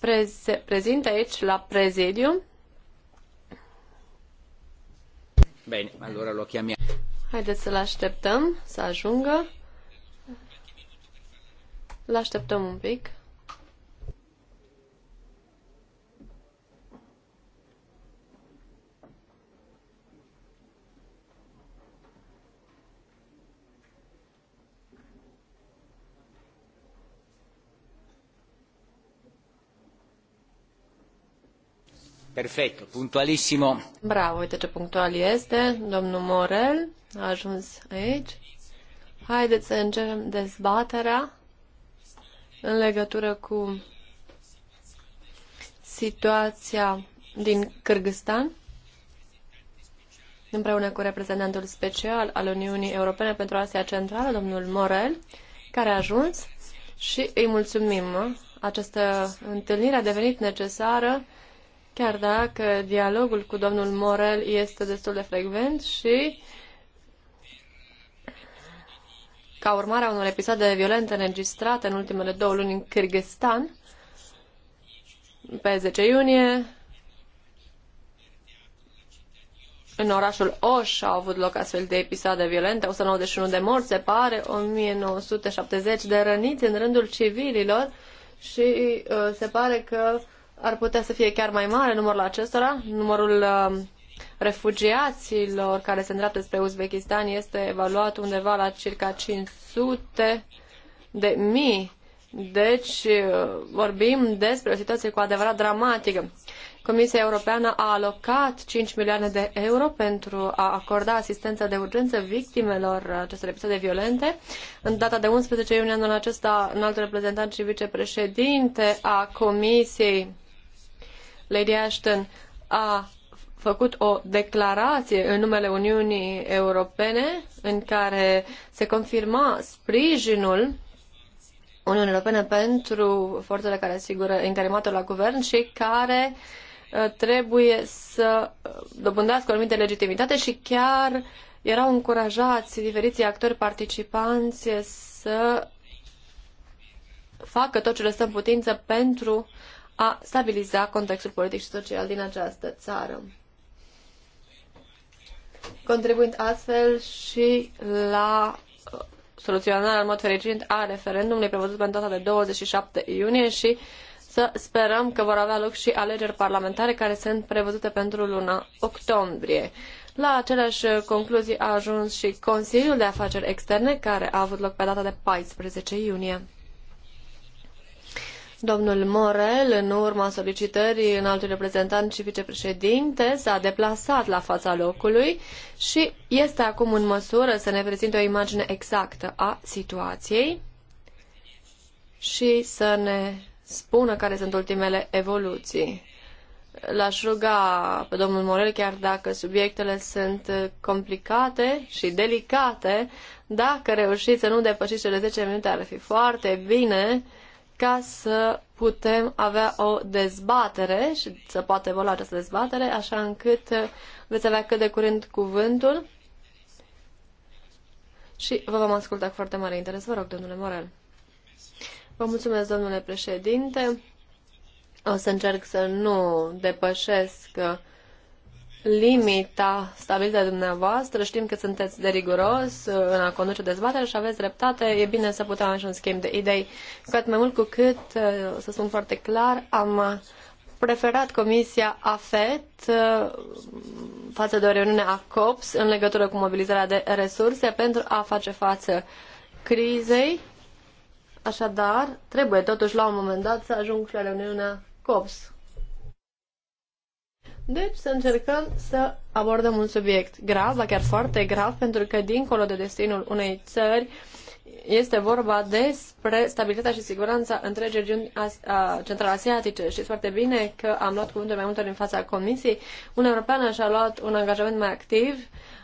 prez- prezint aici la prezidiu. Bine, allora lo chiamiamo. Haideți să-l așteptăm să ajungă. L așteptăm un pic. Perfect, punctualissimo. Bravo, uite ce punctual este. Domnul Morel a ajuns aici. Haideți să începem dezbaterea în legătură cu situația din Kyrgyzstan împreună cu reprezentantul special al Uniunii Europene pentru Asia Centrală, domnul Morel, care a ajuns și îi mulțumim. Această întâlnire a devenit necesară chiar dacă dialogul cu domnul Morel este destul de frecvent și ca urmare a unor episoade violente înregistrate în ultimele două luni în Kyrgyzstan, pe 10 iunie, în orașul Oș au avut loc astfel de episoade violente, 191 de morți, se pare, 1970 de răniți în rândul civililor și uh, se pare că ar putea să fie chiar mai mare numărul acestora. Numărul uh, refugiaților care se îndreaptă spre Uzbekistan este evaluat undeva la circa 500 de mii. Deci uh, vorbim despre o situație cu adevărat dramatică. Comisia Europeană a alocat 5 milioane de euro pentru a acorda asistență de urgență victimelor acestor episoade violente. În data de 11 iunie anul acesta, un alt reprezentant și vicepreședinte a Comisiei Lady Ashton a făcut o declarație în numele Uniunii Europene în care se confirma sprijinul Uniunii Europene pentru forțele care asigură interimatul la guvern și care uh, trebuie să uh, dobândească o anumită legitimitate și chiar erau încurajați diferiții actori participanți să facă tot ce le stă în putință pentru a stabiliza contextul politic și social din această țară, contribuind astfel și la uh, soluționarea în mod fericit a referendumului prevăzut pentru data de 27 iunie și să sperăm că vor avea loc și alegeri parlamentare care sunt prevăzute pentru luna octombrie. La aceleași concluzii a ajuns și Consiliul de Afaceri Externe, care a avut loc pe data de 14 iunie. Domnul Morel, în urma solicitării în altul reprezentant și vicepreședinte, s-a deplasat la fața locului și este acum în măsură să ne prezinte o imagine exactă a situației și să ne spună care sunt ultimele evoluții. L-aș ruga pe domnul Morel, chiar dacă subiectele sunt complicate și delicate, dacă reușiți să nu depășiți cele 10 minute, ar fi foarte bine ca să putem avea o dezbatere și să poate evolua această dezbatere, așa încât veți avea cât de curând cuvântul și vă vom asculta cu foarte mare interes. Vă rog, domnule Morel. Vă mulțumesc, domnule președinte. O să încerc să nu depășesc uh, limita stabilită de dumneavoastră. Știm că sunteți de riguros uh, în a conduce dezbaterea și aveți dreptate. E bine să putem așa un schimb de idei. Cu atât mai mult cu cât, uh, să spun foarte clar, am uh, preferat Comisia AFET față de o reuniune a COPS în legătură cu mobilizarea de resurse pentru a face față crizei. Așadar, trebuie totuși la un moment dat să ajung și la reuniunea COPS. Deci să încercăm să abordăm un subiect grav, dar chiar foarte grav, pentru că dincolo de destinul unei țări este vorba despre stabilitatea și siguranța întregii regiuni central-asiatice. Știți foarte bine că am luat cuvântul mai multor din fața Comisiei. Uniunea Europeană și-a luat un angajament mai activ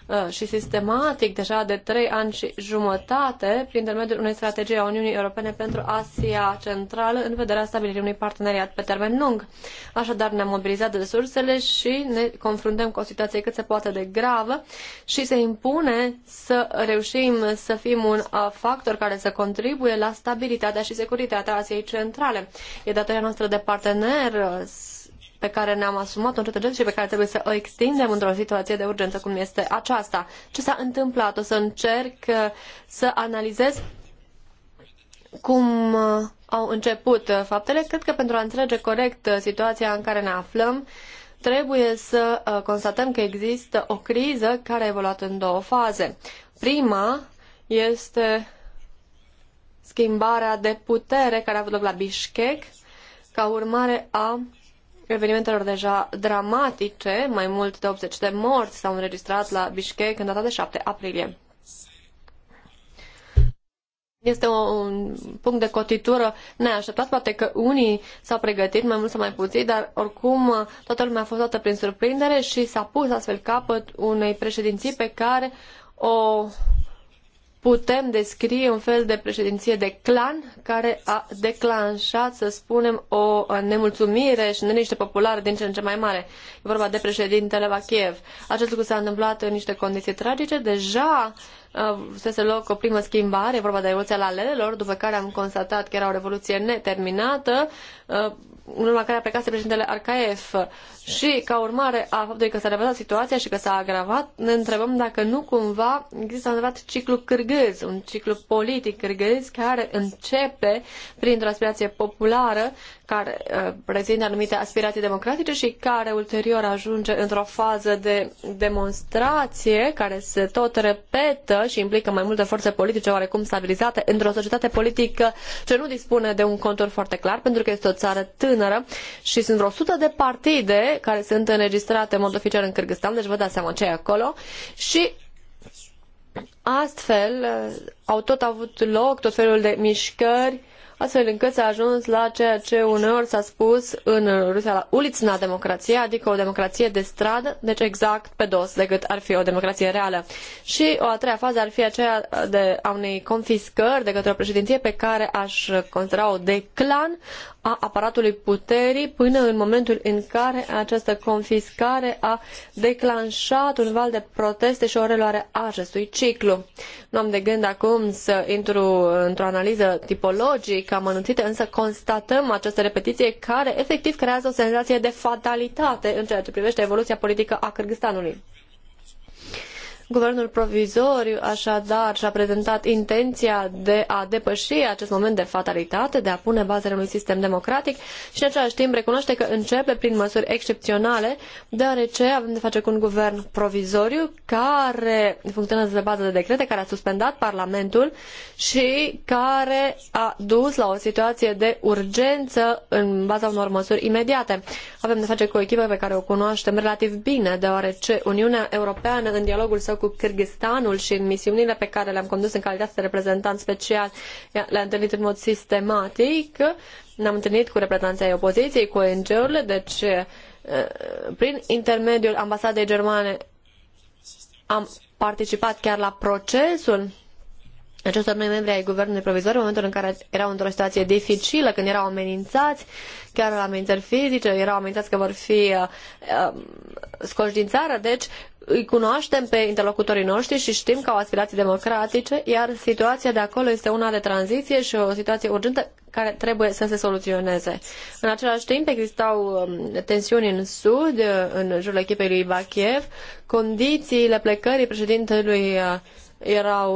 Uh, și sistematic deja de trei ani și jumătate prin intermediul unei strategii a Uniunii Europene pentru Asia Centrală în vederea stabilirii unui parteneriat pe termen lung. Așadar ne-am mobilizat resursele și ne confruntăm cu o situație cât se poate de gravă și se impune să reușim să fim un uh, factor care să contribuie la stabilitatea și securitatea Asiei Centrale. E datoria noastră de partener uh, pe care ne-am asumat-o încet și pe care trebuie să o extindem într-o situație de urgență cum este aceasta. Ce s-a întâmplat? O să încerc uh, să analizez cum uh, au început uh, faptele. Cred că pentru a înțelege corect situația în care ne aflăm, trebuie să constatăm că există o criză care a evoluat în două faze. Prima este schimbarea de putere care a avut loc la Bishkek ca urmare a evenimentelor deja dramatice, mai mult de 80 de morți s-au înregistrat la Bishkek în data de 7 aprilie. Este un punct de cotitură neașteptat, poate că unii s-au pregătit mai mult sau mai puțin, dar oricum toată lumea a fost dată prin surprindere și s-a pus astfel capăt unei președinții pe care o putem descrie un fel de președinție de clan care a declanșat, să spunem, o nemulțumire și neliniște populară din ce în ce mai mare. E vorba de președintele Vachiev. Acest lucru s-a întâmplat în niște condiții tragice. Deja uh, se se loc o primă schimbare, e vorba de revoluția la lelelor, după care am constatat că era o revoluție neterminată, uh, în urma care a plecat președintele Arcaef și ca urmare a faptului că s-a reversat situația și că s-a agravat, ne întrebăm dacă nu cumva există un adevărat ciclu cârgâz, un ciclu politic cârgâz care începe printr-o aspirație populară care uh, prezintă anumite aspirații democratice și care ulterior ajunge într-o fază de demonstrație care se tot repetă și implică mai multe forțe politice oarecum stabilizate într-o societate politică ce nu dispune de un contur foarte clar pentru că este o țară tânără și sunt vreo 100 de partide care sunt înregistrate în mod oficial în Kyrgyzstan, deci vă dați seama ce e acolo și astfel uh, au tot avut loc tot felul de mișcări astfel încât s-a ajuns la ceea ce uneori s-a spus în Rusia la ulițna democrație, adică o democrație de stradă, deci exact pe dos decât ar fi o democrație reală. Și o a treia fază ar fi aceea de, a unei confiscări de către o președinție pe care aș considera-o de clan a aparatului puterii până în momentul în care această confiscare a declanșat un val de proteste și o reluare a acestui ciclu. Nu am de gând acum să intru într-o analiză tipologică ca amănunțite, însă constatăm această repetiție care efectiv creează o senzație de fatalitate în ceea ce privește evoluția politică a Kyrgyzstanului. Guvernul provizoriu așadar și-a prezentat intenția de a depăși acest moment de fatalitate, de a pune bazele unui sistem democratic și în același timp recunoaște că începe prin măsuri excepționale, deoarece avem de face cu un guvern provizoriu care funcționează pe bază de decrete, care a suspendat Parlamentul și care a dus la o situație de urgență în baza unor măsuri imediate. Avem de face cu o echipă pe care o cunoaștem relativ bine, deoarece Uniunea Europeană în dialogul său cu Kyrgyzstanul și în misiunile pe care le-am condus în calitate de reprezentant special, le-am întâlnit în mod sistematic, ne-am întâlnit cu reprezentanții opoziției, cu ONG-urile, deci eh, prin intermediul ambasadei germane am participat chiar la procesul acestor noi membri ai guvernului provizor, în momentul în care erau într-o situație dificilă, când erau amenințați, chiar la amenințări fizice, erau amenințați că vor fi uh, scoși din țară, deci îi cunoaștem pe interlocutorii noștri și știm că au aspirații democratice, iar situația de acolo este una de tranziție și o situație urgentă care trebuie să se soluționeze. În același timp existau um, tensiuni în sud, în jurul echipei lui Bakiev, condițiile plecării președintelui uh, erau,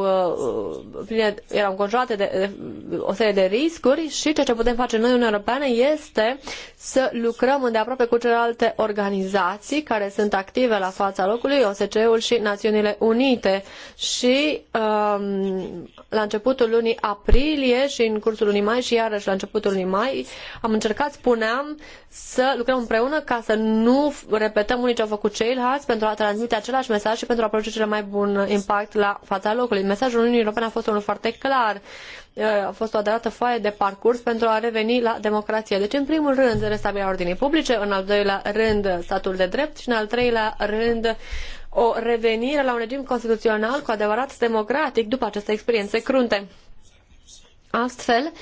uh, pline, erau înconjoate de o serie de riscuri și ceea ce putem face noi, Uniunea Europeană, este să lucrăm îndeaproape cu celelalte organizații care sunt active la fața locului, OSCE-ul și Națiunile Unite. Și um, la începutul lunii aprilie și în cursul lunii mai și iarăși la începutul lunii mai am încercat, spuneam, să lucrăm împreună ca să nu repetăm unii ce au făcut ceilalți pentru a transmite același mesaj și pentru a produce cel mai bun impact la fața fața locului. Mesajul Uniunii Europene a fost unul foarte clar. A fost o adevărată foaie de parcurs pentru a reveni la democrație. Deci, în primul rând, restabilirea ordinii publice, în al doilea rând, statul de drept și, în al treilea rând, o revenire la un regim constituțional cu adevărat democratic după aceste experiențe crunte. Astfel,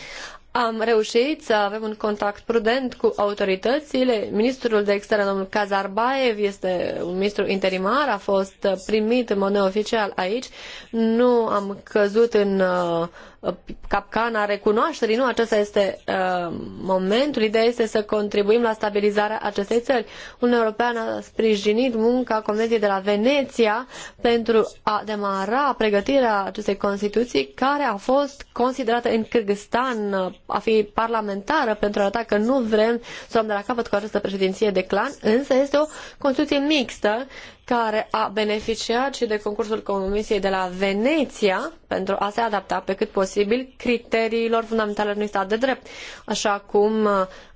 am reușit să avem un contact prudent cu autoritățile. Ministrul de externe, domnul Kazarbaev, este un ministru interimar, a fost primit în mod neoficial aici. Nu am căzut în uh, Uh, capcana recunoașterii. Nu, acesta este uh, momentul. Ideea este să contribuim la stabilizarea acestei țări. Uniunea Europeană a sprijinit munca Comisiei de la Veneția pentru a demara pregătirea acestei Constituții, care a fost considerată în Kyrgyzstan uh, a fi parlamentară pentru a arăta că nu vrem să luăm de la capăt cu această președinție de clan, însă este o Constituție mixtă care a beneficiat și de concursul Comisiei de la Veneția pentru a se adapta pe cât posibil criteriilor fundamentale unui stat de drept. Așa cum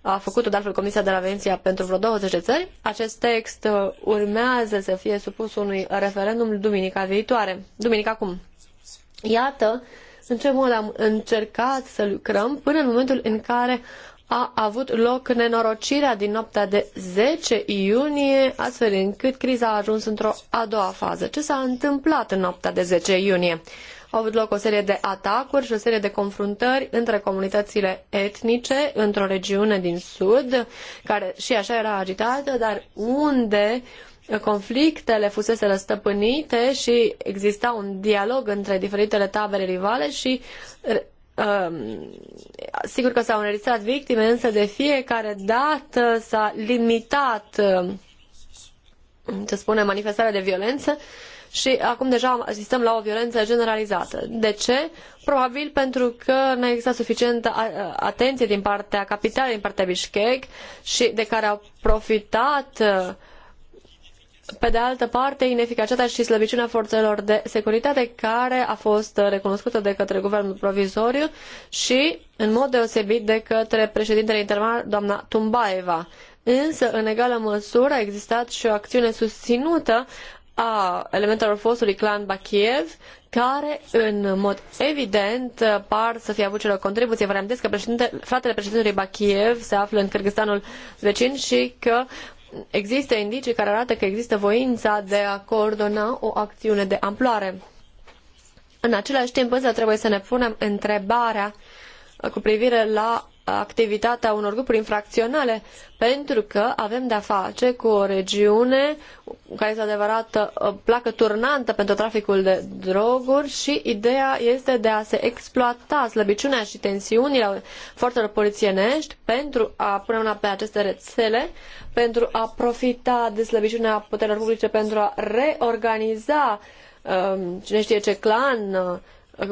a făcut-o de altfel Comisia de la Veneția pentru vreo 20 de țări, acest text urmează să fie supus unui referendum duminica viitoare. Duminica acum. Iată în ce mod am încercat să lucrăm până în momentul în care a avut loc nenorocirea din noaptea de 10 iunie, astfel încât criza a ajuns într-o a doua fază. Ce s-a întâmplat în noaptea de 10 iunie? Au avut loc o serie de atacuri și o serie de confruntări între comunitățile etnice într-o regiune din sud, care și așa era agitată, dar unde conflictele fusese răstăpânite și exista un dialog între diferitele tabere rivale și Um, sigur că s-au înregistrat victime, însă de fiecare dată s-a limitat, um, să spunem, manifestarea de violență și acum deja asistăm la o violență generalizată. De ce? Probabil pentru că nu existat suficientă atenție din partea capitalei, din partea Bishkek și de care au profitat uh, pe de altă parte, ineficacitatea și slăbiciunea forțelor de securitate care a fost recunoscută de către guvernul provizoriu și, în mod deosebit, de către președintele interimar, doamna Tumbaeva. Însă, în egală măsură, a existat și o acțiune susținută a elementelor fostului clan Bakiev, care, în mod evident, par să fie avut și o contribuție. Vă reamintesc că președinte, fratele președintelui Bakiev, se află în Kyrgyzstanul vecin și că există indicii care arată că există voința de a coordona o acțiune de amploare. În același timp, însă, trebuie să ne punem întrebarea cu privire la activitatea unor grupuri infracționale, pentru că avem de-a face cu o regiune care este adevărată placă turnantă pentru traficul de droguri și ideea este de a se exploata slăbiciunea și tensiunile forțelor polițienești pentru a pune una pe aceste rețele, pentru a profita de slăbiciunea puterilor publice pentru a reorganiza um, cine știe ce clan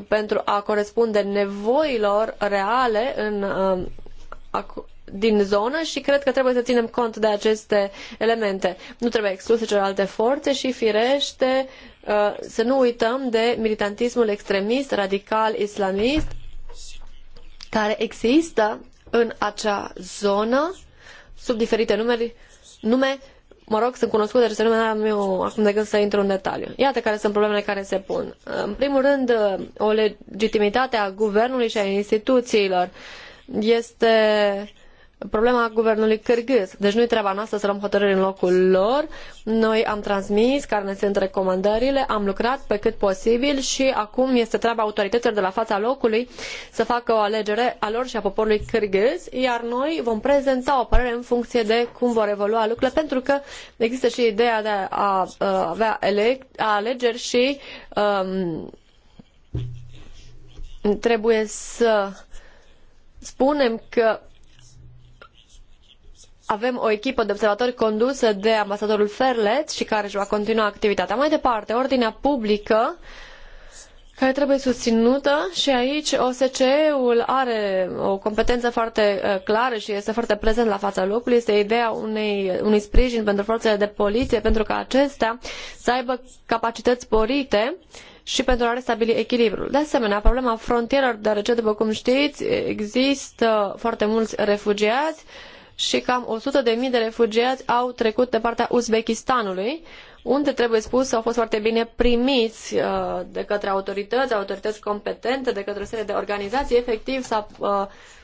pentru a corespunde nevoilor reale în, um, din zonă și cred că trebuie să ținem cont de aceste elemente. Nu trebuie excluse celelalte forțe și firește uh, să nu uităm de militantismul extremist, radical, islamist care există în acea zonă sub diferite numeri, nume mă rog, sunt cunoscute, deci nu eu acum gând să intru în detaliu. Iată care sunt problemele care se pun. În primul rând, o legitimitate a guvernului și a instituțiilor este problema guvernului cârgâz. Deci nu-i treaba noastră să luăm hotărâri în locul lor. Noi am transmis care ne sunt recomandările, am lucrat pe cât posibil și acum este treaba autorităților de la fața locului să facă o alegere a lor și a poporului cârgâz, iar noi vom prezenta o părere în funcție de cum vor evolua lucrurile, pentru că există și ideea de a, avea alegeri și um, trebuie să spunem că avem o echipă de observatori condusă de ambasadorul Ferlet și care își va continua activitatea. Mai departe, ordinea publică care trebuie susținută și aici OSCE-ul are o competență foarte uh, clară și este foarte prezent la fața locului. Este ideea unei, unui sprijin pentru forțele de poliție pentru ca acestea să aibă capacități sporite și pentru a restabili echilibrul. De asemenea, problema frontierelor, deoarece, după cum știți, există foarte mulți refugiați și cam 100.000 de refugiați au trecut de partea Uzbekistanului, unde, trebuie spus, au fost foarte bine primiți uh, de către autorități, autorități competente, de către o serie de organizații. Efectiv, s-a uh,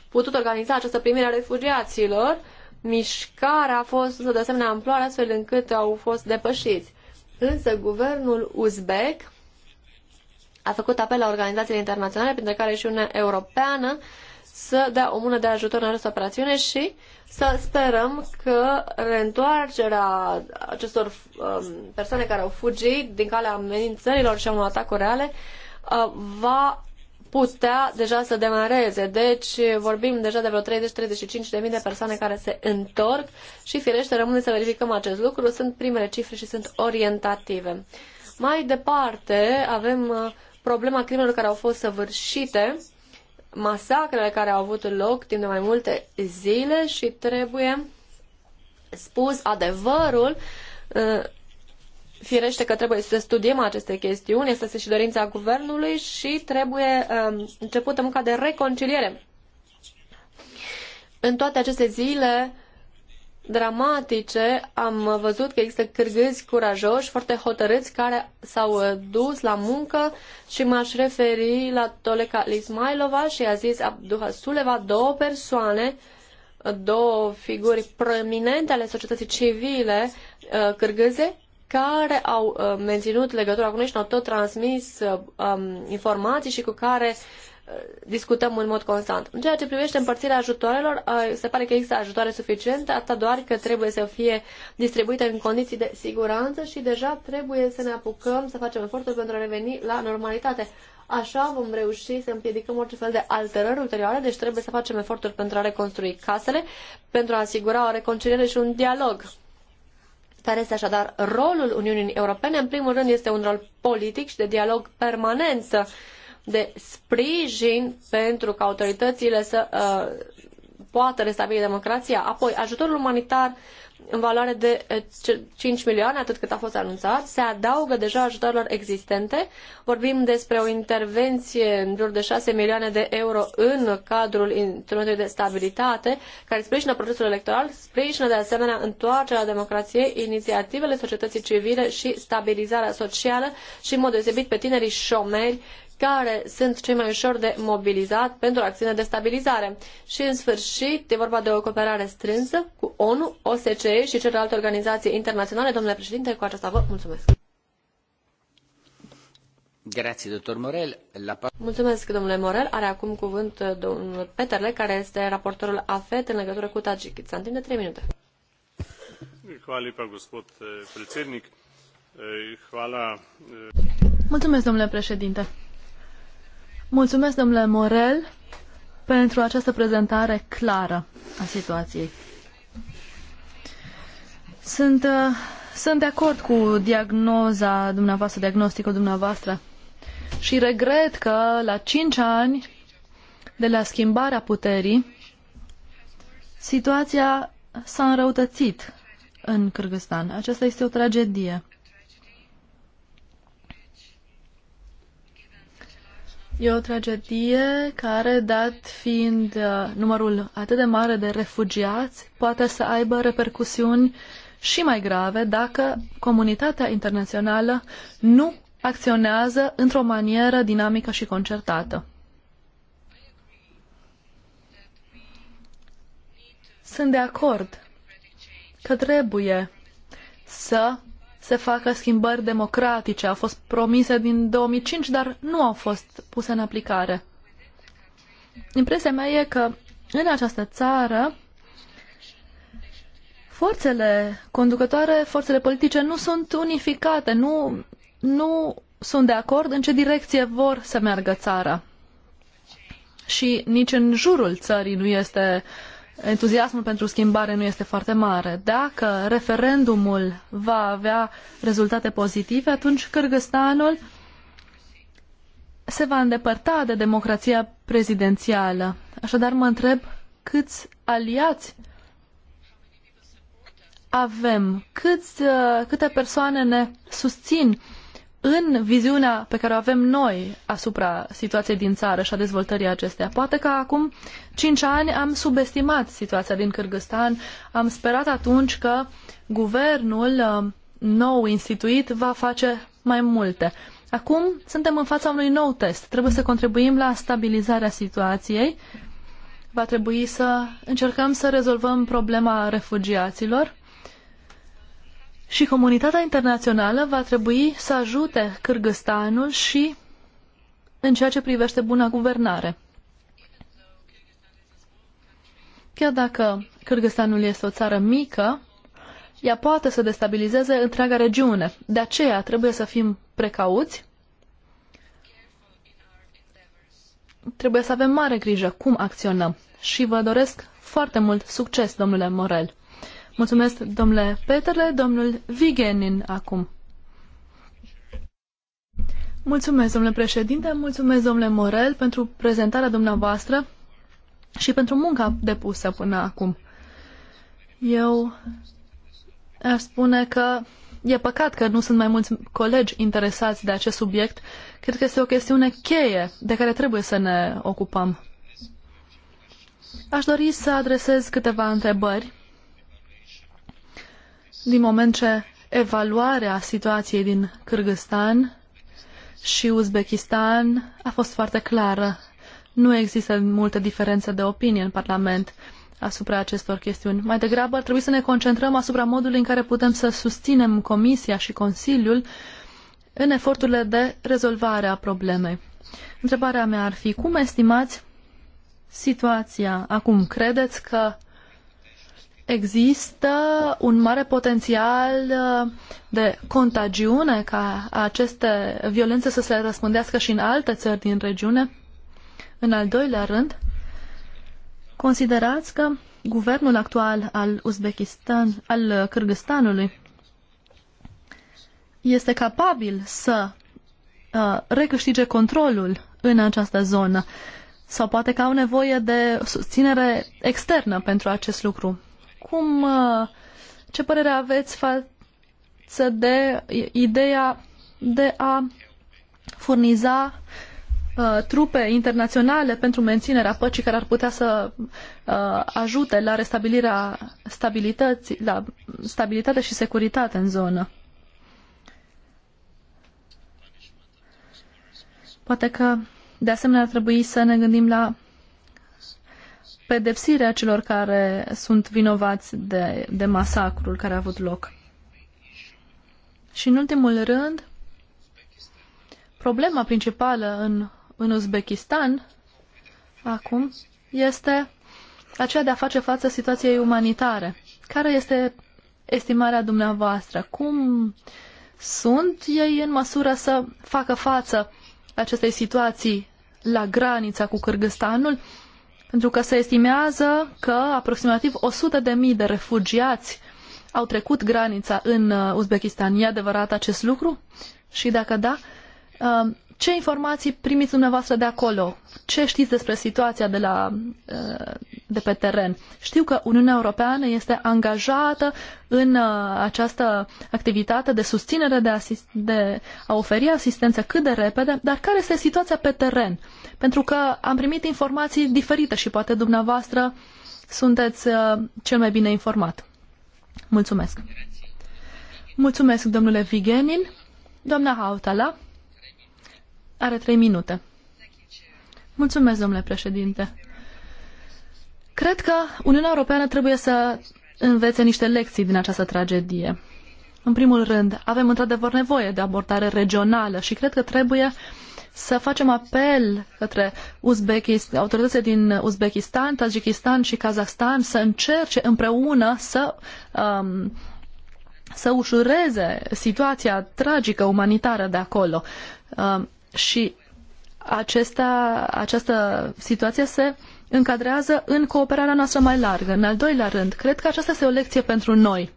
putut organiza această primire a refugiaților. Mișcarea a fost de asemenea amploare, astfel încât au fost depășiți. Însă, guvernul uzbek a făcut apel la organizațiile internaționale, printre care și Uniunea Europeană, să dea o mână de ajutor în această operațiune și uh, să sperăm că reîntoarcerea acestor um, persoane care au fugit din calea amenințărilor și a unor atacuri reale uh, va putea deja să demareze. Deci vorbim deja de vreo 30-35 de mii de persoane care se întorc și firește rămâne să verificăm acest lucru. Sunt primele cifre și sunt orientative. Mai departe avem uh, problema crimelor care au fost săvârșite masacrele care au avut loc timp de mai multe zile și trebuie spus adevărul. Uh, firește că trebuie să studiem aceste chestiuni, este și dorința guvernului și trebuie um, începută munca de reconciliere. În toate aceste zile dramatice am văzut că există cârgâzi curajoși, foarte hotărâți, care s-au dus la muncă și m-aș referi la Toleca Lismailova și a zis Abduha Suleva, două persoane, două figuri prominente ale societății civile uh, cârgâze, care au uh, menținut legătura cu noi și ne-au tot transmis uh, um, informații și cu care discutăm în mod constant. În ceea ce privește împărțirea ajutoarelor, se pare că există ajutoare suficiente, asta doar că trebuie să fie distribuite în condiții de siguranță și deja trebuie să ne apucăm să facem eforturi pentru a reveni la normalitate. Așa vom reuși să împiedicăm orice fel de alterări ulterioare, deci trebuie să facem eforturi pentru a reconstrui casele, pentru a asigura o reconciliere și un dialog care este așadar rolul Uniunii Europene. În primul rând este un rol politic și de dialog permanent de sprijin pentru ca autoritățile să uh, poată restabili democrația. Apoi, ajutorul umanitar în valoare de 5 uh, milioane, atât cât a fost anunțat, se adaugă deja ajutorilor existente. Vorbim despre o intervenție în jur de 6 milioane de euro în cadrul instrumentului de stabilitate, care sprijină procesul electoral, sprijină de asemenea întoarcerea democrației, inițiativele societății civile și stabilizarea socială și, în mod deosebit, pe tinerii șomeri care sunt cei mai ușor de mobilizat pentru acțiune de stabilizare. Și, în sfârșit, e vorba de o cooperare strânsă cu ONU, OSCE și celelalte organizații internaționale. Domnule președinte, cu aceasta vă mulțumesc. Grazie, doctor Morel. La... Mulțumesc, domnule Morel. Are acum cuvânt uh, domnul Peterle, care este raportorul AFET în legătură cu Tajikistan. Timp de 3 minute. Hvala eh, eh, eh, Mulțumesc, domnule președinte. Mulțumesc, domnule Morel, pentru această prezentare clară a situației. Sunt, uh, sunt de acord cu diagnoza dumneavoastră, diagnosticul dumneavoastră și regret că la cinci ani de la schimbarea puterii, situația s-a înrăutățit în Kyrgyzstan. Aceasta este o tragedie. E o tragedie care, dat fiind uh, numărul atât de mare de refugiați, poate să aibă repercusiuni și mai grave dacă comunitatea internațională nu acționează într-o manieră dinamică și concertată. Sunt de acord că trebuie să se facă schimbări democratice. Au fost promise din 2005, dar nu au fost puse în aplicare. Impresia mea e că în această țară forțele conducătoare, forțele politice nu sunt unificate, nu, nu sunt de acord în ce direcție vor să meargă țara. Și nici în jurul țării nu este uh, entuziasmul pentru schimbare nu este foarte mare. Dacă referendumul va avea rezultate pozitive, atunci Kyrgyzstanul se va îndepărta de democrația prezidențială. Așadar mă întreb câți aliați avem, câți, uh, câte persoane ne susțin în viziunea pe care o avem noi asupra situației din țară și a dezvoltării acesteia. Poate că acum cinci ani am subestimat situația din Kyrgyzstan, am sperat atunci că guvernul uh, nou instituit va face mai multe. Acum suntem în fața unui nou test. Trebuie să contribuim la stabilizarea situației. Va trebui să încercăm să rezolvăm problema refugiaților și comunitatea internațională va trebui să ajute Cârgăstanul și în ceea ce privește buna guvernare. Chiar dacă Cârgăstanul este o țară mică, ea poate să destabilizeze întreaga regiune. De aceea trebuie să fim precauți. Trebuie să avem mare grijă cum acționăm și vă doresc foarte mult succes, domnule Morel. Mulțumesc, domnule Peterle, domnul Vigenin acum. Mulțumesc, domnule președinte, mulțumesc, domnule Morel, pentru prezentarea dumneavoastră și pentru munca depusă până acum. Eu aș spune că e păcat că nu sunt mai mulți colegi interesați de acest subiect. Cred că este o chestiune cheie de care trebuie să ne ocupăm. Aș dori să adresez câteva întrebări din moment ce evaluarea situației din Kyrgyzstan și Uzbekistan a fost foarte clară. Nu există multe diferențe de opinie în Parlament asupra acestor chestiuni. Mai degrabă ar trebui să ne concentrăm asupra modului în care putem să susținem Comisia și Consiliul în eforturile de rezolvare a problemei. Întrebarea mea ar fi, cum estimați situația acum? Credeți că există un mare potențial uh, de contagiune ca aceste violențe să se răspândească și în alte țări din regiune? În al doilea rând, considerați că guvernul actual al Uzbekistan, al uh, Kyrgyzstanului, este capabil să uh, recâștige controlul în această zonă sau poate că au nevoie de susținere externă pentru acest lucru cum, uh, ce părere aveți față de ideea de a furniza uh, trupe internaționale pentru menținerea păcii care ar putea să uh, ajute la restabilirea stabilității, la stabilitate și securitate în zonă. Poate că de asemenea ar trebui să ne gândim la pedepsirea celor care sunt vinovați de, de masacrul care a avut loc. Și în ultimul rând, problema principală în, în Uzbekistan acum este aceea de a face față situației umanitare. Care este estimarea dumneavoastră? Cum sunt ei în măsură să facă față acestei situații la granița cu Cârgăstanul? pentru că se estimează că aproximativ 100.000 de refugiați au trecut granița în uh, Uzbekistan. E adevărat acest lucru? Și dacă da, uh, ce informații primiți dumneavoastră de acolo? Ce știți despre situația de, la, uh, de pe teren? Știu că Uniunea Europeană este angajată în uh, această activitate de susținere, de, asist- de a oferi asistență cât de repede, dar care este situația pe teren? Pentru că am primit informații diferite și poate dumneavoastră sunteți uh, cel mai bine informat. Mulțumesc! Mulțumesc, domnule Vigenin, doamna Hautala. Are trei minute. Mulțumesc, domnule președinte. Cred că Uniunea Europeană trebuie să învețe niște lecții din această tragedie. În primul rând, avem într-adevăr nevoie de abordare regională și cred că trebuie să facem apel către Uzbekist, autoritățile din Uzbekistan, Tajikistan și Kazakhstan să încerce împreună să, um, să ușureze situația tragică umanitară de acolo. Um, și acesta, această situație se încadrează în cooperarea noastră mai largă. În al doilea rând, cred că aceasta este o lecție pentru noi.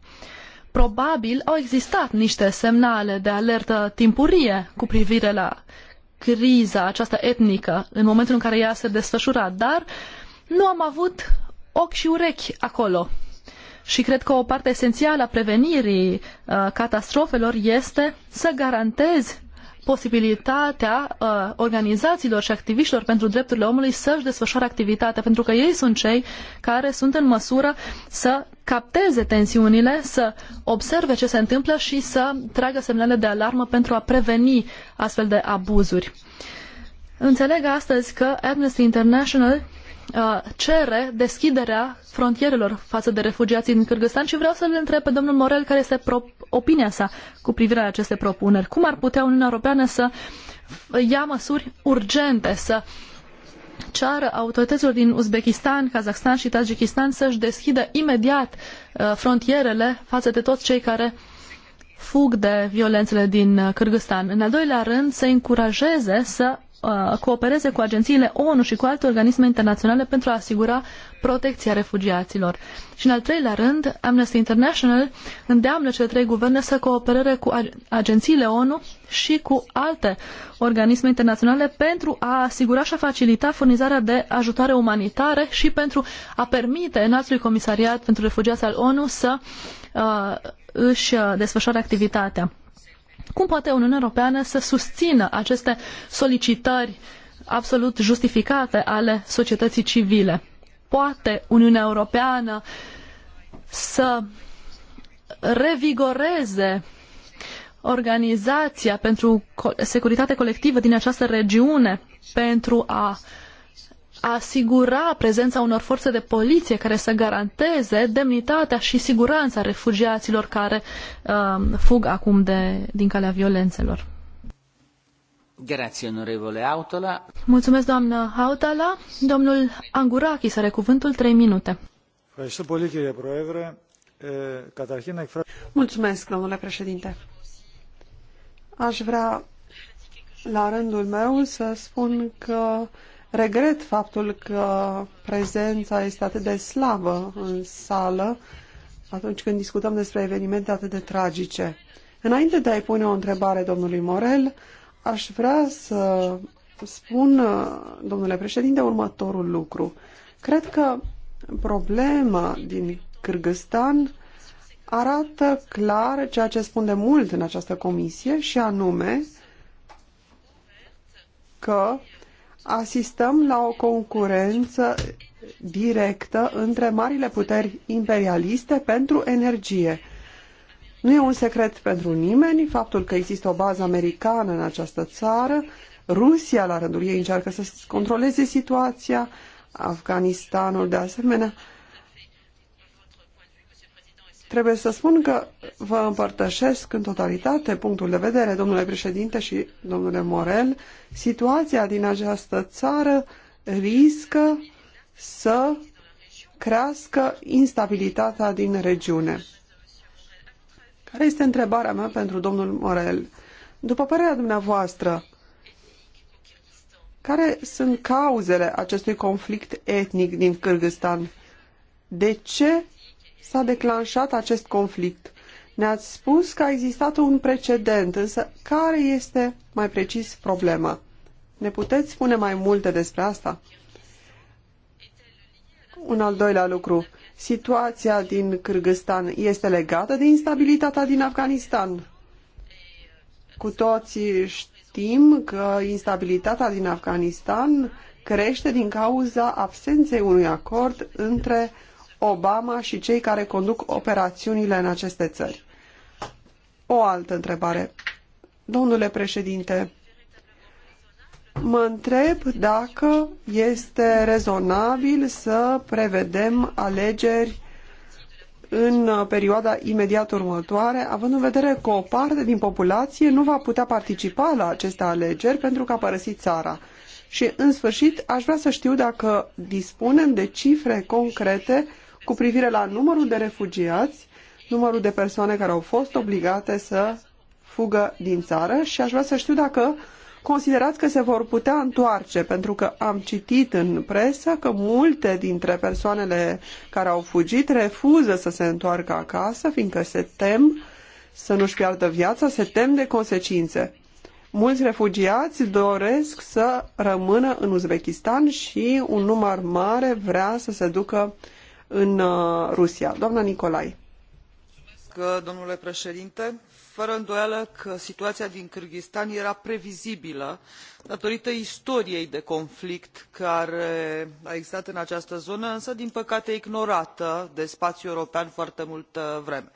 Probabil au existat niște semnale de alertă timpurie cu privire la criza aceasta etnică în momentul în care ea se desfășura, dar nu am avut ochi și urechi acolo. Și cred că o parte esențială a prevenirii uh, catastrofelor este să garantezi posibilitatea uh, organizațiilor și activiștilor pentru drepturile omului să-și desfășoare activitatea, pentru că ei sunt cei care sunt în măsură să capteze tensiunile, să observe ce se întâmplă și să tragă semnale de alarmă pentru a preveni astfel de abuzuri. Înțeleg astăzi că Amnesty International Uh, cere deschiderea frontierelor față de refugiații din Kyrgyzstan și vreau să-l întreb pe domnul Morel care este opinia sa cu privire la aceste propuneri. Cum ar putea Uniunea Europeană să ia măsuri urgente, să ceară autorităților din Uzbekistan, Kazakhstan și Tajikistan să-și deschidă imediat uh, frontierele față de toți cei care fug de violențele din uh, Kyrgyzstan. În al doilea rând, să încurajeze să Uh, coopereze cu agențiile ONU și cu alte organisme internaționale pentru a asigura protecția refugiaților. Și în al treilea rând, Amnesty International îndeamnă cele trei guverne să coopereze cu agențiile ONU și cu alte organisme internaționale pentru a asigura și a facilita furnizarea de ajutoare umanitare și pentru a permite înaltului comisariat pentru refugiați al ONU să uh, își uh, desfășoare activitatea. Cum poate Uniunea Europeană să susțină aceste solicitări absolut justificate ale societății civile? Poate Uniunea Europeană să revigoreze organizația pentru securitate colectivă din această regiune pentru a asigura prezența unor forțe de poliție care să garanteze demnitatea și siguranța refugiaților care uh, fug acum de, din calea violențelor. Grazie, onorevole Autola. Mulțumesc, doamnă Hautala. Domnul Anguraki, să are cuvântul, 3 minute. Mulțumesc, domnule președinte. Aș vrea, la rândul meu, să spun că Regret faptul că prezența este atât de slabă în sală atunci când discutăm despre evenimente atât de tragice. Înainte de a-i pune o întrebare domnului Morel, aș vrea să spun, domnule președinte, următorul lucru. Cred că problema din Kyrgyzstan arată clar ceea ce spun de mult în această comisie și anume că asistăm la o concurență directă între marile puteri imperialiste pentru energie. Nu e un secret pentru nimeni faptul că există o bază americană în această țară, Rusia la rândul ei încearcă să controleze situația, Afganistanul de asemenea. Trebuie să spun că vă împărtășesc în totalitate punctul de vedere, domnule președinte și domnule Morel. Situația din această țară riscă să crească instabilitatea din regiune. Care este întrebarea mea pentru domnul Morel? După părerea dumneavoastră, care sunt cauzele acestui conflict etnic din Kyrgyzstan? De ce s-a declanșat acest conflict. Ne-ați spus că a existat un precedent, însă care este mai precis problema? Ne puteți spune mai multe despre asta? Un al doilea lucru. Situația din Kyrgyzstan este legată de instabilitatea din Afganistan. Cu toții știm că instabilitatea din Afganistan crește din cauza absenței unui acord între Obama și cei care conduc operațiunile în aceste țări. O altă întrebare. Domnule președinte, mă întreb dacă este rezonabil să prevedem alegeri în perioada imediat următoare, având în vedere că o parte din populație nu va putea participa la aceste alegeri pentru că a părăsit țara. Și, în sfârșit, aș vrea să știu dacă dispunem de cifre concrete cu privire la numărul de refugiați, numărul de persoane care au fost obligate să fugă din țară și aș vrea să știu dacă considerați că se vor putea întoarce, pentru că am citit în presă că multe dintre persoanele care au fugit refuză să se întoarcă acasă, fiindcă se tem să nu-și piardă viața, se tem de consecințe. Mulți refugiați doresc să rămână în Uzbekistan și un număr mare vrea să se ducă uh, în uh, Rusia. Doamna Nicolai. Uh, domnule președinte, fără îndoială că situația din kârgâzstan era previzibilă datorită istoriei de conflict care a existat în această zonă însă din păcate ignorată de spațiul european foarte multă vreme.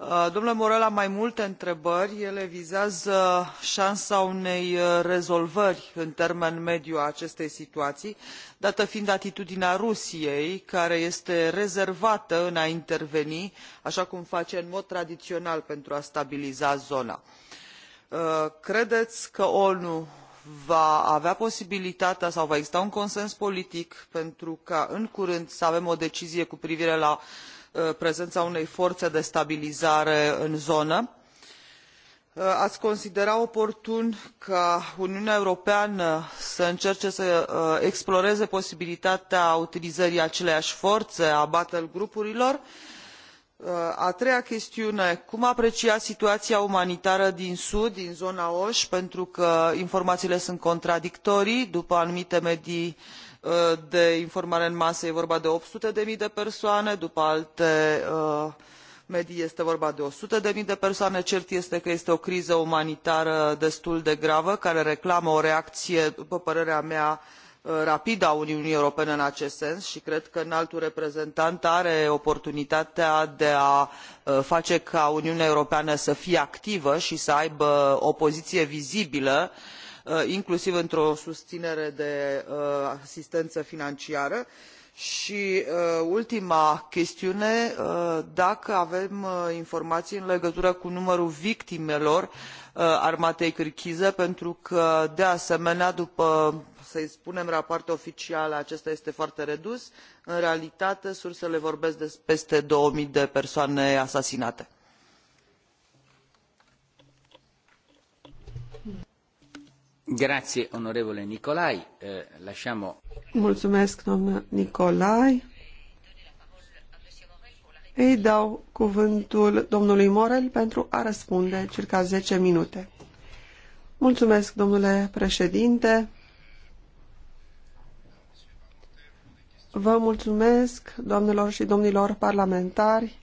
Uh, domnule Morel, am mai multe întrebări. Ele vizează șansa unei uh, rezolvări în termen mediu a acestei situații, dată fiind atitudinea Rusiei, care este rezervată în a interveni, așa cum face în mod tradițional pentru a stabiliza zona. Uh, credeți că ONU va avea posibilitatea sau va exista un consens politic pentru ca în curând să avem o decizie cu privire la Uh, prezena unei fore de stabilizare în zonă uh, ai considera oportun ca uniunea europeană să încerce să uh, exploreze posibilitatea utilizării aceleiai fore a battle grupurilor? a treia chestiune cum apreciai situaia umanitară din sud din zona osh pentru că informaiile sunt contradictorii după anumite medii Uh, de informare în masă e vorba de opt sute zero de persoane după alte uh, medii este vorba de o sută zero de persoane cert este că este o criză umanitară destul de gravă care reclamă o reacție după părerea mea uh, rapidă a uniunii europene în acest sens i cred că înaltul reprezentant are oportunitatea de a face ca uniunea europeană să fie activă i să aibă o poziie vizibilă i Uh, inclusiv într o susținere de uh, asistență financiară și uh, ultima chestiune dacă avem informații în legătură cu numărul victimelor armatei kirghize pentru că de asemenea după să i spunem rapoarte oficiale acesta este foarte redus în realitate sursele vorbesc de peste doi zero de persoane asasinate. Eh, mulțumesc, doamnă Nicolai. Îi dau cuvântul domnului Morel pentru a răspunde circa 10 minute. Mulțumesc, domnule președinte. Vă mulțumesc, doamnelor și domnilor parlamentari,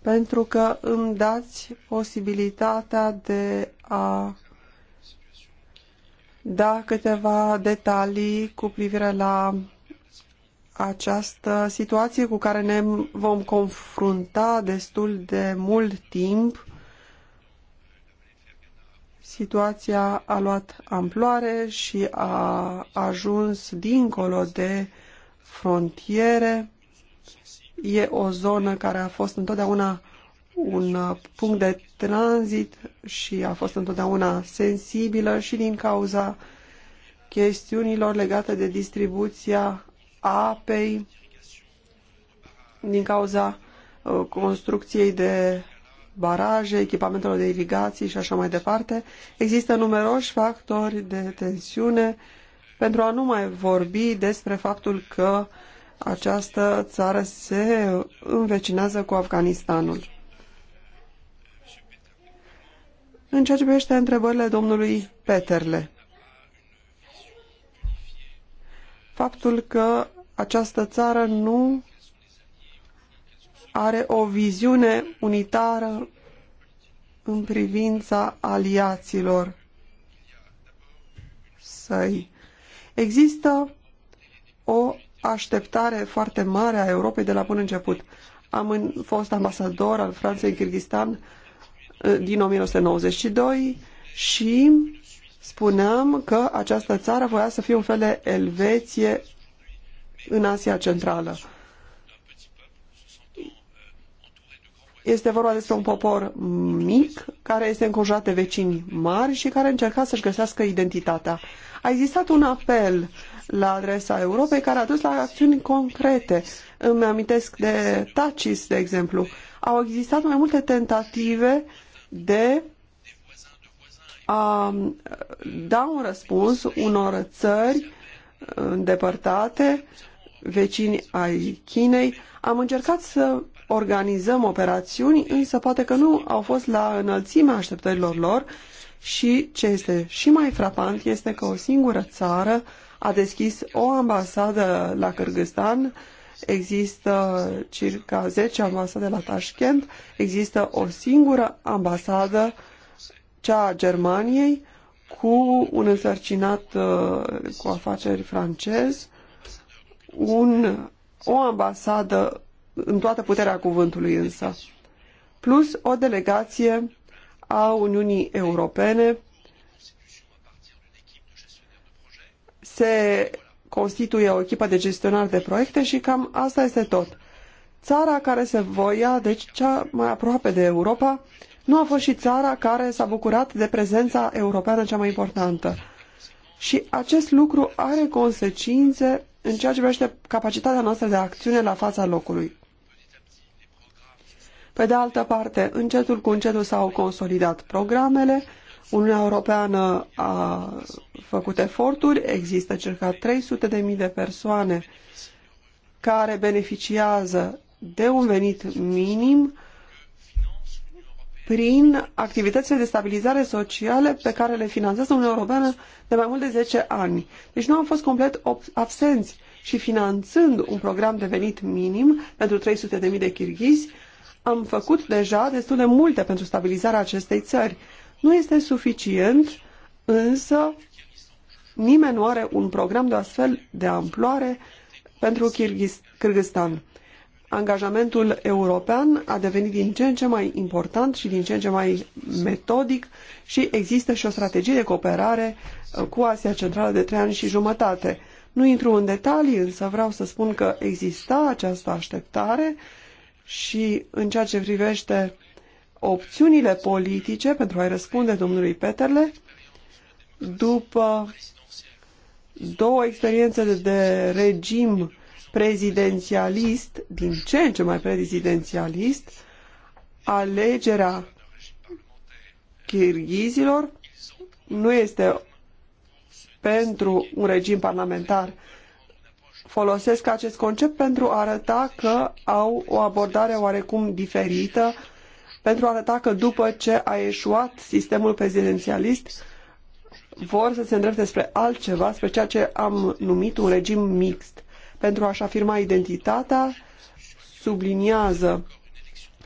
pentru că îmi dați posibilitatea de a da câteva detalii cu privire la această situație cu care ne vom confrunta destul de mult timp. Situația a luat amploare și a ajuns dincolo de frontiere. E o zonă care a fost întotdeauna un uh, punct de tranzit și a fost întotdeauna sensibilă și din cauza chestiunilor legate de distribuția apei, din cauza uh, construcției de baraje, echipamentelor de irigații și așa mai departe. Există numeroși factori de tensiune pentru a nu mai vorbi despre faptul că această țară se învecinează cu Afganistanul. În ceea ce privește întrebările domnului Peterle, faptul că această țară nu are o viziune unitară în privința aliaților săi. Există o așteptare foarte mare a Europei de la bun început. Am fost ambasador al Franței în Kyrgyzstan, din 1992 și spuneam că această țară voia să fie un fel de Elveție în Asia Centrală. Este vorba despre un popor mic care este înconjurat de vecini mari și care încerca să-și găsească identitatea. A existat un apel la adresa Europei care a dus la acțiuni concrete. Îmi amintesc de Tacis, de exemplu. Au existat mai multe tentative uh, de a da un răspuns unor țări îndepărtate, vecini ai Chinei. Am încercat să organizăm operațiuni, însă poate că nu au fost la înălțimea așteptărilor lor și ce este și mai frapant este că o singură țară a deschis o ambasadă la Kyrgyzstan există circa 10 ambasade la Tashkent, există o singură ambasadă, cea a Germaniei, cu un însărcinat uh, cu afaceri francez, un, o ambasadă în toată puterea cuvântului însă, plus o delegație a Uniunii Europene se constituie o echipă de gestionari de proiecte și cam asta este tot. Țara care se voia, deci cea mai aproape de Europa, nu a fost și țara care s-a bucurat de prezența europeană cea mai importantă. Și acest lucru are consecințe în ceea ce privește capacitatea noastră de acțiune la fața locului. Pe de altă parte, încetul cu încetul s-au consolidat programele, Uniunea Europeană a făcut eforturi, există circa 300.000 de de persoane care beneficiază de un venit minim prin activitățile de stabilizare sociale pe care le finanțează Uniunea Europeană de mai mult de 10 ani. Deci nu am fost complet absenți și finanțând un program de venit minim pentru 300.000 de chirghizi, am făcut deja destul de multe pentru stabilizarea acestei țări. Nu este suficient, însă nimeni nu are un program de astfel de amploare pentru Kyrgyzstan. Angajamentul european a devenit din ce în ce mai important și din ce în ce mai metodic și există și o strategie de cooperare uh, cu Asia Centrală de trei ani și jumătate. Nu intru în detalii, însă vreau să spun că exista această așteptare și în ceea ce privește opțiunile politice pentru a-i răspunde domnului Peterle după două experiențe de regim prezidențialist, din ce în ce mai prezidențialist, alegerea chirghizilor nu este pentru un regim parlamentar. Folosesc acest concept pentru a arăta că au o abordare oarecum diferită pentru a arăta că după ce a eșuat sistemul prezidențialist, vor să se îndrepte spre altceva, spre ceea ce am numit un regim mixt. Pentru a-și afirma identitatea, subliniază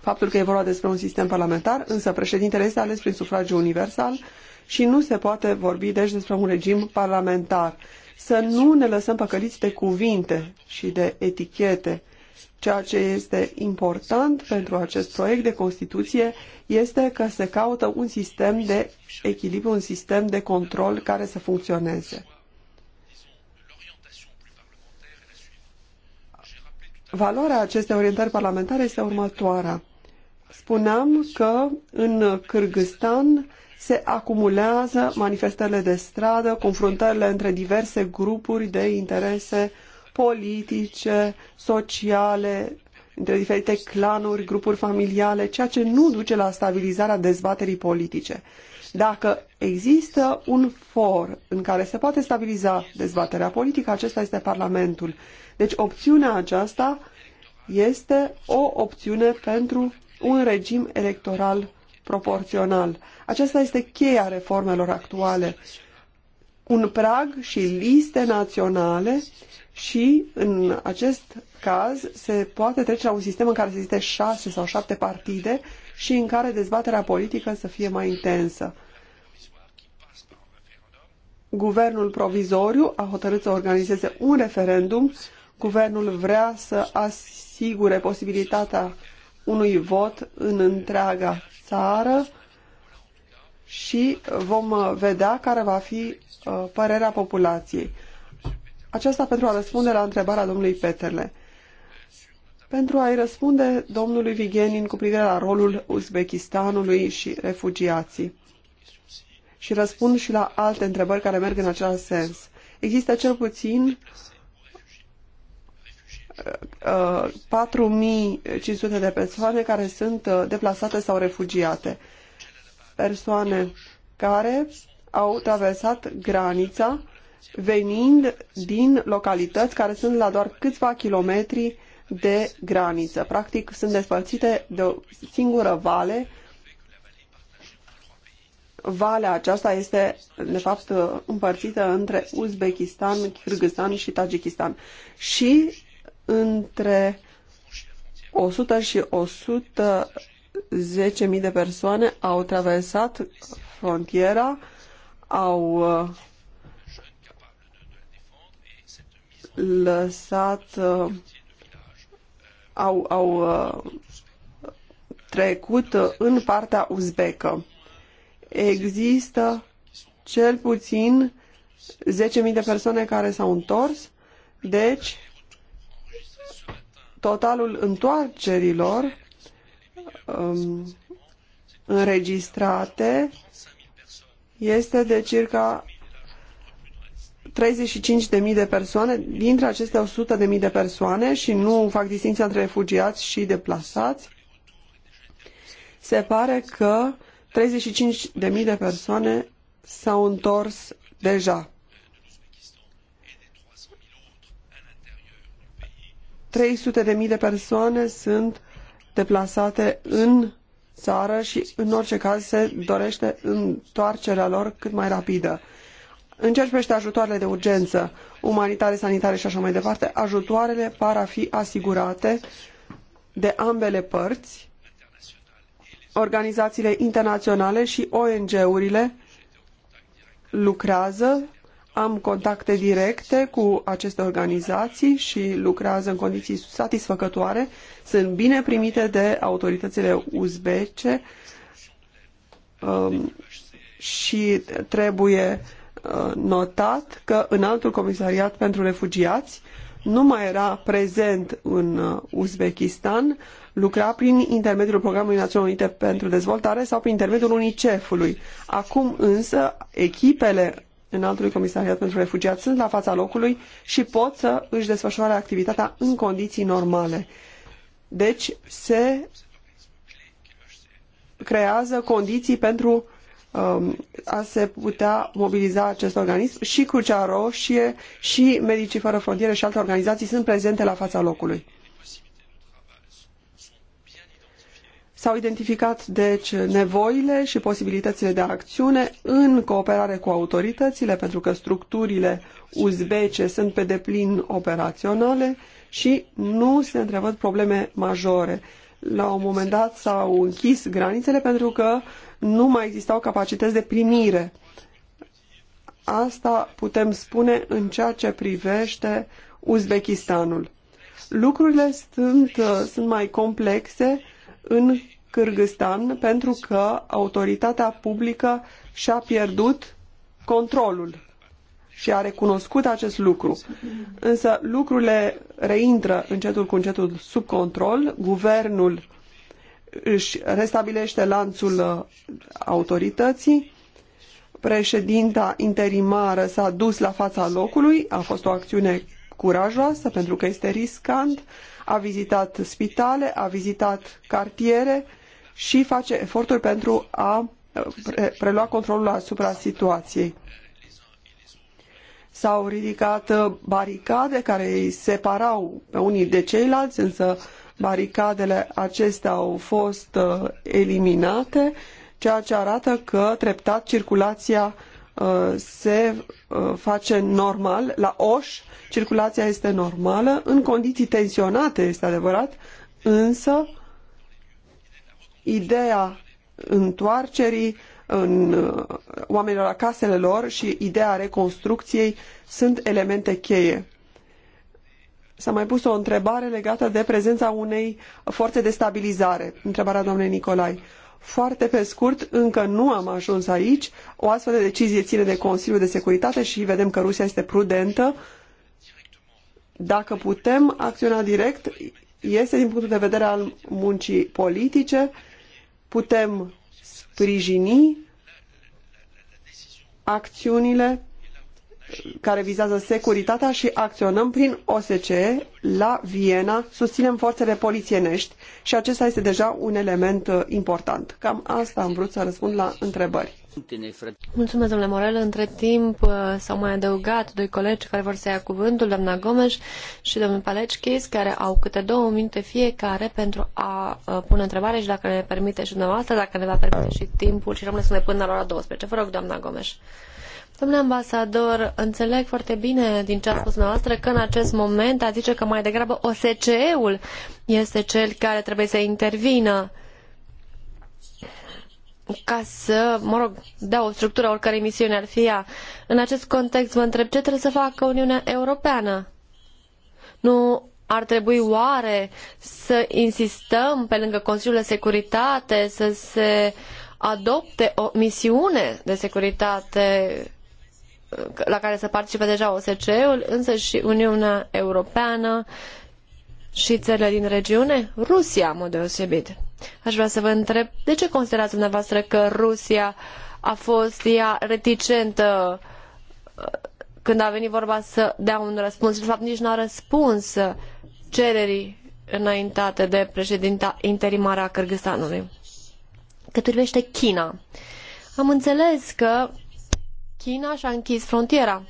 faptul că e vorba despre un sistem parlamentar, însă președintele este ales prin sufragiu universal și nu se poate vorbi deci despre un regim parlamentar. Să nu ne lăsăm păcăliți de cuvinte și de etichete. Ceea ce este important pentru acest proiect de Constituție este că se caută un sistem de echilibru, un sistem de control care să funcționeze. Valoarea acestei orientări parlamentare este următoarea. Spuneam că în Kyrgyzstan se acumulează manifestările de stradă, confruntările între diverse grupuri de interese uh, politice, sociale, între diferite clanuri, grupuri familiale, ceea ce nu duce la stabilizarea dezbaterii politice. Dacă există un for în care se poate stabiliza dezbaterea politică, acesta este Parlamentul. Deci opțiunea aceasta este o opțiune pentru un regim electoral proporțional. Aceasta este cheia reformelor actuale. Un prag și liste naționale și în acest caz se poate trece la un sistem în care se existe șase sau șapte partide și în care dezbaterea politică să fie mai intensă. Guvernul provizoriu a hotărât să organizeze un referendum. Guvernul vrea să asigure posibilitatea unui vot în întreaga țară și vom vedea care va fi uh, părerea populației. Aceasta pentru a răspunde la întrebarea domnului Peterle. Pentru a-i răspunde domnului Vigenin cu privire la rolul Uzbekistanului și refugiații. Și răspund și la alte întrebări care merg în același sens. Există cel puțin 4.500 uh, de persoane care sunt uh, deplasate sau refugiate. Persoane care au traversat granița venind din localități care sunt la doar câțiva kilometri de graniță. Practic sunt despărțite de o singură vale. Valea aceasta este, de fapt, împărțită între Uzbekistan, Kyrgyzstan și Tajikistan și între 100 și 110.000 de persoane au traversat frontiera, au uh, lăsat, uh, au, au uh, trecut în partea uzbecă. Există cel puțin 10.000 de persoane care s-au întors, deci totalul întoarcerilor um, înregistrate este de circa 35.000 de persoane, dintre acestea 100.000 de persoane și nu fac distinția între refugiați și deplasați, se pare că 35.000 de persoane s-au întors deja. 300.000 de persoane sunt deplasate în țară și în orice caz se dorește întoarcerea lor cât mai rapidă. În ceea ce privește ajutoarele de urgență, umanitare, sanitare și așa mai departe, ajutoarele par a fi asigurate de ambele părți, organizațiile internaționale și ONG-urile lucrează, am contacte directe cu aceste organizații și lucrează în condiții satisfăcătoare, sunt bine primite de autoritățile uzbece um, și trebuie uh, notat că în altul comisariat pentru refugiați nu mai era prezent în uh, Uzbekistan, lucra prin intermediul Programului Națiunilor Unite pentru Dezvoltare sau prin intermediul UNICEF-ului. Acum însă echipele înaltului comisariat pentru refugiați sunt la fața locului și pot să își desfășoare activitatea în condiții normale. Deci se creează condiții pentru Um, a se putea mobiliza acest organism și Crucea Roșie și Medicii Fără Frontiere și alte organizații sunt prezente la fața locului. S-au identificat, deci, nevoile și posibilitățile de acțiune în cooperare cu autoritățile, pentru că structurile uzbece sunt pe deplin operaționale și nu se întrevăd probleme majore. La un moment dat s-au închis granițele pentru că nu mai existau capacități de primire. Asta putem spune în ceea ce privește Uzbekistanul. Lucrurile sunt, uh, sunt mai complexe în Kyrgyzstan pentru că autoritatea publică și-a pierdut controlul și a recunoscut acest lucru. Însă lucrurile reintră încetul cu încetul sub control. Guvernul își restabilește lanțul uh, autorității. Președinta interimară s-a dus la fața locului, a fost o acțiune curajoasă pentru că este riscant, a vizitat spitale, a vizitat cartiere și face eforturi pentru a uh, prelua controlul asupra situației. S-au ridicat uh, baricade care îi separau pe unii de ceilalți, însă uh, baricadele acestea au fost uh, eliminate, ceea ce arată că treptat circulația uh, se uh, face normal. La Oș circulația este normală, în condiții tensionate, este adevărat, însă ideea întoarcerii în oamenilor la casele lor și ideea reconstrucției sunt elemente cheie. S-a mai pus o întrebare legată de prezența unei forțe de stabilizare, întrebarea doamnei Nicolai. Foarte pe scurt, încă nu am ajuns aici. O astfel de decizie ține de Consiliul de Securitate și vedem că Rusia este prudentă. Dacă putem acționa direct, este din punctul de vedere al muncii politice, putem sprijini acțiunile care vizează securitatea și acționăm prin OSCE la Viena, susținem forțele polițienești și acesta este deja un element uh, important. Cam asta am vrut să răspund la întrebări. Mulțumesc, domnule Morel. Între timp uh, s-au mai adăugat doi colegi care vor să ia cuvântul, doamna Gomes și domnul Palecchis, care au câte două minute fiecare pentru a uh, pune întrebare și dacă ne permite și dumneavoastră, dacă ne va permite și timpul și rămâne să ne până la ora 12. Vă rog, doamna Gomes. Domnule ambasador, înțeleg foarte bine din ce a spus noastră că în acest moment a zice că mai degrabă OSCE-ul este cel care trebuie să intervină ca să, mă rog, dea o structură oricărei misiuni ar fi ea. În acest context vă întreb ce trebuie să facă Uniunea Europeană? Nu ar trebui oare să insistăm pe lângă Consiliul de Securitate să se adopte o misiune de securitate la care să participe deja OSCE-ul, însă și Uniunea Europeană și țările din regiune, Rusia, în mod deosebit. Aș vrea să vă întreb, de ce considerați dumneavoastră că Rusia a fost ea reticentă uh, când a venit vorba să dea un răspuns? De fapt, nici nu a răspuns cererii înaintate de președinta interimară a Kârgâzstanului. Cât privește China, am înțeles că China și-a închis frontiera,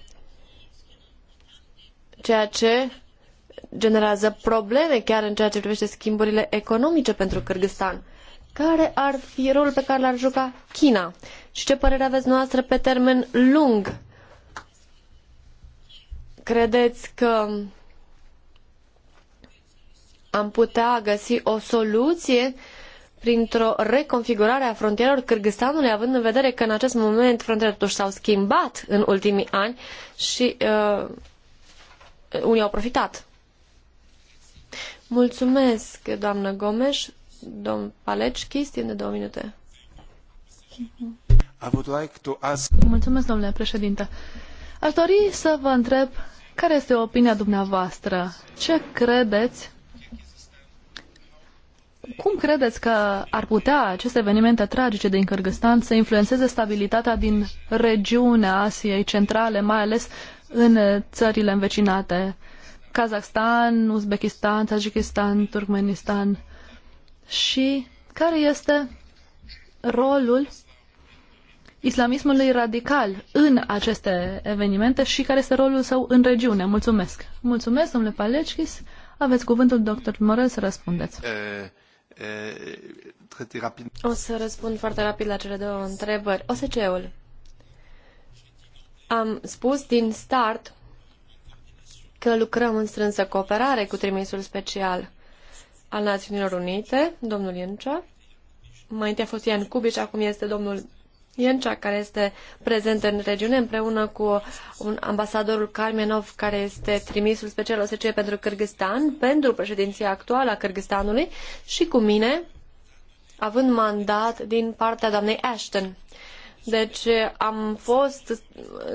ceea ce generează probleme chiar în ceea ce privește schimburile economice pentru Kyrgyzstan. Care ar fi rolul pe care l-ar juca China? Și ce părere aveți noastră pe termen lung? Credeți că am putea găsi o soluție printr-o reconfigurare a frontierelor Kyrgyzstanului, având în vedere că în acest moment frontierele totuși s-au schimbat în ultimii ani și uh, unii au profitat. Mulțumesc, doamnă Gomes. Domn Palecichis, timp de două minute. I would like to ask... Mulțumesc, domnule președinte. Aș dori să vă întreb care este opinia dumneavoastră. Ce credeți cum credeți că ar putea aceste evenimente tragice din Kyrgyzstan să influențeze stabilitatea din regiunea Asiei Centrale, mai ales în țările învecinate? Kazakhstan, Uzbekistan, Tajikistan, Turkmenistan. Și care este rolul islamismului radical în aceste evenimente și care este rolul său în regiune? Mulțumesc! Mulțumesc, domnule Palecchis. Aveți cuvântul, doctor Morel, să răspundeți. Uh... Eh, o să răspund foarte rapid la cele două întrebări. OSCE-ul. Am spus din start că lucrăm în strânsă cooperare cu trimisul special al Națiunilor Unite, domnul Iancea. Mai întâi a fost Ian Cubic, acum este domnul Iencea, care este prezent în regiune, împreună cu un ambasadorul Karmenov, care este trimisul special OSCE pentru Kyrgyzstan, pentru președinția actuală a Kyrgyzstanului, și cu mine, având mandat din partea doamnei Ashton. Deci am fost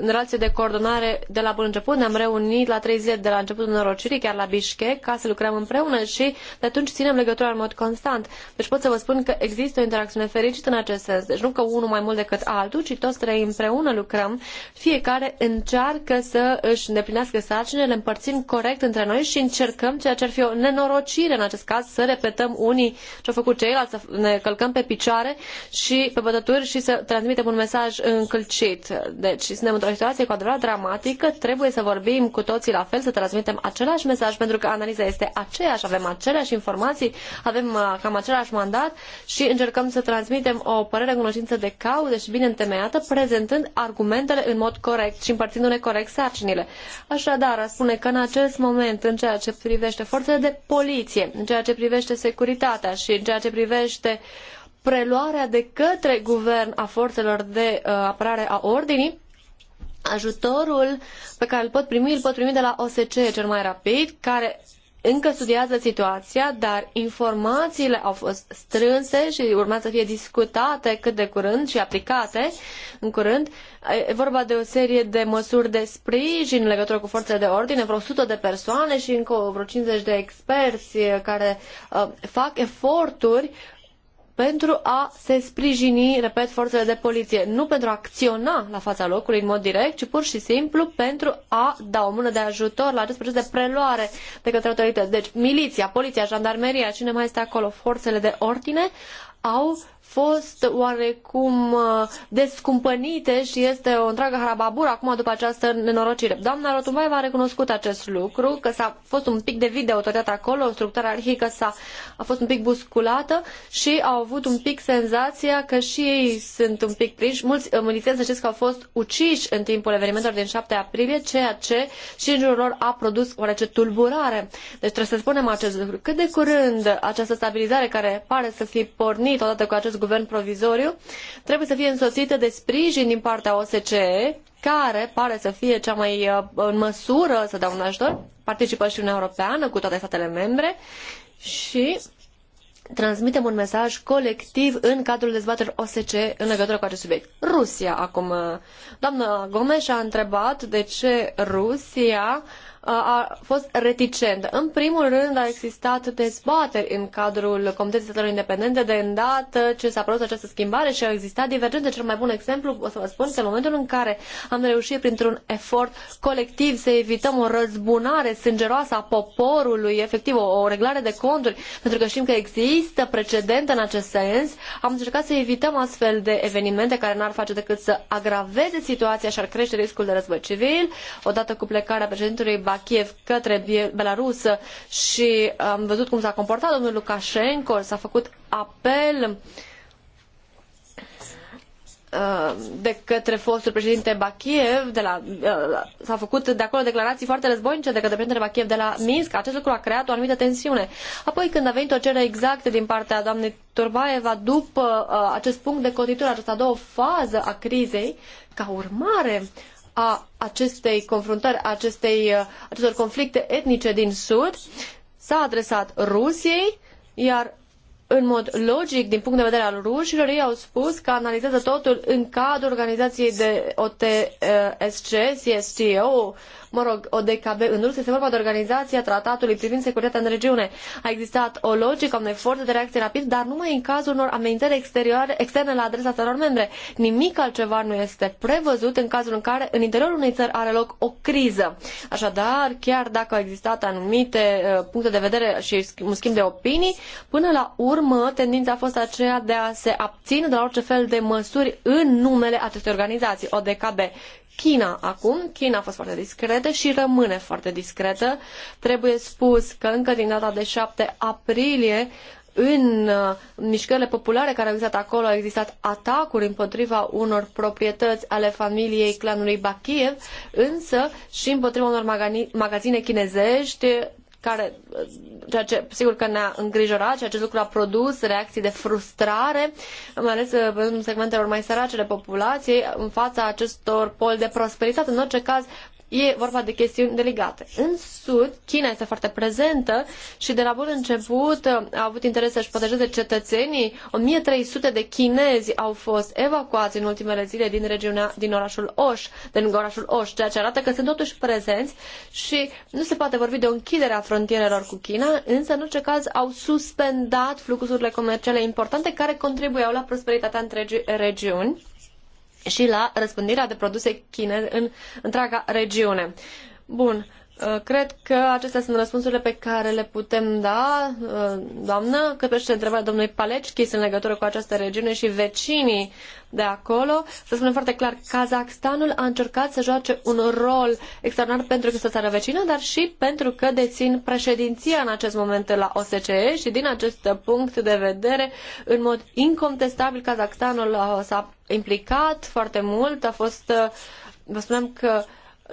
în relație de coordonare de la bun început, ne-am reunit la trei zile de la începutul norocirii, chiar la Bishkek, ca să lucrăm împreună și de atunci ținem legătura în mod constant. Deci pot să vă spun că există o interacțiune fericită în acest sens. Deci nu că unul mai mult decât altul, ci toți trei împreună lucrăm. Fiecare încearcă să își îndeplinească sarcinile, le împărțim corect între noi și încercăm ceea ce ar fi o nenorocire în acest caz, să repetăm unii ce au făcut ceilalți, să ne călcăm pe picioare și pe bătături și să transmitem un mesaj încălcit. Deci suntem într-o situație cu adevărat dramatică, trebuie să vorbim cu toții la fel, să transmitem același mesaj, pentru că analiza este aceeași, avem aceleași informații, avem uh, cam același mandat și încercăm să transmitem o părere în cunoștință de cauze și bine întemeiată, prezentând argumentele în mod corect și împărțindu-ne corect sarcinile. Așadar, spune că în acest moment, în ceea ce privește forțele de poliție, în ceea ce privește securitatea și în ceea ce privește preluarea de către guvern a forțelor de uh, apărare a ordinii, ajutorul pe care îl pot primi, îl pot primi de la OSCE cel mai rapid, care încă studiază situația, dar informațiile au fost strânse și urmează să fie discutate cât de curând și aplicate în curând. E vorba de o serie de măsuri de sprijin în legătură cu forțele de ordine, vreo 100 de persoane și încă vreo 50 de experți uh, care uh, fac eforturi pentru a se sprijini, repet, forțele de poliție, nu pentru a acționa la fața locului în mod direct, ci pur și simplu pentru a da o mână de ajutor la acest proces de preluare de către autorități. Deci miliția, poliția, jandarmeria, cine mai este acolo, forțele de ordine, au fost oarecum uh, descumpănite și este o întreagă harababură acum după această nenorocire. Doamna Rotumbaeva a recunoscut acest lucru, că s-a fost un pic de vid de autoritate acolo, structura arhică s-a a fost un pic busculată și au avut un pic senzația că și ei sunt un pic prinși. Mulți uh, milițieni să știți că au fost uciși în timpul evenimentelor din 7 aprilie, ceea ce și în jurul lor a produs oarece tulburare. Deci trebuie să spunem acest lucru. Cât de curând această stabilizare care pare să fi pornit odată cu acest acest guvern provizoriu trebuie să fie însoțită de sprijin din partea OSCE, care pare să fie cea mai uh, în măsură să dea un ajutor. Participă și Uniunea Europeană cu toate statele membre și transmitem un mesaj colectiv în cadrul dezbaterii OSCE în legătură cu acest subiect. Rusia, acum, uh, doamna Gomes a întrebat de ce Rusia a fost reticentă. În primul rând, a existat dezbateri în cadrul Comitetului Statelor Independente de îndată ce s-a produs această schimbare și au existat divergențe. Cel mai bun exemplu, o să vă spun, că în momentul în care am reușit printr-un efort colectiv să evităm o răzbunare sângeroasă a poporului, efectiv o, o reglare de conturi, pentru că știm că există precedente în acest sens, am încercat să evităm astfel de evenimente care n-ar face decât să agraveze situația și ar crește riscul de război civil. Odată cu plecarea președintelui la Kiev către Belarus și am văzut cum s-a comportat domnul Lukashenko, s-a făcut apel uh, de către fostul președinte Bachiev, de la, uh, s-a făcut de acolo declarații foarte războinice de către președintele Bachiev de la Minsk. Acest lucru a creat o anumită tensiune. Apoi când a venit o cerere exactă din partea doamnei Turbaeva după uh, acest punct de cotitură, această a doua fază a crizei, ca urmare a acestei confruntări, a acestei, acestor conflicte etnice din Sud s-a adresat Rusiei, iar în mod logic, din punct de vedere al rușilor, ei au spus că analizează totul în cadrul organizației de OTSC, CSTO, mă rog, ODKB în Rusia. Este vorba de organizația tratatului privind securitatea în regiune. A existat o logică, un efort de reacție rapid, dar numai în cazul unor amenințări exterioare, externe la adresa țărilor membre. Nimic altceva nu este prevăzut în cazul în care în interiorul unei țări are loc o criză. Așadar, chiar dacă au existat anumite uh, puncte de vedere și un schimb de opinii, până la urmă tendința a fost aceea de a se abține de la orice fel de măsuri în numele acestei organizații, ODKB. China acum. China a fost foarte discretă și rămâne foarte discretă. Trebuie spus că încă din data de 7 aprilie în uh, mișcările populare care au existat acolo au existat atacuri împotriva unor proprietăți ale familiei clanului Bakiev, însă și împotriva unor magazine chinezești care, ceea ce sigur că ne-a îngrijorat și acest lucru a produs reacții de frustrare, mai ales uh, în segmentelor mai sărace ale populației, în fața acestor poli de prosperitate. În orice caz, e vorba de chestiuni delicate. În Sud, China este foarte prezentă și de la bun început uh, a avut interes să-și protejeze cetățenii. 1300 de chinezi au fost evacuați în ultimele zile din regiunea, din orașul Oș, din orașul Oș, ceea ce arată că sunt totuși prezenți și nu se poate vorbi de o închidere a frontierelor cu China, însă în orice caz au suspendat fluxurile comerciale importante care contribuiau la prosperitatea întregii regiuni și la răspândirea de produse chineze în întreaga regiune. Bun, uh, cred că acestea sunt răspunsurile pe care le putem da, uh, doamnă, cât privește întrebarea domnului Palecichis în legătură cu această regiune și vecinii de acolo. Să spunem foarte clar, Kazakhstanul a încercat să joace un rol extraordinar pentru că este o țară vecină, dar și pentru că dețin președinția în acest moment la OSCE și din acest punct de vedere, în mod incontestabil, Kazakhstanul uh, s-a implicat foarte mult, a fost, uh, vă spuneam că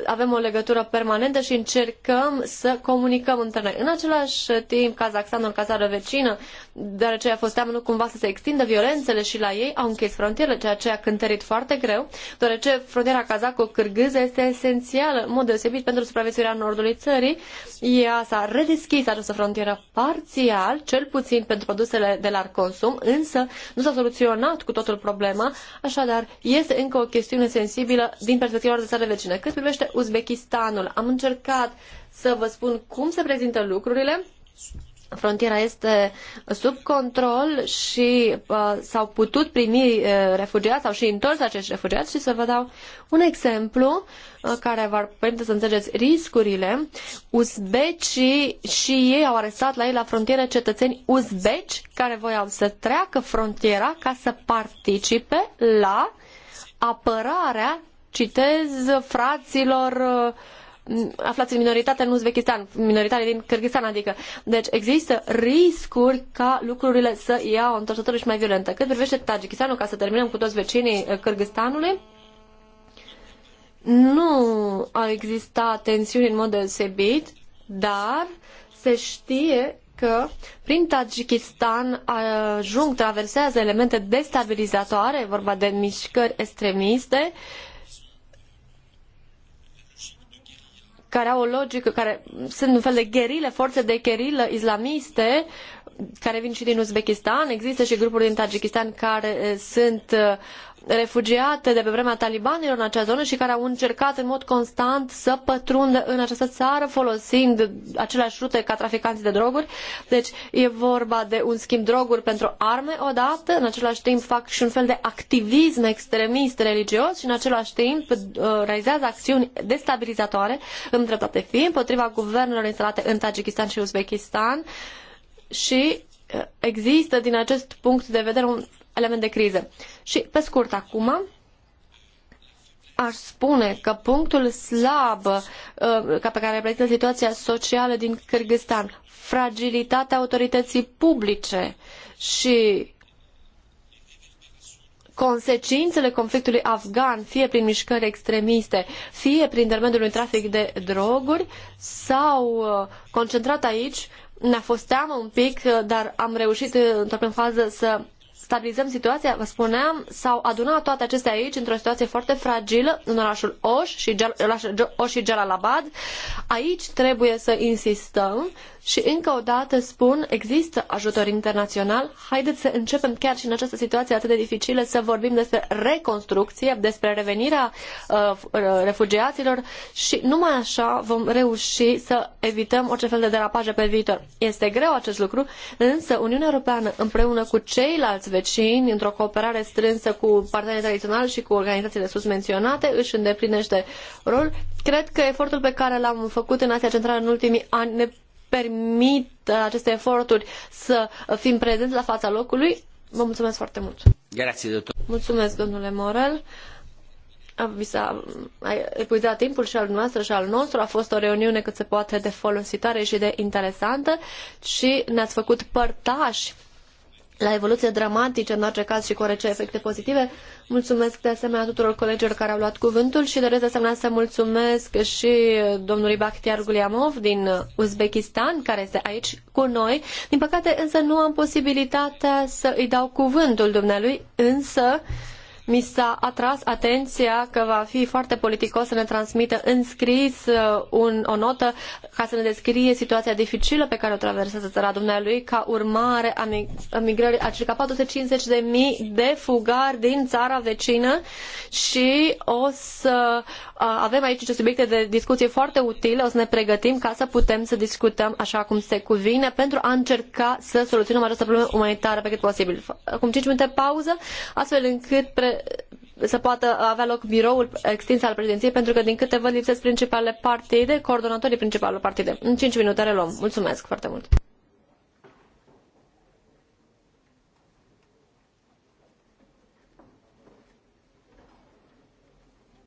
avem o legătură permanentă și încercăm să comunicăm între noi. În același timp, Kazakhstanul, ca țară vecină, deoarece a fost teamă nu cumva să se extindă violențele și la ei, au închis frontierele, ceea ce a cântărit foarte greu, deoarece frontiera kazaco-cârgâză este esențială, în mod deosebit, pentru supraviețuirea nordului țării. Ea s-a redeschis această frontieră parțial, cel puțin pentru produsele de larg consum, însă nu s-a soluționat cu totul problema, așadar este încă o chestiune sensibilă din perspectiva de țară vecină. Cât privește privește Uzbekistanul, am încercat să vă spun cum se prezintă lucrurile. Frontiera este sub control și uh, s-au putut primi uh, refugiați, sau și întors acești refugiați și să vă dau un exemplu uh, care vă permite să înțelegeți riscurile. Uzbecii și ei au arestat la ei la frontieră cetățeni uzbeci care voiau să treacă frontiera ca să participe la apărarea citez fraților uh, aflați în minoritate în Uzbekistan, minoritate din Kyrgyzstan, adică. Deci există riscuri ca lucrurile să ia o întorsătură și mai violentă. Cât privește Tajikistanul, ca să terminăm cu toți vecinii uh, Kyrgyzstanului, nu a existat tensiuni în mod deosebit, dar se știe că prin Tajikistan uh, ajung, traversează elemente destabilizatoare, vorba de mișcări extremiste, uh, care au o logică, care sunt un fel de gherile, forțe de gherilă islamiste, care vin și din Uzbekistan. Există și grupuri din Tajikistan care eh, sunt eh, refugiate de pe vremea talibanilor în acea zonă și care au încercat în mod constant să pătrundă în această țară folosind aceleași rute ca traficanții de droguri. Deci e vorba de un schimb droguri pentru arme odată, în același timp fac și un fel de activism extremist religios și în același timp uh, realizează acțiuni destabilizatoare îndreptate fie împotriva guvernelor instalate în Tajikistan și Uzbekistan și uh, există din acest punct de vedere un element de criză. Și, pe scurt, acum, aș spune că punctul slab uh, ca pe care reprezintă situația socială din Kyrgyzstan, fragilitatea autorității publice și consecințele conflictului afgan, fie prin mișcări extremiste, fie prin intermediul unui trafic de droguri, s-au uh, concentrat aici. Ne-a fost teamă un pic, uh, dar am reușit într-o fază să stabilizăm situația, vă spuneam, s-au adunat toate acestea aici într-o situație foarte fragilă în orașul Oș și, Gel, Oș și Gelalabad. Aici trebuie să insistăm și încă o dată spun, există ajutor internațional. Haideți să începem chiar și în această situație atât de dificilă să vorbim despre reconstrucție, despre revenirea uh, refugiaților și numai așa vom reuși să evităm orice fel de derapaje pe viitor. Este greu acest lucru, însă Uniunea Europeană împreună cu ceilalți vecini, într-o cooperare strânsă cu partenerii tradiționali și cu organizațiile sus menționate, își îndeplinește rol. Cred că efortul pe care l-am făcut în Asia Centrală în ultimii ani ne permit uh, aceste eforturi să fim prezenți la fața locului. Vă mulțumesc foarte mult. Grazie, doctor. Mulțumesc, domnule Morel. Vi s-a epuizat timpul și al noastră și al nostru. A fost o reuniune cât se poate de folositoare și de interesantă și ne-ați făcut părtași la evoluție dramatice, în orice caz și cu orice efecte pozitive. Mulțumesc de asemenea tuturor colegilor care au luat cuvântul și doresc de asemenea să mulțumesc și domnului Bakhtiar Guliamov din Uzbekistan, care este aici cu noi. Din păcate însă nu am posibilitatea să îi dau cuvântul dumnealui, însă mi s-a atras atenția că va fi foarte politicos să ne transmită în scris uh, un, o notă ca să ne descrie situația dificilă pe care o traversează țara dumnealui ca urmare a migrării a circa 450 de mii de fugari din țara vecină și o să avem aici niște subiecte de discuție foarte utile, o să ne pregătim ca să putem să discutăm așa cum se cuvine pentru a încerca să soluționăm această problemă umanitară pe cât posibil. Acum 5 minute pauză, astfel încât pre... să poată avea loc biroul extins al președinției, pentru că din câte văd lipsesc principalele partide, coordonatorii principalelor partide. În 5 minute reluăm. Mulțumesc foarte mult!